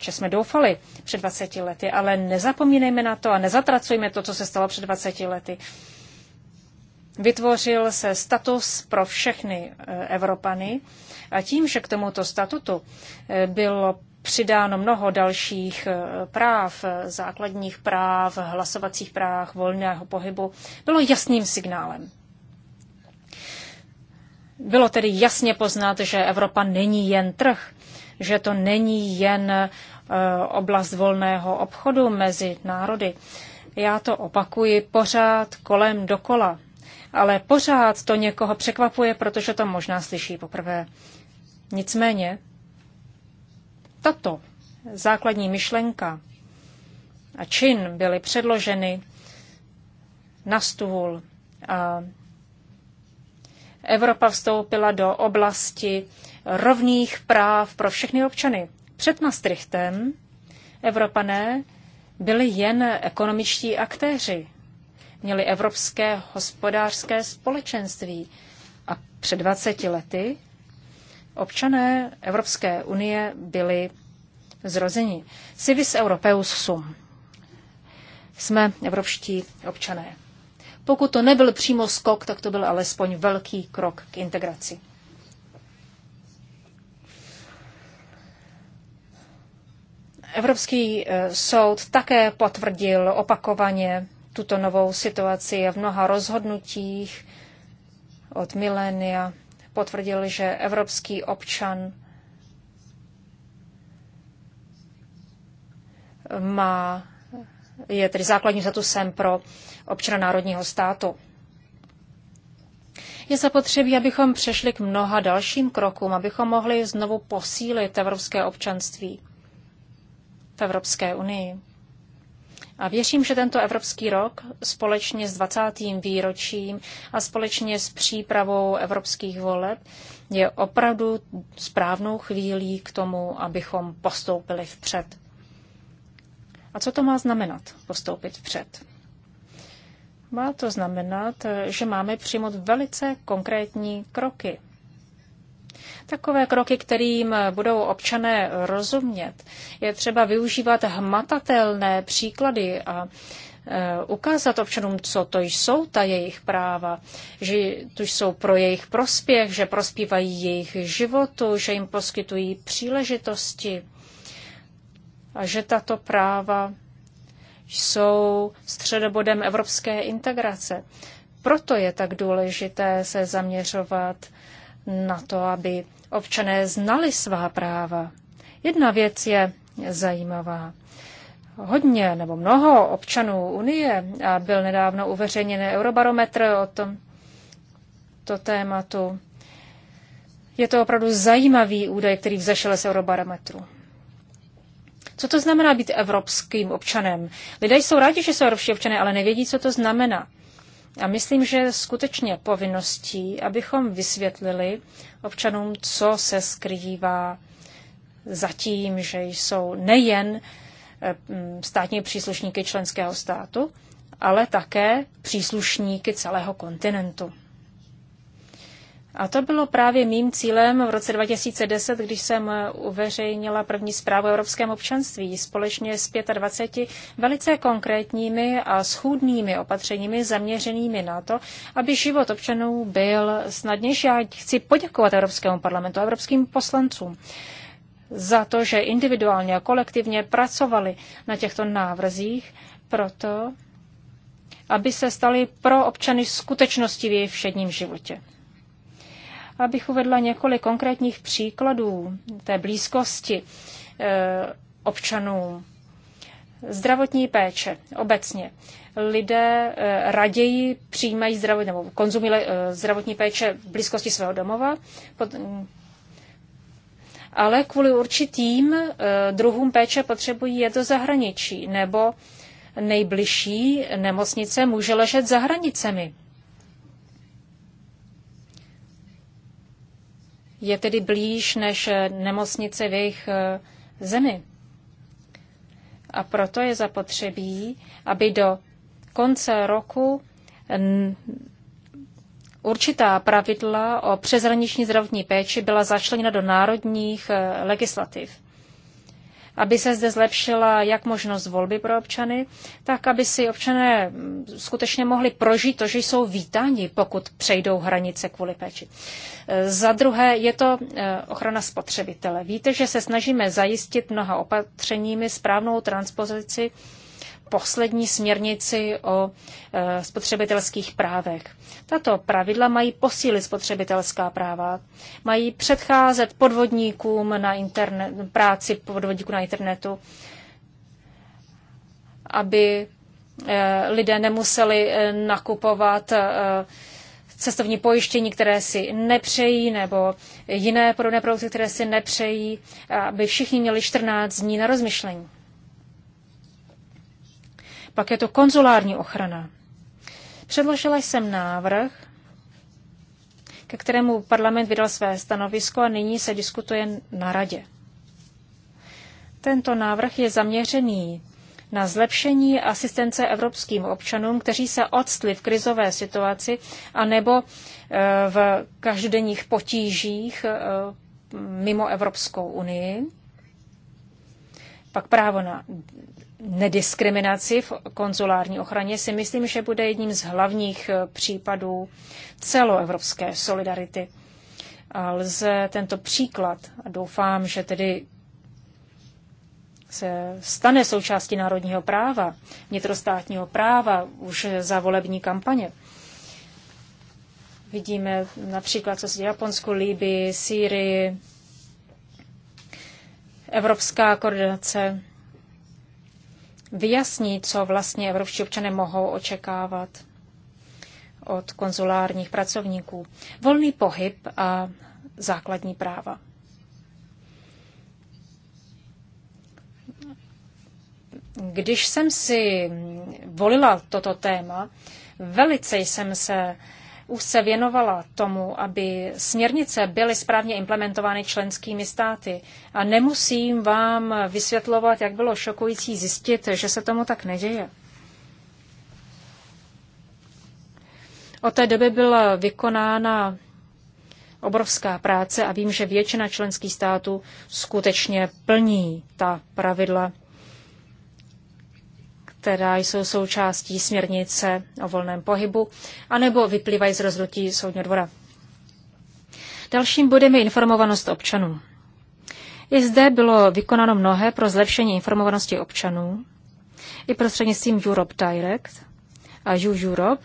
že jsme doufali před 20 lety, ale nezapomínejme na to a nezatracujme to, co se stalo před 20 lety. Vytvořil se status pro všechny eh, Evropany a tím, že k tomuto statutu eh, bylo přidáno mnoho dalších eh, práv, základních práv, hlasovacích práv, volného pohybu, bylo jasným signálem. Bylo tedy jasně poznat, že Evropa není jen trh, že to není jen oblast volného obchodu mezi národy. Já to opakuji pořád kolem dokola ale pořád to někoho překvapuje, protože to možná slyší poprvé. Nicméně, tato základní myšlenka a čin byly předloženy na stůl a Evropa vstoupila do oblasti rovných práv pro všechny občany. Před Maastrichtem Evropané byli jen ekonomičtí aktéři měli Evropské hospodářské společenství. A před 20 lety občané Evropské unie byli zrozeni. Civis Europeus sum. Jsme evropští občané. Pokud to nebyl přímo skok, tak to byl alespoň velký krok k integraci. Evropský eh, soud také potvrdil opakovaně tuto novou situaci a v mnoha rozhodnutích od milénia potvrdil, že evropský občan má, je tedy základním statusem pro občana národního státu. Je zapotřebí, abychom přešli k mnoha dalším krokům, abychom mohli znovu posílit evropské občanství v Evropské unii. A věřím, že tento evropský rok společně s 20. výročím a společně s přípravou evropských voleb je opravdu správnou chvílí k tomu, abychom postoupili vpřed. A co to má znamenat, postoupit vpřed? Má to znamenat, že máme přijmout velice konkrétní kroky takové kroky, kterým budou občané rozumět. Je třeba využívat hmatatelné příklady a e, ukázat občanům, co to jsou ta jejich práva, že tu jsou pro jejich prospěch, že prospívají jejich životu, že jim poskytují příležitosti a že tato práva jsou středobodem evropské integrace. Proto je tak důležité se zaměřovat na to, aby občané znali svá práva. Jedna věc je zajímavá. Hodně nebo mnoho občanů Unie, a byl nedávno uveřejněn Eurobarometr o tom, to tématu, je to opravdu zajímavý údaj, který vzešel z Eurobarometru. Co to znamená být evropským občanem? Lidé jsou rádi, že jsou evropští občané, ale nevědí, co to znamená. A myslím, že je skutečně povinností, abychom vysvětlili občanům, co se skrývá za tím, že jsou nejen eh, státní příslušníky členského státu, ale také příslušníky celého kontinentu. A to bylo právě mým cílem v roce 2010, když jsem uveřejnila první zprávu o evropském občanství společně s 25 velice konkrétními a schůdnými opatřeními zaměřenými na to, aby život občanů byl snadnější. Já chci poděkovat Evropskému parlamentu a evropským poslancům za to, že individuálně a kolektivně pracovali na těchto návrzích, proto aby se staly pro občany skutečnosti v jejich všedním životě abych uvedla několik konkrétních příkladů té blízkosti eh, občanů Zdravotní péče obecně. Lidé eh, raději přijímají zdravotní, nebo konzumují eh, zdravotní péče v blízkosti svého domova, ale kvůli určitým druhům péče potřebují je do zahraničí, nebo nejbližší nemocnice může ležet za hranicemi. je tedy blíž než eh, nemocnice v jejich eh, zemi. A proto je zapotřebí, aby do konce roku určitá pravidla o přezraniční zdravotní péči byla začleněna do národních eh, legislativ aby se zde zlepšila jak možnost volby pro občany, tak aby si občané skutečně mohli prožít to, že jsou vítáni, pokud přejdou hranice kvůli péči. Za druhé je to eh, ochrana spotřebitele. Víte, že se snažíme zajistit mnoha opatřeními správnou transpozici poslední směrnici o e, spotřebitelských právech. Tato pravidla mají posílit spotřebitelská práva, mají předcházet podvodníkům na internet, práci podvodníků na internetu, aby e, lidé nemuseli e, nakupovat cestovní pojištění, které si nepřejí, nebo jiné podobné produkty, které si nepřejí, aby všichni měli 14 dní na rozmyšlení. Pak je to konzulární ochrana. Předložila jsem návrh, ke kterému parlament vydal své stanovisko a nyní se diskutuje na radě. Tento návrh je zaměřený na zlepšení asistence evropským občanům, kteří se odstli v krizové situaci anebo e, v každodenních potížích e, mimo Evropskou unii. Pak právo na nediskriminaci v konzulární ochraně si myslím, že bude jedním z hlavních eh, případů celoevropské solidarity. A lze tento příklad, a doufám, že tedy se stane součástí národního práva, vnitrostátního práva už za volební kampaně. Vidíme například, co se děje v Japonsku, Líbii, Sýrii, Evropská koordinace vyjasní, co vlastně evropští občané mohou očekávat od konzulárních pracovníků. Volný pohyb a základní práva. Když jsem si volila toto téma, velice jsem se už se věnovala tomu, aby směrnice byly správně implementovány členskými státy. A nemusím vám vysvětlovat, jak bylo šokující zjistit, že se tomu tak neděje. Od té doby byla vykonána obrovská práce a vím, že většina členských států skutečně plní ta pravidla která jsou součástí směrnice o volném pohybu, anebo vyplývají z rozhodnutí soudního dvora. Dalším bodem je informovanost občanů. I zde bylo vykonáno mnohé pro zlepšení informovanosti občanů, i prostřednictvím Europe Direct a Juž Europe,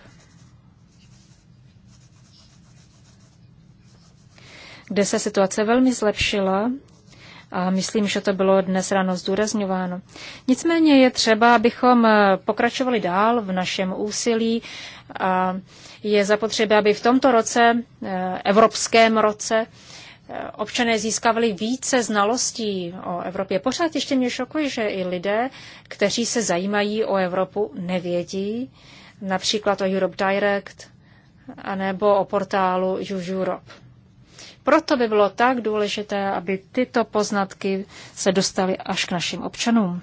kde se situace velmi zlepšila a myslím, že to bylo dnes ráno zdůrazňováno. Nicméně je třeba, abychom eh, pokračovali dál v našem úsilí a je zapotřebí, aby v tomto roce, eh, evropském roce, eh, občané získávali více znalostí o Evropě. Pořád ještě mě šokuje, že i lidé, kteří se zajímají o Evropu, nevědí, například o Europe Direct, anebo o portálu Use Europe. Proto by bylo tak důležité, aby tyto poznatky se dostaly až k našim občanům.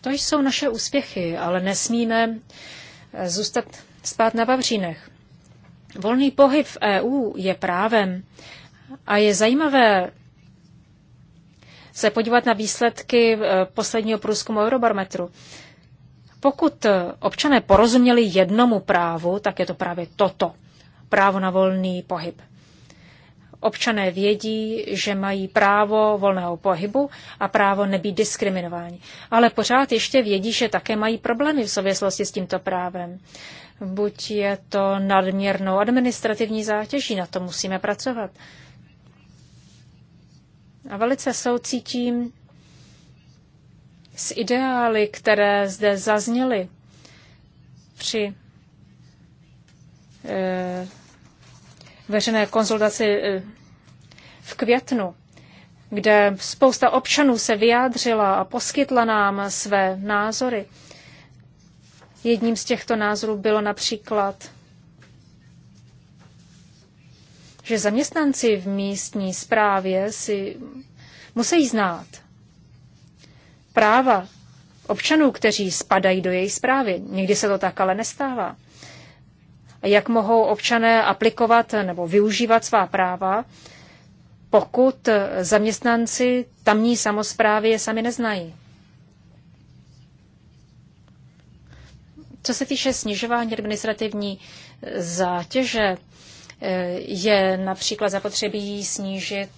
To jsou naše úspěchy, ale nesmíme eh, zůstat spát na vavřínech. Volný pohyb v EU je právem a je zajímavé se podívat na výsledky eh, posledního průzkumu Eurobarometru. Pokud eh, občané porozuměli jednomu právu, tak je to právě toto. Právo na volný pohyb. Občané vědí, že mají právo volného pohybu a právo nebýt diskriminováni. Ale pořád ještě vědí, že také mají problémy v souvislosti s tímto právem. Buď je to nadměrnou administrativní zátěží, na to musíme pracovat. A velice soucítím s ideály, které zde zazněly při e, veřejné konzultaci e, v květnu, kde spousta občanů se vyjádřila a poskytla nám své názory. Jedním z těchto názorů bylo například, že zaměstnanci v místní správě si musí znát práva občanů, kteří spadají do její zprávy. Nikdy se to tak ale nestává. Jak mohou občané aplikovat nebo využívat svá práva, pokud zaměstnanci tamní samozprávy je sami neznají? Co se týče snižování administrativní zátěže, je například zapotřebí snížit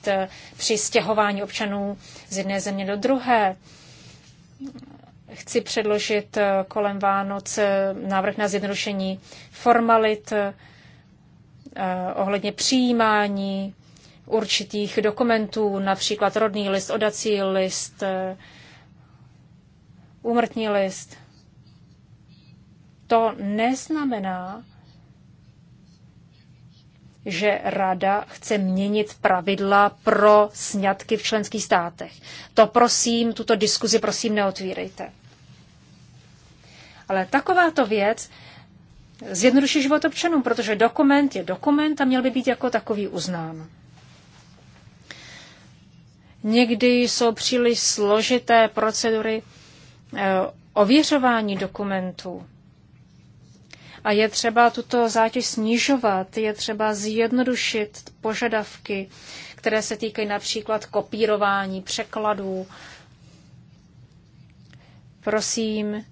při stěhování občanů z jedné země do druhé chci předložit eh, kolem Vánoc eh, návrh na zjednodušení formalit eh, ohledně přijímání určitých dokumentů, například rodný list, odací list, úmrtní list. To neznamená, že Rada chce měnit pravidla pro sňatky v členských státech. To prosím, tuto diskuzi prosím neotvírejte. Ale takováto věc zjednoduší život občanům, protože dokument je dokument a měl by být jako takový uznán. Někdy jsou příliš složité procedury eh, ověřování dokumentů. A je třeba tuto zátěž snižovat, je třeba zjednodušit požadavky, které se týkají například kopírování, překladů. Prosím,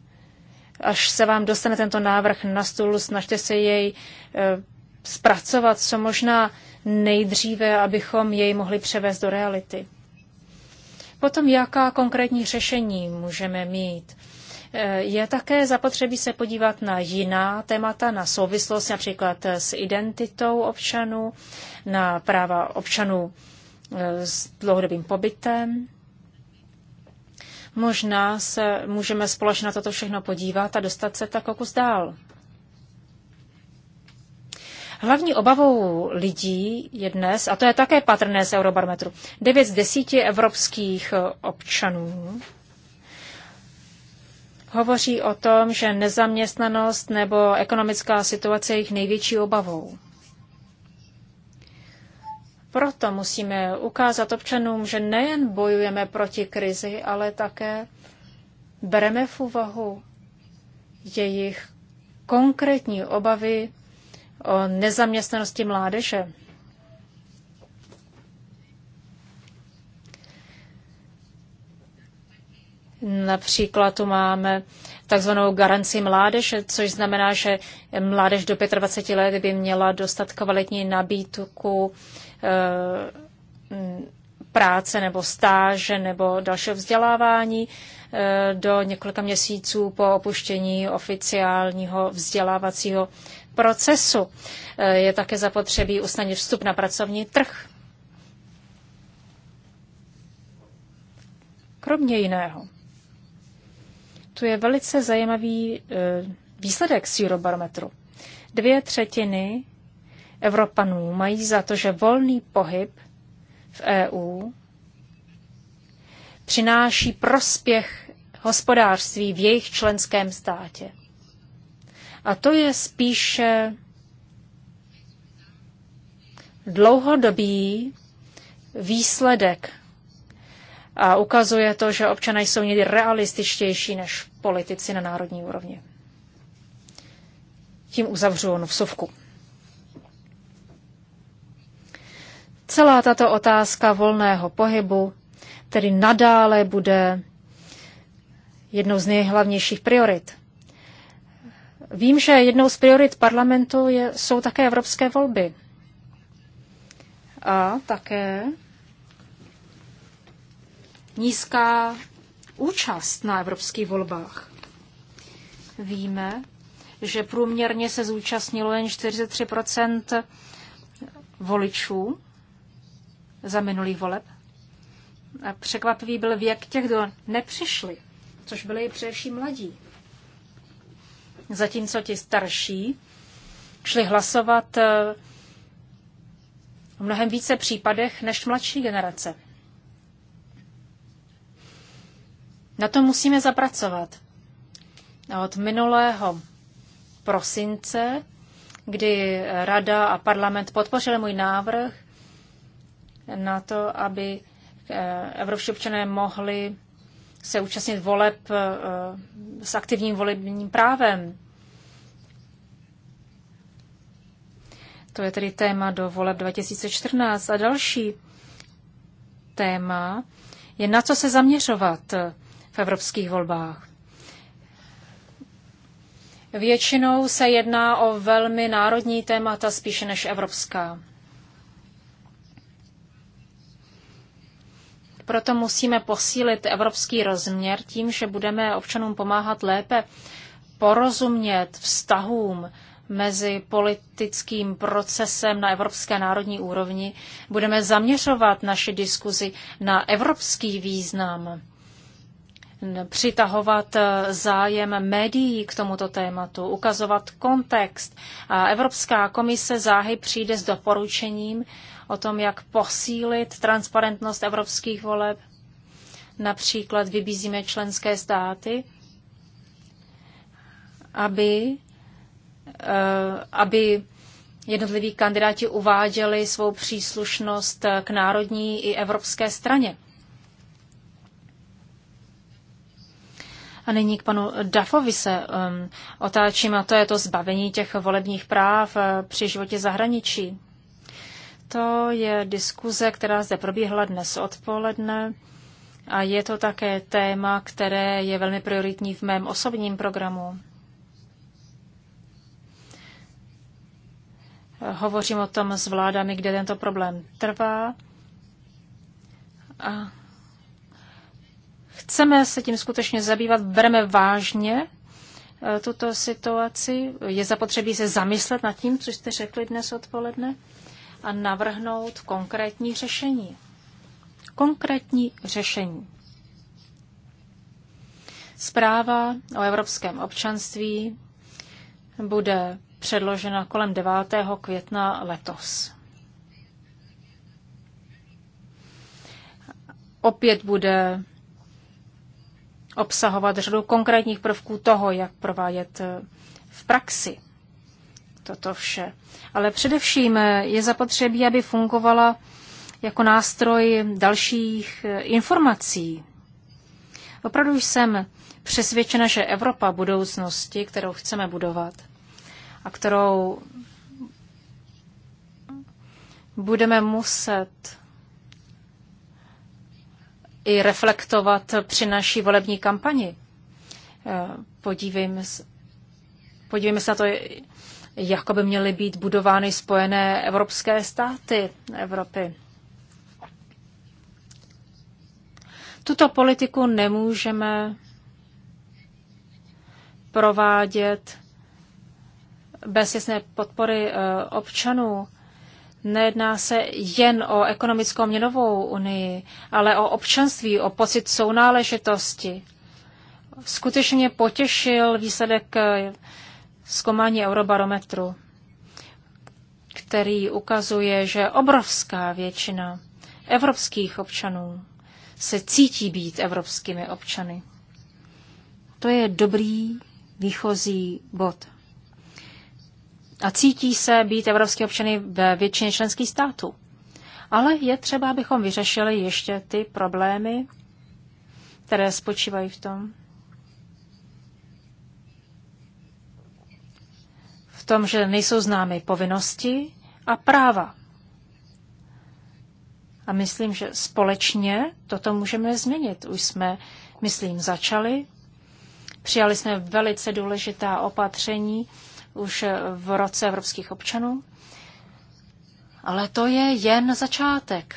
až se vám dostane tento návrh na stůl, snažte se jej eh, zpracovat co možná nejdříve, abychom jej mohli převést do reality. Potom, jaká konkrétní řešení můžeme mít? Je také zapotřebí se podívat na jiná témata, na souvislost například s identitou občanů, na práva občanů e, s dlouhodobým pobytem. Možná se můžeme společně na toto všechno podívat a dostat se tak kus dál. Hlavní obavou lidí je dnes, a to je také patrné z Eurobarometru, 9 z 10 evropských občanů hovoří o tom, že nezaměstnanost nebo ekonomická situace je jejich největší obavou. Proto musíme ukázat občanům, že nejen bojujeme proti krizi, ale také bereme v úvahu jejich konkrétní obavy o nezaměstnanosti mládeže. Například tu máme takzvanou garanci mládež, což znamená, že mládež do 25 let by měla dostat kvalitní nabídku eh, práce nebo stáže nebo dalšího vzdělávání eh, do několika měsíců po opuštění oficiálního vzdělávacího procesu. Eh, je také zapotřebí usnadnit vstup na pracovní trh. Kromě jiného je velice zajímavý eh, výsledek sírobarometru. Dvě třetiny Evropanů mají za to, že volný pohyb v EU přináší prospěch hospodářství v jejich členském státě. A to je spíše dlouhodobý výsledek. A ukazuje to, že občané jsou někdy realističtější než politici na národní úrovni. Tím uzavřu onu Celá tato otázka volného pohybu tedy nadále bude jednou z nejhlavnějších priorit. Vím, že jednou z priorit parlamentu je, jsou také evropské volby. A také nízká účast na evropských volbách. Víme, že průměrně se zúčastnilo jen 43 voličů za minulý voleb. A překvapivý byl věk těch, kdo nepřišli, což byli především mladí. Zatímco ti starší šli hlasovat eh, v mnohem více případech než mladší generace. Na to musíme zapracovat. Od minulého prosince, kdy Rada a parlament podpořili můj návrh na to, aby eh, evropští občané mohli se účastnit voleb eh, s aktivním volebním právem. To je tedy téma do voleb 2014. A další téma je na co se zaměřovat v evropských volbách. Většinou se jedná o velmi národní témata spíše než evropská. Proto musíme posílit evropský rozměr tím, že budeme občanům pomáhat lépe porozumět vztahům mezi politickým procesem na evropské národní úrovni. Budeme zaměřovat naši diskuzi na evropský význam přitahovat eh, zájem médií k tomuto tématu, ukazovat kontext. A Evropská komise záhy přijde s doporučením o tom, jak posílit transparentnost evropských voleb. Například vybízíme členské státy, aby, eh, aby jednotliví kandidáti uváděli svou příslušnost k národní i evropské straně. A nyní k panu Dafovi se um, otáčím, a to je to zbavení těch volebních práv eh, při životě zahraničí. To je diskuze, která zde probíhla dnes odpoledne a je to také téma, které je velmi prioritní v mém osobním programu. Hovořím o tom s vládami, kde tento problém trvá. A Chceme se tím skutečně zabývat, bereme vážně e, tuto situaci. Je zapotřebí se zamyslet nad tím, co jste řekli dnes odpoledne a navrhnout konkrétní řešení. Konkrétní řešení. Zpráva o evropském občanství bude předložena kolem 9. května letos. Opět bude obsahovat řadu konkrétních prvků toho, jak provádět eh, v praxi toto vše. Ale především eh, je zapotřebí, aby fungovala jako nástroj dalších eh, informací. Opravdu jsem přesvědčena, že Evropa budoucnosti, kterou chceme budovat a kterou budeme muset i reflektovat při naší volební kampani. Eh, podívejme se, podívejme se na to, jak by měly být budovány spojené evropské státy Evropy. Tuto politiku nemůžeme provádět bez jasné podpory eh, občanů Nejedná se jen o ekonomickou měnovou unii, ale o občanství, o pocit sounáležitosti. Skutečně potěšil výsledek eh, zkoumání Eurobarometru, který ukazuje, že obrovská většina evropských občanů se cítí být evropskými občany. To je dobrý výchozí bod a cítí se být evropské občany ve většině členských států. Ale je třeba, abychom vyřešili ještě ty problémy, které spočívají v tom, v tom, že nejsou známy povinnosti a práva. A myslím, že společně toto můžeme změnit. Už jsme, myslím, začali. Přijali jsme velice důležitá opatření, už v roce evropských občanů. Ale to je jen začátek.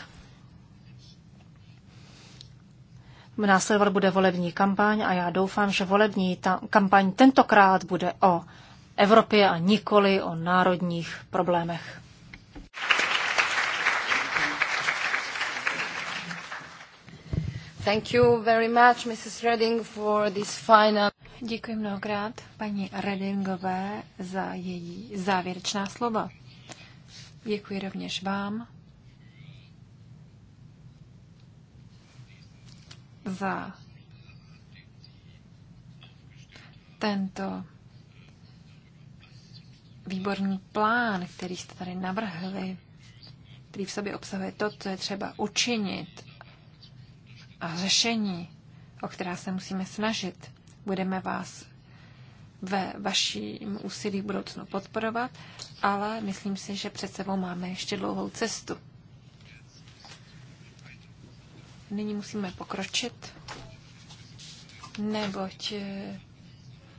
Následovat bude volební kampaň a já doufám, že volební ta- kampaň tentokrát bude o Evropě a nikoli o národních problémech. Thank you very much, Mrs. Redding, for this final... Děkuji mnohokrát paní Redingové za její závěrečná slova. Děkuji rovněž vám za tento výborný plán, který jste tady navrhli, který v sobě obsahuje to, co je třeba učinit a řešení, o která se musíme snažit. Budeme vás ve vaším úsilí v budoucnu podporovat, ale myslím si, že před sebou máme ještě dlouhou cestu. Nyní musíme pokročit, neboť eh,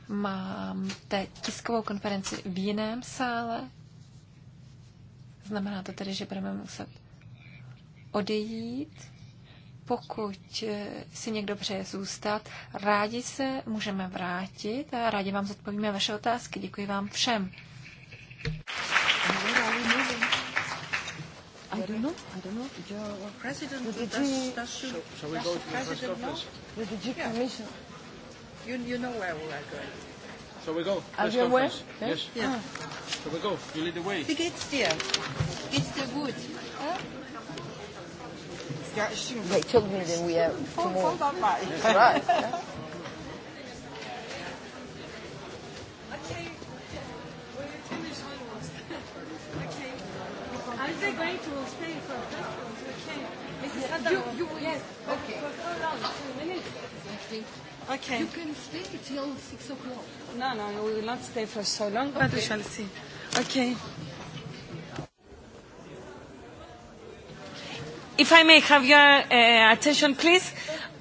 mám teď tiskovou konferenci v jiném sále. Znamená to tedy, že budeme muset odejít pokud eh, si někdo přeje zůstat, rádi se můžeme vrátit a rádi vám zodpovíme vaše otázky. Děkuji vám všem. I don't know. I don't know. Your president, the DG, that should, so, shall we go to the president now? The DG yeah. commission. You, you know where we are going. Shall we go. Are you aware? Yes. yes. Yeah. Ah. So we go. You lead the way. Wie geht's dir? Geht's dir gut? Huh? Yeah, they told me that we have to more. That's right. Yeah? Aren't they going to Spain for festivals? Okay. Mrs. Yeah, Adamo. You, you will. Yes. Okay. For how long? Two minutes? Okay. You can stay till six o'clock. No, no, no, we will not stay for so long, but okay. we shall see. Okay. If I may have your uh, attention, please,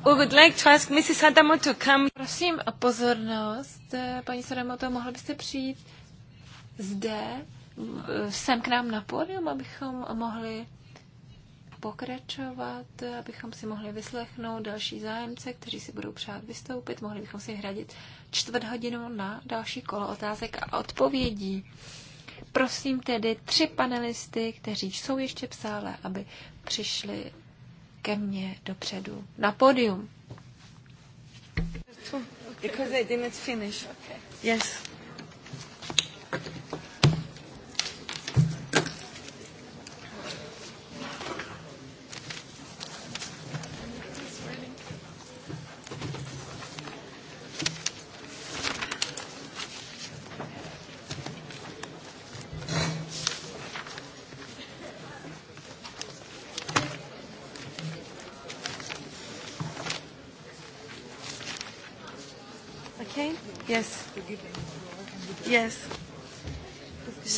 we would like to ask Mrs. Adamo to come. Prosím o pozornost, eh, paní Sadamoto, mohla byste přijít zde, sem k nám na pódium, abychom mohli pokračovat, eh, abychom si mohli vyslechnout další zájemce, kteří si budou přát vystoupit. Mohli bychom si hradit čtvrt hodinu na další kolo otázek a odpovědí. Prosím tedy tři panelisty, kteří jsou ještě v sále, aby přišli ke mně dopředu na pódium. Because I didn't finish. Okay. Yes.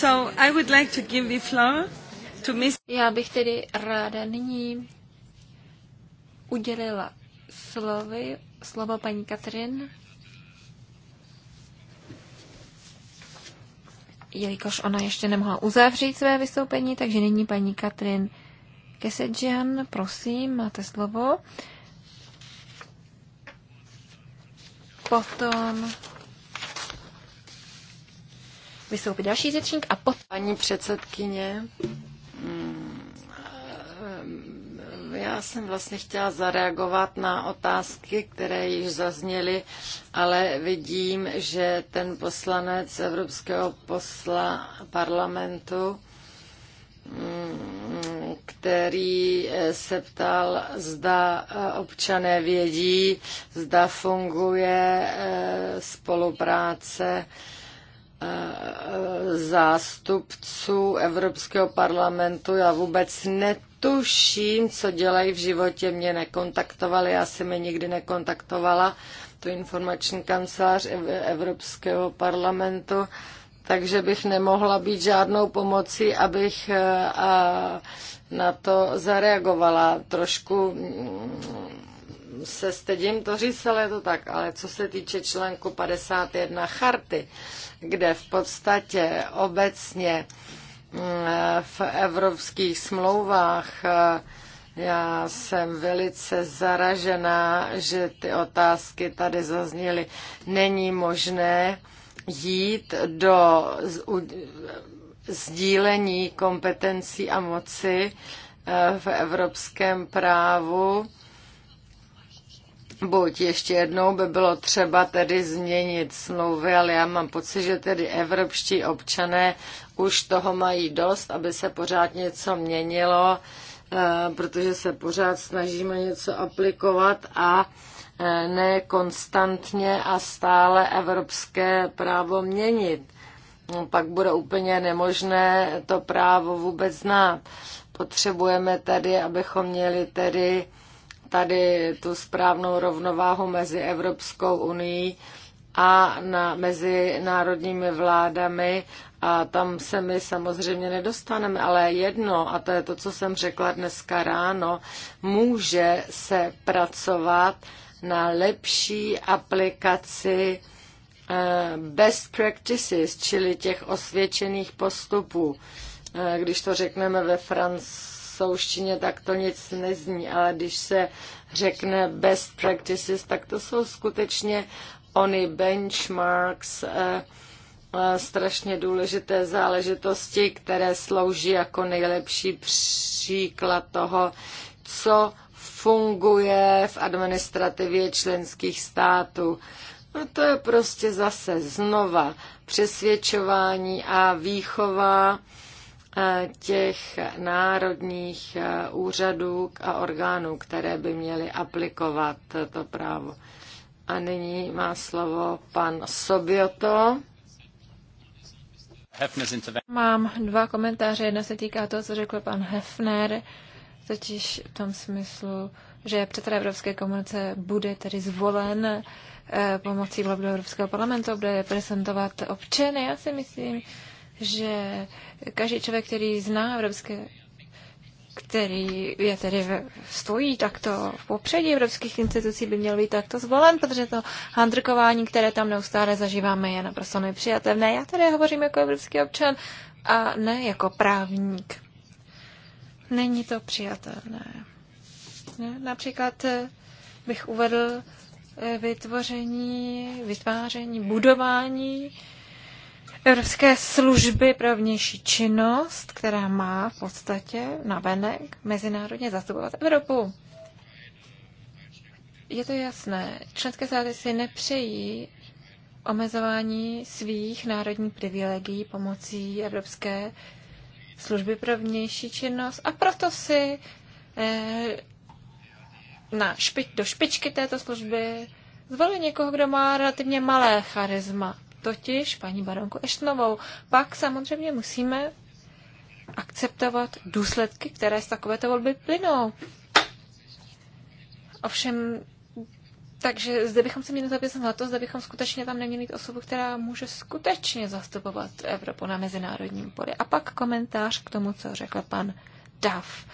So I would like to give the floor to Miss... Já bych tedy ráda nyní udělila slovy, slovo paní Katrin, jelikož ona ještě nemohla uzavřít své vystoupení, takže nyní paní Katrin Kesedžian, prosím, máte slovo. Potom vystoupit další řečník a pot... Paní předsedkyně, mm, já jsem vlastně chtěla zareagovat na otázky, které již zazněly, ale vidím, že ten poslanec Evropského posla parlamentu, mm, který eh, se ptal, zda eh, občané vědí, zda funguje eh, spolupráce zástupců Evropského parlamentu. Já vůbec netuším, co dělají v životě. Mě nekontaktovali, já jsem je nikdy nekontaktovala, tu informační kancelář Evropského parlamentu, takže bych nemohla být žádnou pomocí, abych eh, na to zareagovala. Trošku mm, se stydím to říct, ale je to tak. Ale co se týče článku 51 charty, kde v podstatě obecně eh, v evropských smlouvách eh, já jsem velice zaražená, že ty otázky tady zazněly. Není možné jít do sdílení kompetencí a moci eh, v evropském právu Buď ještě jednou by bylo třeba tedy změnit smlouvy, ale já mám pocit, že tedy evropští občané už toho mají dost, aby se pořád něco měnilo, eh, protože se pořád snažíme něco aplikovat a eh, ne konstantně a stále evropské právo měnit. No, pak bude úplně nemožné to právo vůbec znát. Potřebujeme tedy, abychom měli tedy tady tu správnou rovnováhu mezi Evropskou unii a na, mezi národními vládami a tam se my samozřejmě nedostaneme, ale jedno, a to je to, co jsem řekla dneska ráno, může se pracovat na lepší aplikaci eh, best practices, čili těch osvědčených postupů. Eh, když to řekneme ve Francii, francouzštině, tak to nic nezní, ale když se řekne best practices, tak to jsou skutečně ony benchmarks, eh, eh, strašně důležité záležitosti, které slouží jako nejlepší příklad toho, co funguje v administrativě členských států. No to je prostě zase znova přesvědčování a výchova těch národních eh, úřadů a orgánů, které by měly aplikovat to právo. A nyní má slovo pan Sobioto. Mám dva komentáře. Jedna se týká toho, co řekl pan Hefner, totiž v tom smyslu, že předseda Evropské komunice bude tedy zvolen eh, pomocí volby Evropského parlamentu, bude reprezentovat občany. Já si myslím, že každý člověk, který zná evropské který je tedy stojí takto v popředí evropských institucí, by měl být takto zvolen, protože to handrkování, které tam neustále zažíváme, je naprosto nepřijatelné. Já tady hovořím jako evropský občan a ne jako právník. Není to přijatelné. Například eh, bych uvedl eh, vytvoření, vytváření, budování Evropské služby pro vnější činnost, která má v podstatě navenek mezinárodně zastupovat Evropu. Je to jasné. Členské státy si nepřejí omezování svých národních privilegií pomocí Evropské služby pro vnější činnost a proto si eh, na špič, do špičky této služby zvolí někoho, kdo má relativně malé charisma totiž paní baronku Eštnovou. Pak samozřejmě musíme akceptovat důsledky, které z takovéto volby plynou. Ovšem, takže zde bychom se měli zapisat na to, zde bychom skutečně tam neměli mít osobu, která může skutečně zastupovat Evropu na mezinárodním poli. A pak komentář k tomu, co řekl pan Duff.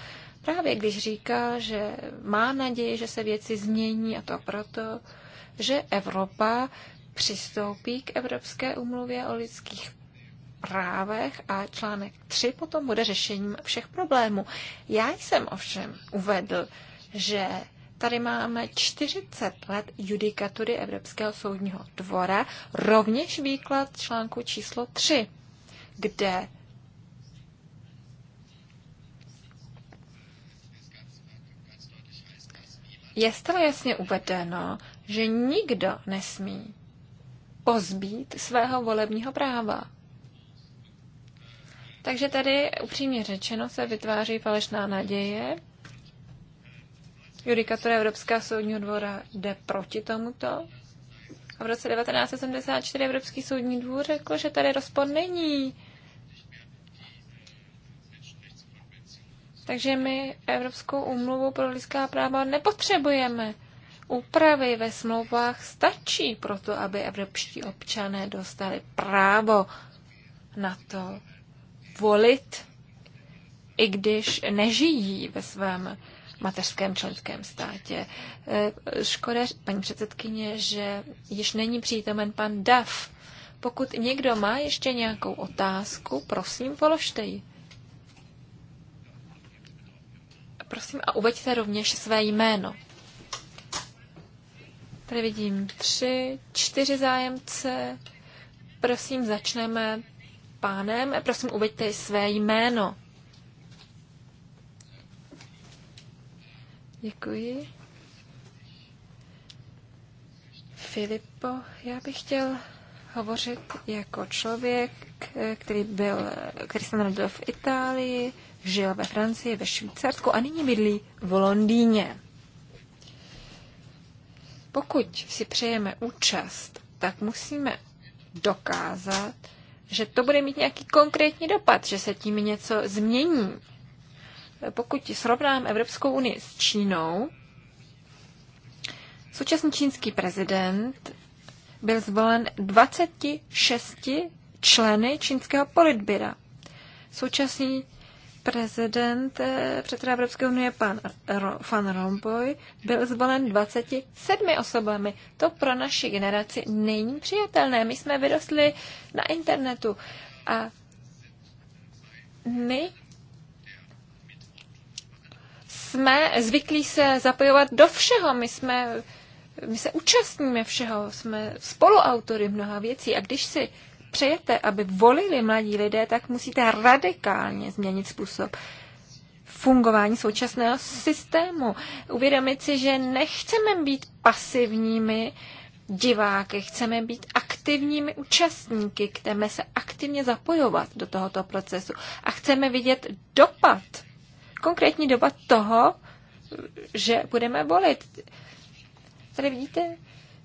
Právě když říká, že má naději, že se věci změní a to proto, že Evropa přistoupí k Evropské umluvě o lidských právech a článek 3 potom bude řešením všech problémů. Já jsem ovšem uvedl, že tady máme 40 let judikatury Evropského soudního dvora, rovněž výklad článku číslo 3, kde je stále jasně uvedeno, že nikdo nesmí pozbít svého volebního práva. Takže tady upřímně řečeno se vytváří falešná naděje. Judikatura Evropského soudního dvora jde proti tomuto. A v roce 1974 Evropský soudní dvůr řekl, že tady rozpor není. Takže my Evropskou úmluvu pro lidská práva nepotřebujeme úpravy ve smlouvách stačí pro to, aby evropští občané dostali právo na to volit, i když nežijí ve svém mateřském členském státě. Eh, škoda, paní předsedkyně, že již není přítomen pan Dav. Pokud někdo má ještě nějakou otázku, prosím, položte ji. Prosím a uveďte rovněž své jméno. Tady vidím tři, čtyři zájemce. Prosím, začneme pánem. Prosím, uveďte své jméno. Děkuji. Filipo, já bych chtěl hovořit jako člověk, který, byl, který se narodil v Itálii, žil ve Francii, ve Švýcarsku a nyní bydlí v Londýně. Pokud si přejeme účast, tak musíme dokázat, že to bude mít nějaký konkrétní dopad, že se tím něco změní. Pokud srovnám Evropskou unii s Čínou, současný čínský prezident byl zvolen 26 členy čínského politběra. Současný prezident, eh, předseda Evropské unie, pan Ro, Van Rompuy, byl zvolen 27 osobami. To pro naši generaci není přijatelné. My jsme vyrostli na internetu a my jsme zvyklí se zapojovat do všeho. My jsme my se účastníme všeho, jsme spoluautory mnoha věcí a když si přejete, aby volili mladí lidé, tak musíte radikálně změnit způsob fungování současného systému. Uvědomit si, že nechceme být pasivními diváky, chceme být aktivními účastníky, chceme se aktivně zapojovat do tohoto procesu a chceme vidět dopad, konkrétní dopad toho, že budeme volit. Tady vidíte,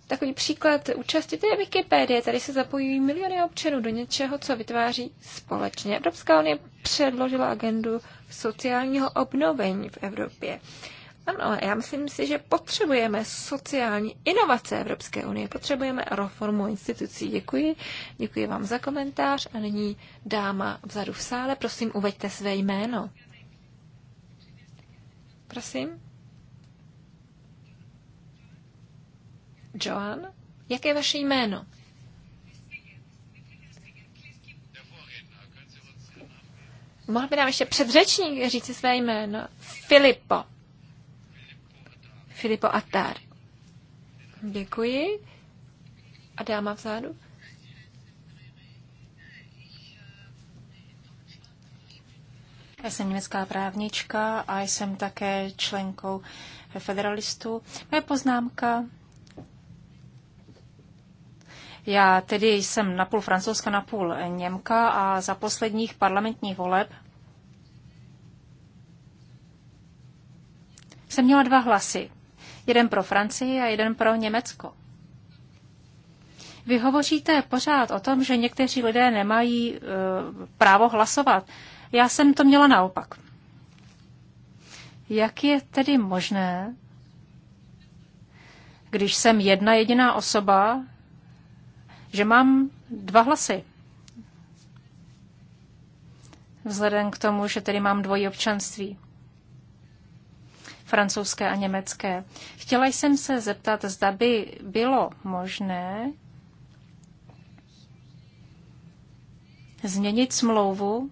Takový příklad účasti, to je Tady se zapojují miliony občanů do něčeho, co vytváří společně. Evropská unie předložila agendu sociálního obnovení v Evropě. Ano, já myslím si, že potřebujeme sociální inovace Evropské unie, potřebujeme reformu institucí. Děkuji, děkuji vám za komentář a nyní dáma vzadu v sále, prosím, uveďte své jméno. Prosím. Joan, jak je vaše jméno? Mohl by nám ještě předřečník říct své jméno? Filippo. Filippo Attar. Děkuji. A dáma vzadu. Já jsem německá právnička a jsem také členkou federalistů. Moje poznámka já tedy jsem napůl francouzska, napůl Němka a za posledních parlamentních voleb jsem měla dva hlasy. Jeden pro Francii a jeden pro Německo. Vy hovoříte pořád o tom, že někteří lidé nemají e, právo hlasovat. Já jsem to měla naopak. Jak je tedy možné, když jsem jedna jediná osoba, že mám dva hlasy. Vzhledem k tomu, že tedy mám dvojí občanství. Francouzské a německé. Chtěla jsem se zeptat, zda by bylo možné změnit smlouvu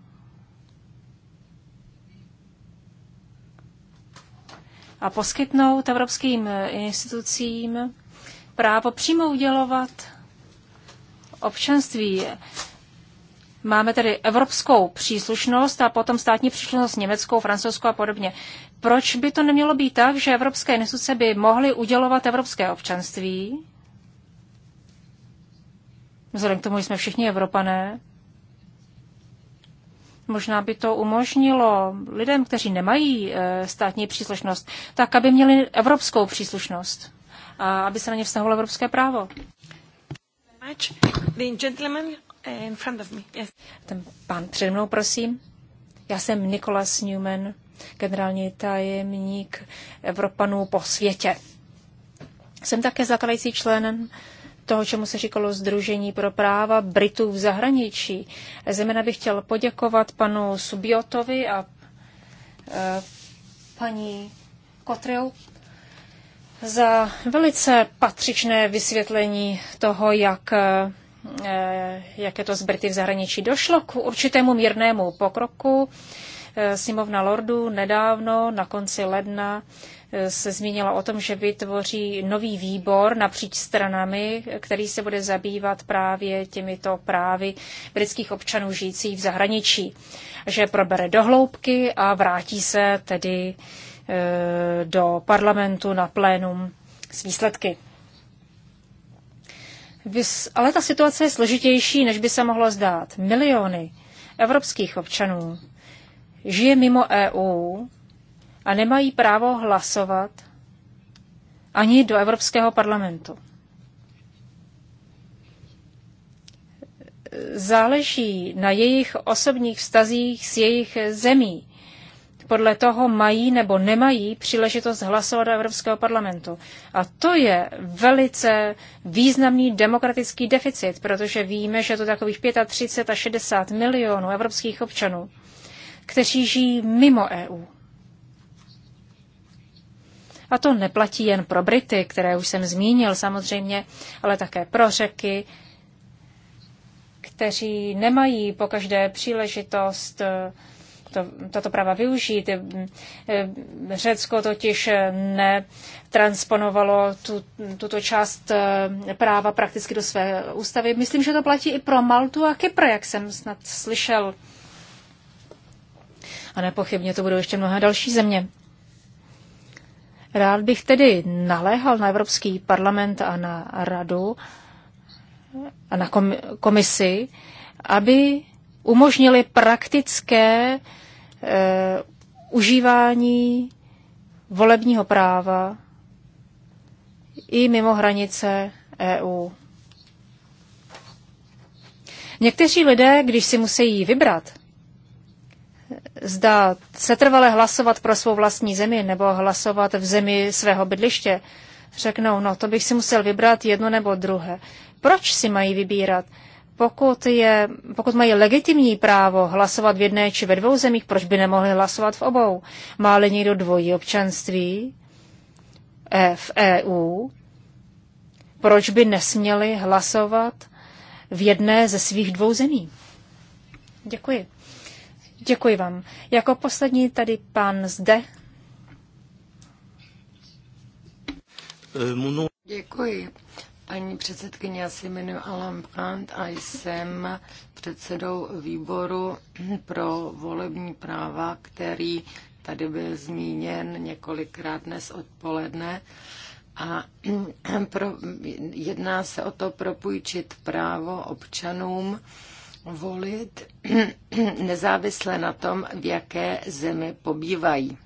a poskytnout evropským institucím právo přímo udělovat občanství. Máme tedy evropskou příslušnost a potom státní příslušnost německou, francouzskou a podobně. Proč by to nemělo být tak, že evropské instituce by mohly udělovat evropské občanství? Vzhledem k tomu, že jsme všichni Evropané. Možná by to umožnilo lidem, kteří nemají eh, státní příslušnost, tak aby měli evropskou příslušnost a aby se na ně vztahovalo evropské právo much. The gentleman eh, in front of me. Yes. Ten pán před mnou, prosím. Já jsem Nikolas Newman, generální tajemník Evropanů po světě. Jsem také zakladající členem toho, čemu se říkalo Združení pro práva Britů v zahraničí. Zeměna bych chtěl poděkovat panu Subiotovi a e, paní Kotril za velice patřičné vysvětlení toho, jak, eh, jak je to z Brity v zahraničí. Došlo k určitému mírnému pokroku. Eh, Simovna Lordu nedávno na konci ledna eh, se zmínila o tom, že vytvoří nový výbor napříč stranami, který se bude zabývat právě těmito právy britských občanů žijících v zahraničí. Že probere dohloubky a vrátí se tedy Eh, do parlamentu na plénum s výsledky. Ale ta situace je složitější, než by se mohlo zdát. Miliony evropských občanů žije mimo EU a nemají právo hlasovat ani do Evropského parlamentu. Záleží na jejich osobních vztazích s jejich zemí podle toho mají nebo nemají příležitost hlasovat do Evropského parlamentu. A to je velice významný demokratický deficit, protože víme, že to takových 35 a 60 milionů evropských občanů, kteří žijí mimo EU. A to neplatí jen pro Brity, které už jsem zmínil samozřejmě, ale také pro Řeky, kteří nemají po každé příležitost uh, to, tato práva využít. Řecko totiž netransponovalo tu, tuto část eh, práva prakticky do své ústavy. Myslím, že to platí i pro Maltu a Kypr, jak jsem snad slyšel. A nepochybně to budou ještě mnohé další země. Rád bych tedy naléhal na Evropský parlament a na radu a na komisi, aby umožnili praktické Eh, užívání volebního práva i mimo hranice EU. Někteří lidé, když si musí vybrat, zda setrvale hlasovat pro svou vlastní zemi nebo hlasovat v zemi svého bydliště, řeknou, no to bych si musel vybrat jedno nebo druhé. Proč si mají vybírat? pokud, je, pokud mají legitimní právo hlasovat v jedné či ve dvou zemích, proč by nemohli hlasovat v obou? Má-li někdo dvojí občanství eh, v EU, proč by nesměli hlasovat v jedné ze svých dvou zemí? Děkuji. Děkuji vám. Jako poslední tady pan zde. Eh, Děkuji. Paní předsedkyně, já se jmenuji Alain Brandt a jsem předsedou výboru pro volební práva, který tady byl zmíněn několikrát dnes odpoledne. A [clears throat] pro, jedná se o to propůjčit právo občanům volit [clears throat] nezávisle na tom, v jaké zemi pobývají.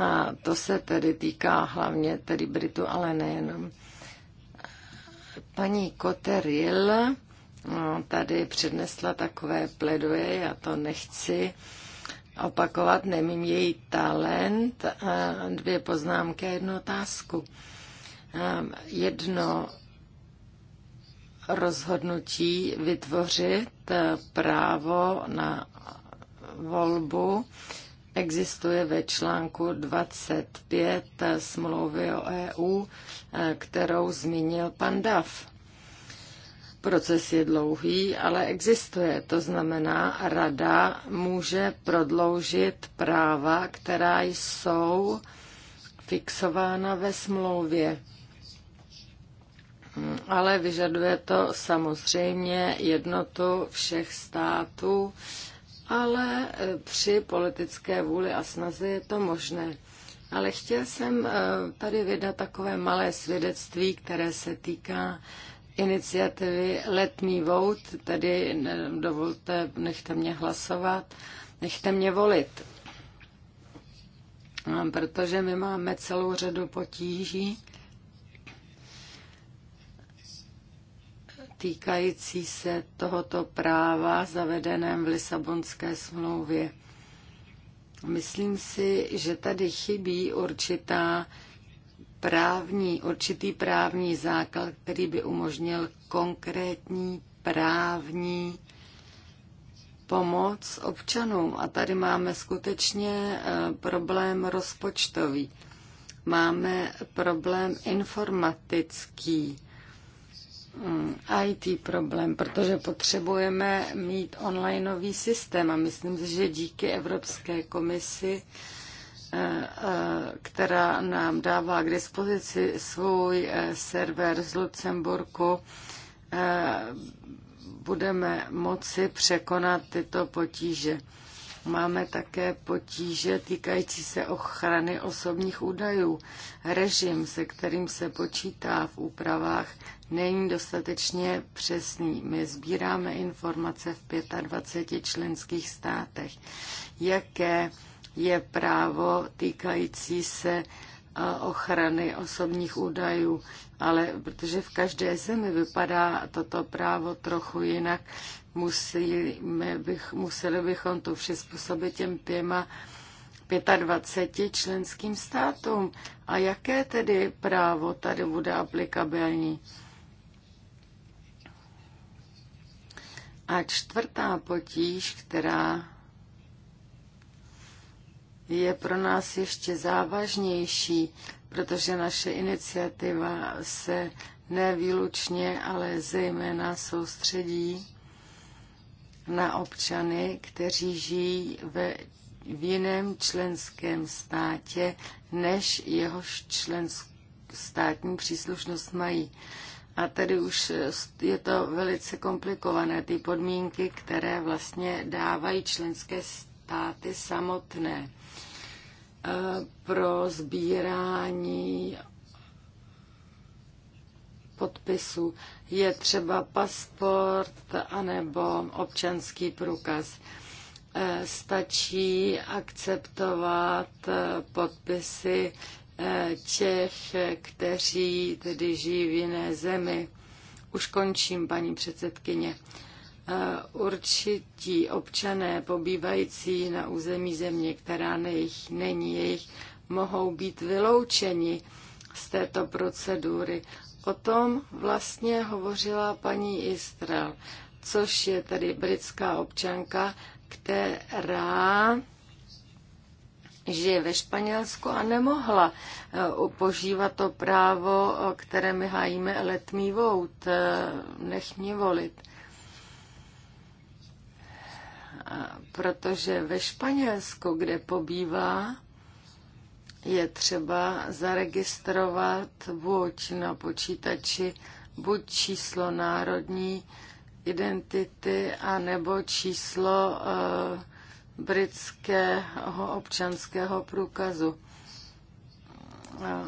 A to se tedy týká hlavně tedy Britu, ale nejenom. Paní Koteril no, tady přednesla takové pledoje, já to nechci opakovat, nemím její talent, dvě poznámky a jednu otázku. Jedno rozhodnutí vytvořit e, právo na volbu existuje ve článku 25 smlouvy o EU, eh, kterou zmínil pan Dav. Proces je dlouhý, ale existuje. To znamená, rada může prodloužit práva, která jsou fixována ve smlouvě. Ale vyžaduje to samozřejmě jednotu všech států ale e, při politické vůli a snaze je to možné. Ale chtěl jsem e, tady vydat takové malé svědectví, které se týká iniciativy Let vout, Vote, tedy dovolte, nechte mě hlasovat, nechte mě volit. Protože my máme celou řadu potíží týkající se tohoto práva zavedeném v Lisabonské smlouvě. Myslím si, že tady chybí určitá právní, určitý právní základ, který by umožnil konkrétní právní pomoc občanům. A tady máme skutečně e, problém rozpočtový. Máme problém informatický Mm, IT problém, protože potřebujeme mít onlineový systém a myslím si, že díky Evropské komisi, eh, eh, která nám dává k dispozici svůj eh, server z Lucemburku, budeme moci překonat tyto potíže. Máme také potíže týkající se ochrany osobních údajů. Režim, se kterým se počítá v úpravách, není dostatečně přesný. My sbíráme informace v 25 členských státech. Jaké je právo týkající se ochrany osobních údajů, ale protože v každé zemi vypadá toto právo trochu jinak, musíme bych, museli bychom to přizpůsobit těm pěma 25 členským státům. A jaké tedy právo tady bude aplikabilní? A čtvrtá potíž, která je pro nás ještě závažnější, protože naše iniciativa se nevýlučně, ale zejména soustředí na občany, kteří žijí ve, v jiném členském státě, než jehož členský státní příslušnost mají. A tedy už je to velice komplikované, ty podmínky, které vlastně dávají členské státy samotné e, pro sbírání podpisů je třeba pasport anebo občanský průkaz. E, stačí akceptovat e, podpisy těch, e, kteří tedy žijí v jiné zemi. Už končím, paní předsedkyně. Určití občané pobývající na území země, která nejich, není jejich, mohou být vyloučeni z této procedury O tom vlastně hovořila paní Istrel, což je tedy britská občanka, která žije ve Španělsku a nemohla eh, požívat to právo, eh, které my hájíme let vout, eh, nech mě volit. Protože ve Španělsku, kde pobývá, je třeba zaregistrovat buď na počítači, buď číslo národní identity, a nebo číslo e, britského občanského průkazu. E,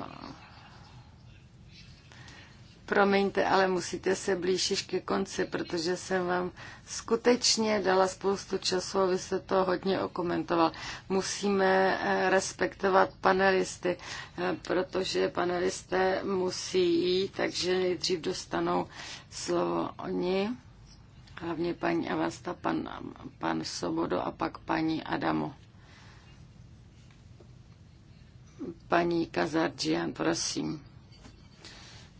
Promiňte, ale musíte se blížit ke konci, protože jsem vám skutečně dala spoustu času a vy jste to hodně okomentoval. Musíme eh, respektovat panelisty, eh, protože panelisté musí jít, takže nejdřív dostanou slovo oni, hlavně paní Avasta, pan, pan Sobodo a pak paní Adamo. Paní Kazardžian, prosím.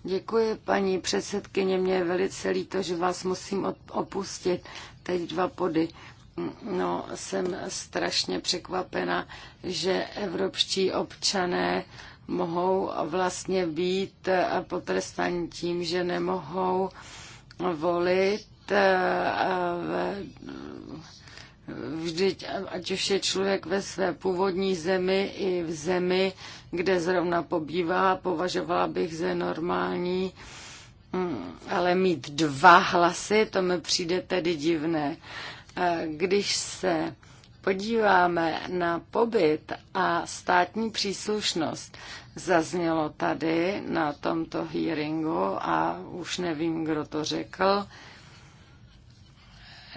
Děkuji, paní předsedkyně. Mě je velice líto, že vás musím opustit. Teď dva body. No, jsem strašně překvapena, že evropští občané mohou vlastně být eh, potrestaní tím, že nemohou volit eh, eh, Vždyť, ať už je člověk ve své původní zemi i v zemi, kde zrovna pobývá, považovala bych za normální, mm, ale mít dva hlasy, to mi přijde tedy divné. Když se podíváme na pobyt a státní příslušnost, zaznělo tady na tomto hearingu a už nevím, kdo to řekl,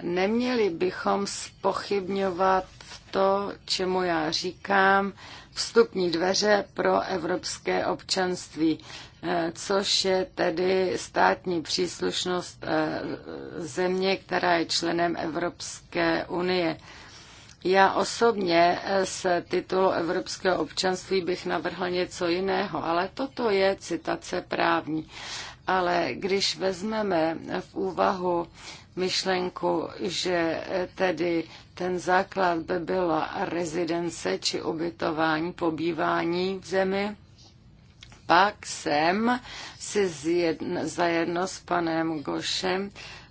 Neměli bychom spochybňovat to, čemu já říkám, vstupní dveře pro evropské občanství, eh, což je tedy státní příslušnost eh, země, která je členem Evropské unie. Já osobně eh, z titulu Evropského občanství bych navrhl něco jiného, ale toto je citace právní. Ale když vezmeme v úvahu myšlenku, že tedy ten základ by byla rezidence či ubytování, pobývání v zemi. Pak jsem si zajedno s panem Gošem,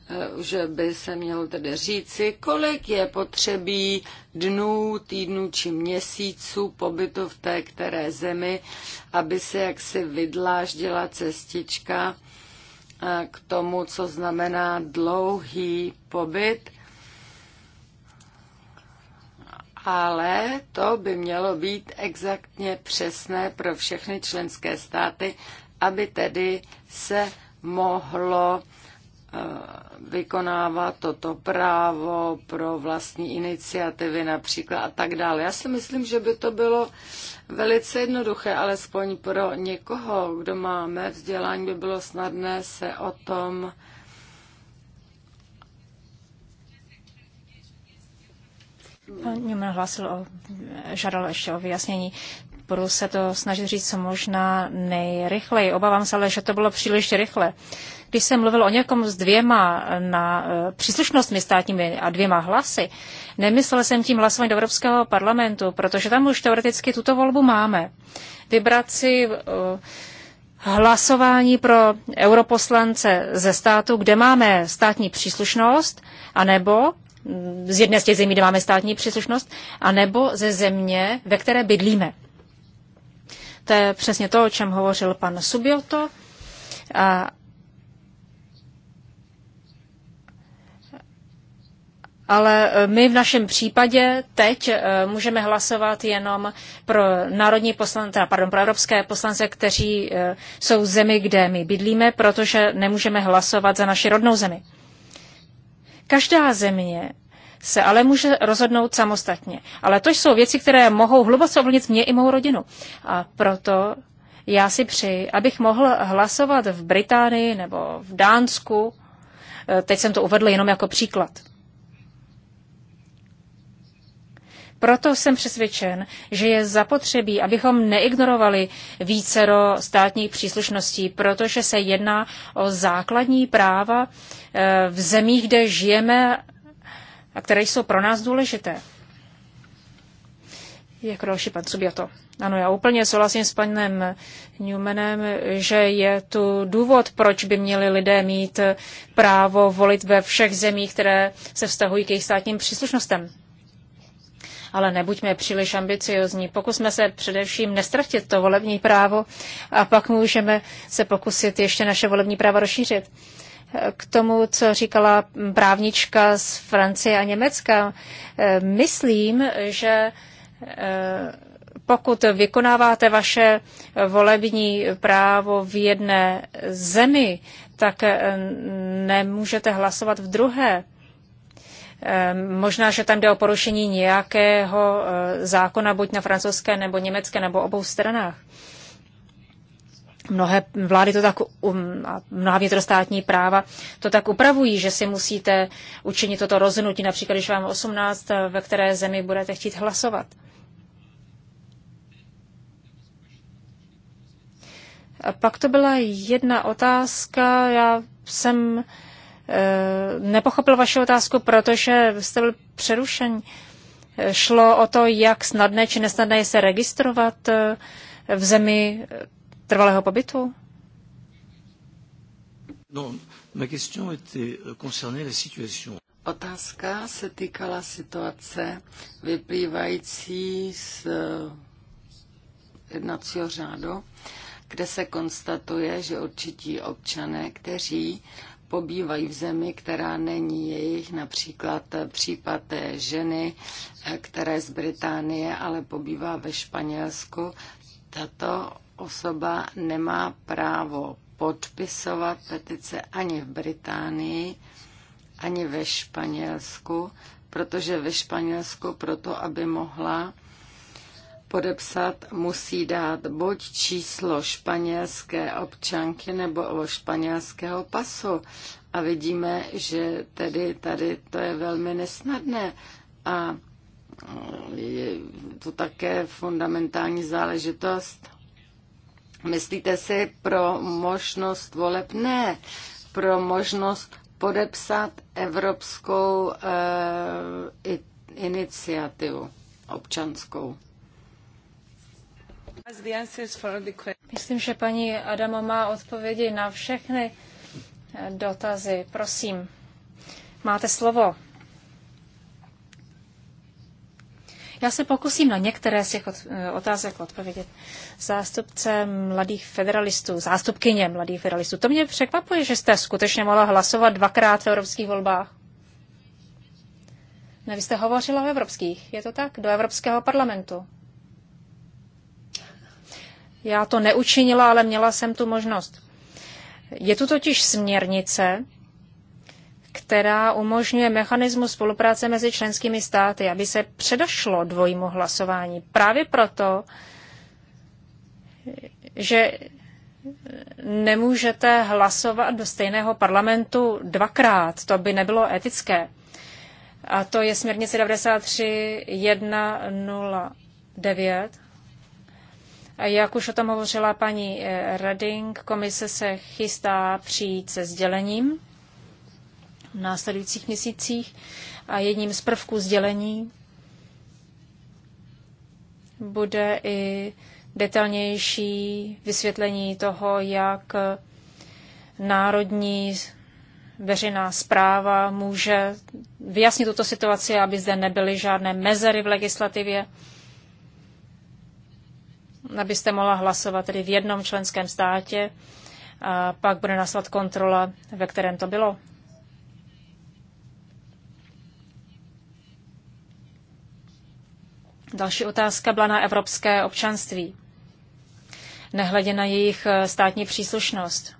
eh, že by se mělo tedy říci, kolik je potřebí dnů, týdnů či měsíců pobytu v té které zemi, aby se jaksi vydláždila cestička k tomu, co znamená dlouhý pobyt, ale to by mělo být exaktně přesné pro všechny členské státy, aby tedy se mohlo Eh, vykonávat toto právo pro vlastní iniciativy například a tak dále. Já si myslím, že by to bylo velice jednoduché, alespoň pro někoho, kdo máme vzdělání, by bylo snadné se o tom Pan hlásil o, žádal ještě o vyjasnění. Budu se to snažit říct co možná nejrychleji. Obávám se ale, že to bylo příliš rychle. Uh, když jsem mluvil o někom s dvěma eh, na eh, příslušnostmi státními a dvěma hlasy, nemyslel jsem tím hlasování do Evropského parlamentu, protože tam už teoreticky tuto volbu máme. Vybrat si eh, hlasování pro europoslance ze státu, kde máme státní příslušnost, anebo mm, z jedné z těch zemí, kde máme státní příslušnost, anebo ze země, ve které bydlíme. To je přesně to, o čem hovořil pan Subioto. A Ale e, my v našem případě teď e, můžeme hlasovat jenom pro národní poslance, pardon, pro evropské poslance, kteří e, jsou zemi, kde my bydlíme, protože nemůžeme hlasovat za naši rodnou zemi. Každá země se ale může rozhodnout samostatně. Ale to jsou věci, které mohou hluboce ovlivnit mě i mou rodinu. A proto já si přeji, abych mohl hlasovat v Británii nebo v Dánsku. Teď jsem to uvedl jenom jako příklad. Proto jsem přesvědčen, že je zapotřebí, abychom neignorovali vícero státních příslušností, protože se jedná o základní práva eh, v zemích, kde žijeme a které jsou pro nás důležité. Jako další pan Subjato. Ano, já úplně souhlasím s panem Newmanem, že je tu důvod, proč by měli lidé mít právo volit ve všech zemích, které se vztahují k jejich státním příslušnostem ale nebuďme příliš ambiciozní. Pokusme se především nestratit to volební právo a pak můžeme se pokusit ještě naše volební právo rozšířit. K tomu, co říkala právnička z Francie a Německa, eh, myslím, že eh, pokud vykonáváte vaše volební právo v jedné zemi, tak eh, nemůžete hlasovat v druhé. Ehm, možná, že tam jde o porušení nějakého eh, zákona, buď na francouzské nebo německé nebo obou stranách. Mnohé vlády to tak, um, a mnoha vnitrostátní práva to tak upravují, že si musíte učinit toto rozhodnutí, například když vám 18, eh, ve které zemi budete chtít hlasovat. A pak to byla jedna otázka, já jsem Eh, nepochopil vaši otázku, protože jste byl přerušen. Šlo o to, jak snadné či nesnadné je se registrovat eh, v zemi eh, trvalého pobytu? No, ma question était euh, la situation. Otázka se týkala situace vyplývající z jednacího řádu, kde se konstatuje, že určití občané, kteří pobývají v zemi, která není jejich, například případ ženy, která je z Británie, ale pobývá ve Španělsku. Tato osoba nemá právo podpisovat petice ani v Británii, ani ve Španělsku, protože ve Španělsku proto, aby mohla podepsat, musí dát buď číslo španělské občanky nebo španělského pasu. A vidíme, že tedy tady to je velmi nesnadné a je to také fundamentální záležitost. Myslíte si pro možnost voleb? Ne, pro možnost podepsat evropskou uh, iniciativu občanskou. Myslím, že paní Adamo má odpovědi na všechny eh, dotazy. Prosím, máte slovo. Já se pokusím na některé z těch eh, otázek odpovědět. Zástupce mladých federalistů, zástupkyně mladých federalistů. To mě překvapuje, že jste skutečně mohla hlasovat dvakrát v evropských volbách. Ne, vy jste hovořila o evropských, je to tak? Do Evropského parlamentu. Já to neučinila, ale měla jsem tu možnost. Je tu totiž směrnice, která umožňuje mechanismus spolupráce mezi členskými státy, aby se předošlo dvojímu hlasování. Právě proto, že nemůžete hlasovat do stejného parlamentu dvakrát. To by nebylo etické. A to je směrnice 93.109 jak už o tom hovořila paní eh, Reding, komise se chystá přijít se sdělením v následujících měsících a jedním z prvků sdělení bude i detailnější vysvětlení toho, jak národní veřejná zpráva může vyjasnit tuto situaci, aby zde nebyly žádné mezery v legislativě abyste mohla hlasovat tedy v jednom členském státě a pak bude naslat kontrola, ve kterém to bylo. Další otázka byla na evropské občanství, nehledě na jejich eh, státní příslušnost.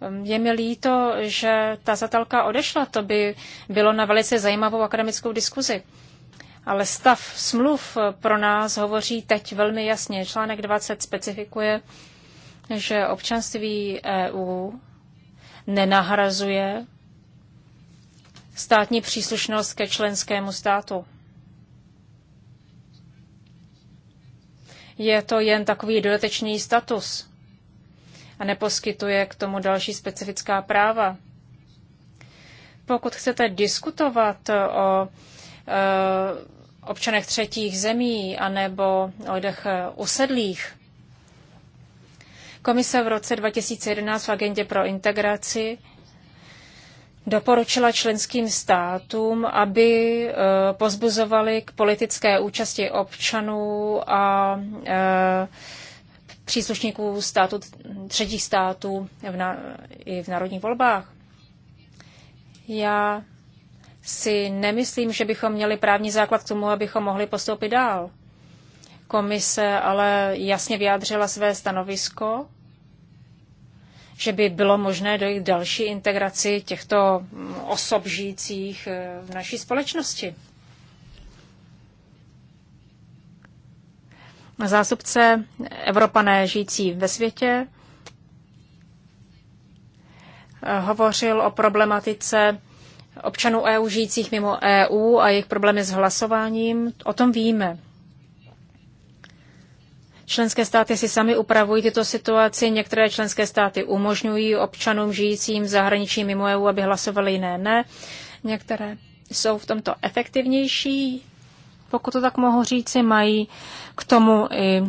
Ehm, je mi líto, že ta zatelka odešla, to by bylo na velice zajímavou akademickou diskuzi. Ale stav smluv pro nás hovoří teď velmi jasně. Článek 20 specifikuje, že občanství EU nenahrazuje státní příslušnost ke členskému státu. Je to jen takový dodatečný status a neposkytuje k tomu další specifická práva. Pokud chcete diskutovat o e, občanech třetích zemí anebo o lidech eh, usedlých. Komise v roce 2011 v agendě pro integraci doporučila členským státům, aby eh, pozbuzovali k politické účasti občanů a eh, příslušníků státu, třetích států v na, i v národních volbách. Já si nemyslím, že bychom měli právní základ k tomu, abychom mohli postoupit dál. Komise ale jasně vyjádřila své stanovisko, že by bylo možné dojít k další integraci těchto osob žijících eh, v naší společnosti. Zástupce Evropané žijící ve světě eh, hovořil o problematice občanů EU žijících mimo EU a jejich problémy s hlasováním, o tom víme. Členské státy si sami upravují tyto situaci, některé členské státy umožňují občanům žijícím v zahraničí mimo EU, aby hlasovali jiné ne. Některé jsou v tomto efektivnější, pokud to tak mohu říci, mají k tomu i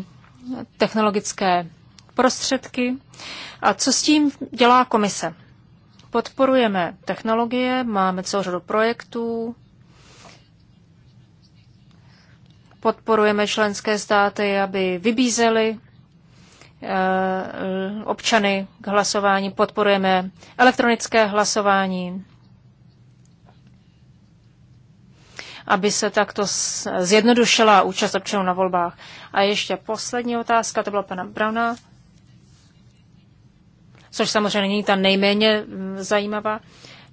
technologické prostředky. A co s tím dělá komise? Podporujeme technologie, máme celou řadu projektů, podporujeme členské státy, aby vybízeli eh, občany k hlasování, podporujeme elektronické hlasování, aby se takto zjednodušila účast občanů na volbách. A ještě poslední otázka, to byla pana Brauna což samozřejmě není ta nejméně mm, zajímavá.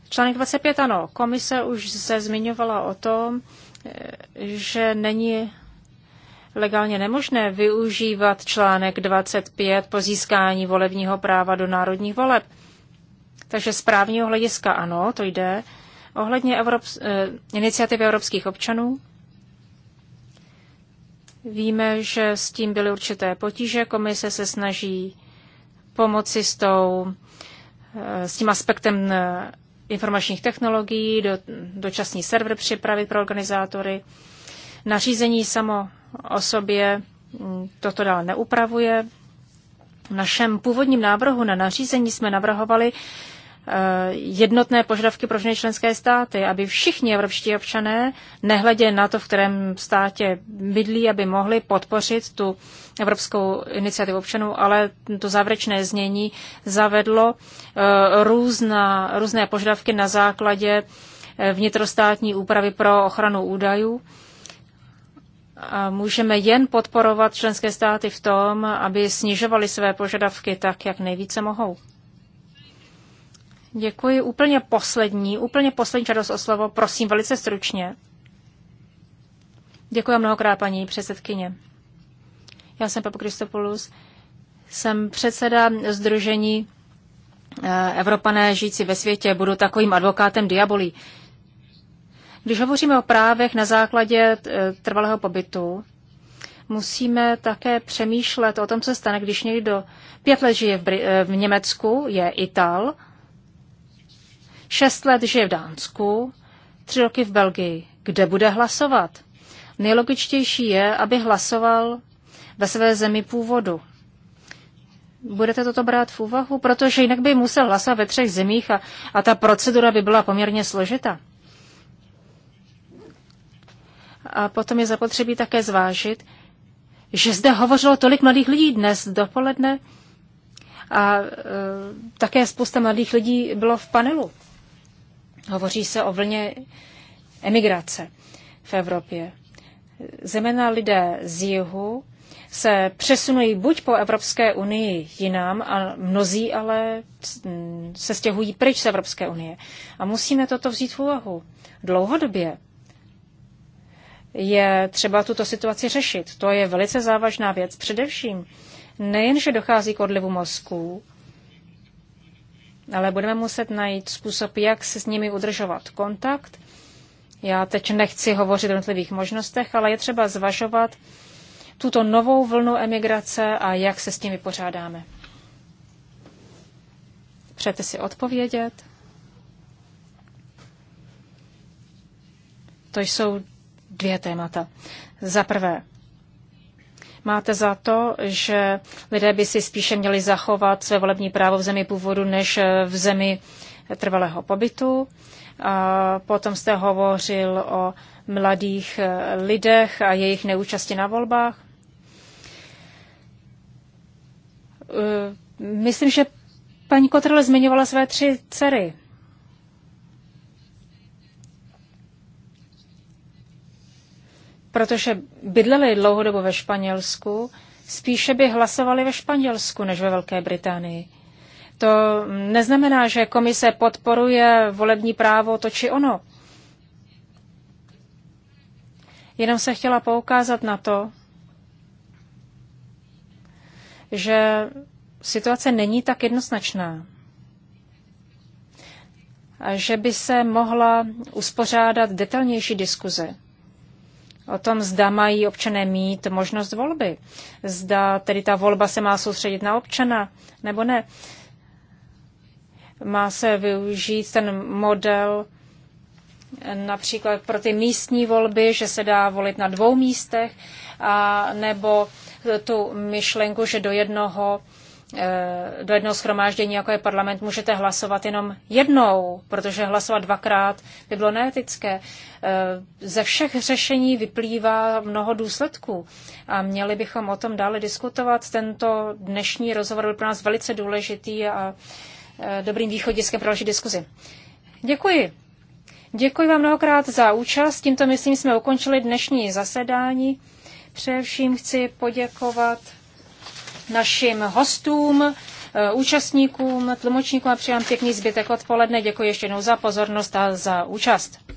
Článek 25, ano, komise už se zmiňovala o tom, e, že není legálně nemožné využívat článek 25 po získání volebního práva do národních voleb. Takže z právního hlediska ano, to jde. Ohledně Evrops- eh, iniciativy evropských občanů víme, že s tím byly určité potíže. Komise se snaží pomoci s, tou, eh, s tím aspektem eh, informačních technologií, do, dočasný server připravit pro organizátory. Nařízení samo o sobě mm, toto dále neupravuje. V našem původním návrhu na nařízení jsme navrhovali Eh, jednotné požadavky pro všechny členské státy, aby všichni evropští občané, nehledě na to, v kterém státě bydlí, aby mohli podpořit tu evropskou iniciativu občanů, ale to závěrečné znění zavedlo eh, různa, různé požadavky na základě eh, vnitrostátní úpravy pro ochranu údajů. A můžeme jen podporovat členské státy v tom, aby snižovali své požadavky tak, jak nejvíce mohou. Děkuji. Úplně poslední, úplně poslední žádost o slovo. Prosím, velice stručně. Děkuji mnohokrát, paní předsedkyně. Já jsem Papa Kristopoulos, jsem předseda Združení eh, Evropané žijící ve světě. Budu takovým advokátem diabolí. Když hovoříme o právech na základě eh, trvalého pobytu, musíme také přemýšlet o tom, co stane, když někdo pět let žije v, Br- eh, v Německu, je Ital, Šest let žije v Dánsku, tři roky v Belgii. Kde bude hlasovat? Nejlogičtější je, aby hlasoval ve své zemi původu. Budete toto brát v úvahu? Protože jinak by musel hlasovat ve třech zemích a, a ta procedura by byla poměrně složitá. A potom je zapotřebí také zvážit, že zde hovořilo tolik mladých lidí dnes dopoledne a e, také spousta mladých lidí bylo v panelu. Hovoří se o vlně emigrace v Evropě. Zemena lidé z jihu se přesunují buď po Evropské unii jinam, a mnozí ale se stěhují pryč z Evropské unie. A musíme toto vzít v úvahu. Dlouhodobě je třeba tuto situaci řešit. To je velice závažná věc. Především nejenže dochází k odlivu mozků, ale budeme muset najít způsob, jak se s nimi udržovat kontakt. Já teď nechci hovořit o jednotlivých možnostech, ale je třeba zvažovat tuto novou vlnu emigrace a jak se s tím vypořádáme. Přejete si odpovědět? To jsou dvě témata. Za prvé, Máte za to, že lidé by si spíše měli zachovat své volební právo v zemi původu než v zemi trvalého pobytu. A potom jste hovořil o mladých lidech a jejich neúčasti na volbách. Myslím, že paní Kotrle zmiňovala své tři dcery. protože bydleli dlouhodobo ve Španělsku, spíše by hlasovali ve Španělsku než ve Velké Británii. To neznamená, že komise podporuje volební právo to či ono. Jenom se chtěla poukázat na to, že situace není tak jednoznačná. A že by se mohla uspořádat detailnější diskuze o tom, zda mají občané mít možnost volby. Zda tedy ta volba se má soustředit na občana, nebo ne. Má se využít ten model například pro ty místní volby, že se dá volit na dvou místech, a nebo tu myšlenku, že do jednoho Eh, do jednoho schromáždění, jako je parlament, můžete hlasovat jenom jednou, protože hlasovat dvakrát by bylo neetické. Eh, ze všech řešení vyplývá mnoho důsledků a měli bychom o tom dále diskutovat. Tento dnešní rozhovor byl pro nás velice důležitý a eh, dobrým východiskem pro další diskuzi. Děkuji. Děkuji vám mnohokrát za účast. Tímto, myslím, jsme ukončili dnešní zasedání. Především chci poděkovat našim hostům, eh, účastníkům, tlumočníkům a přijám pěkný zbytek odpoledne. Děkuji ještě jednou za pozornost a za účast.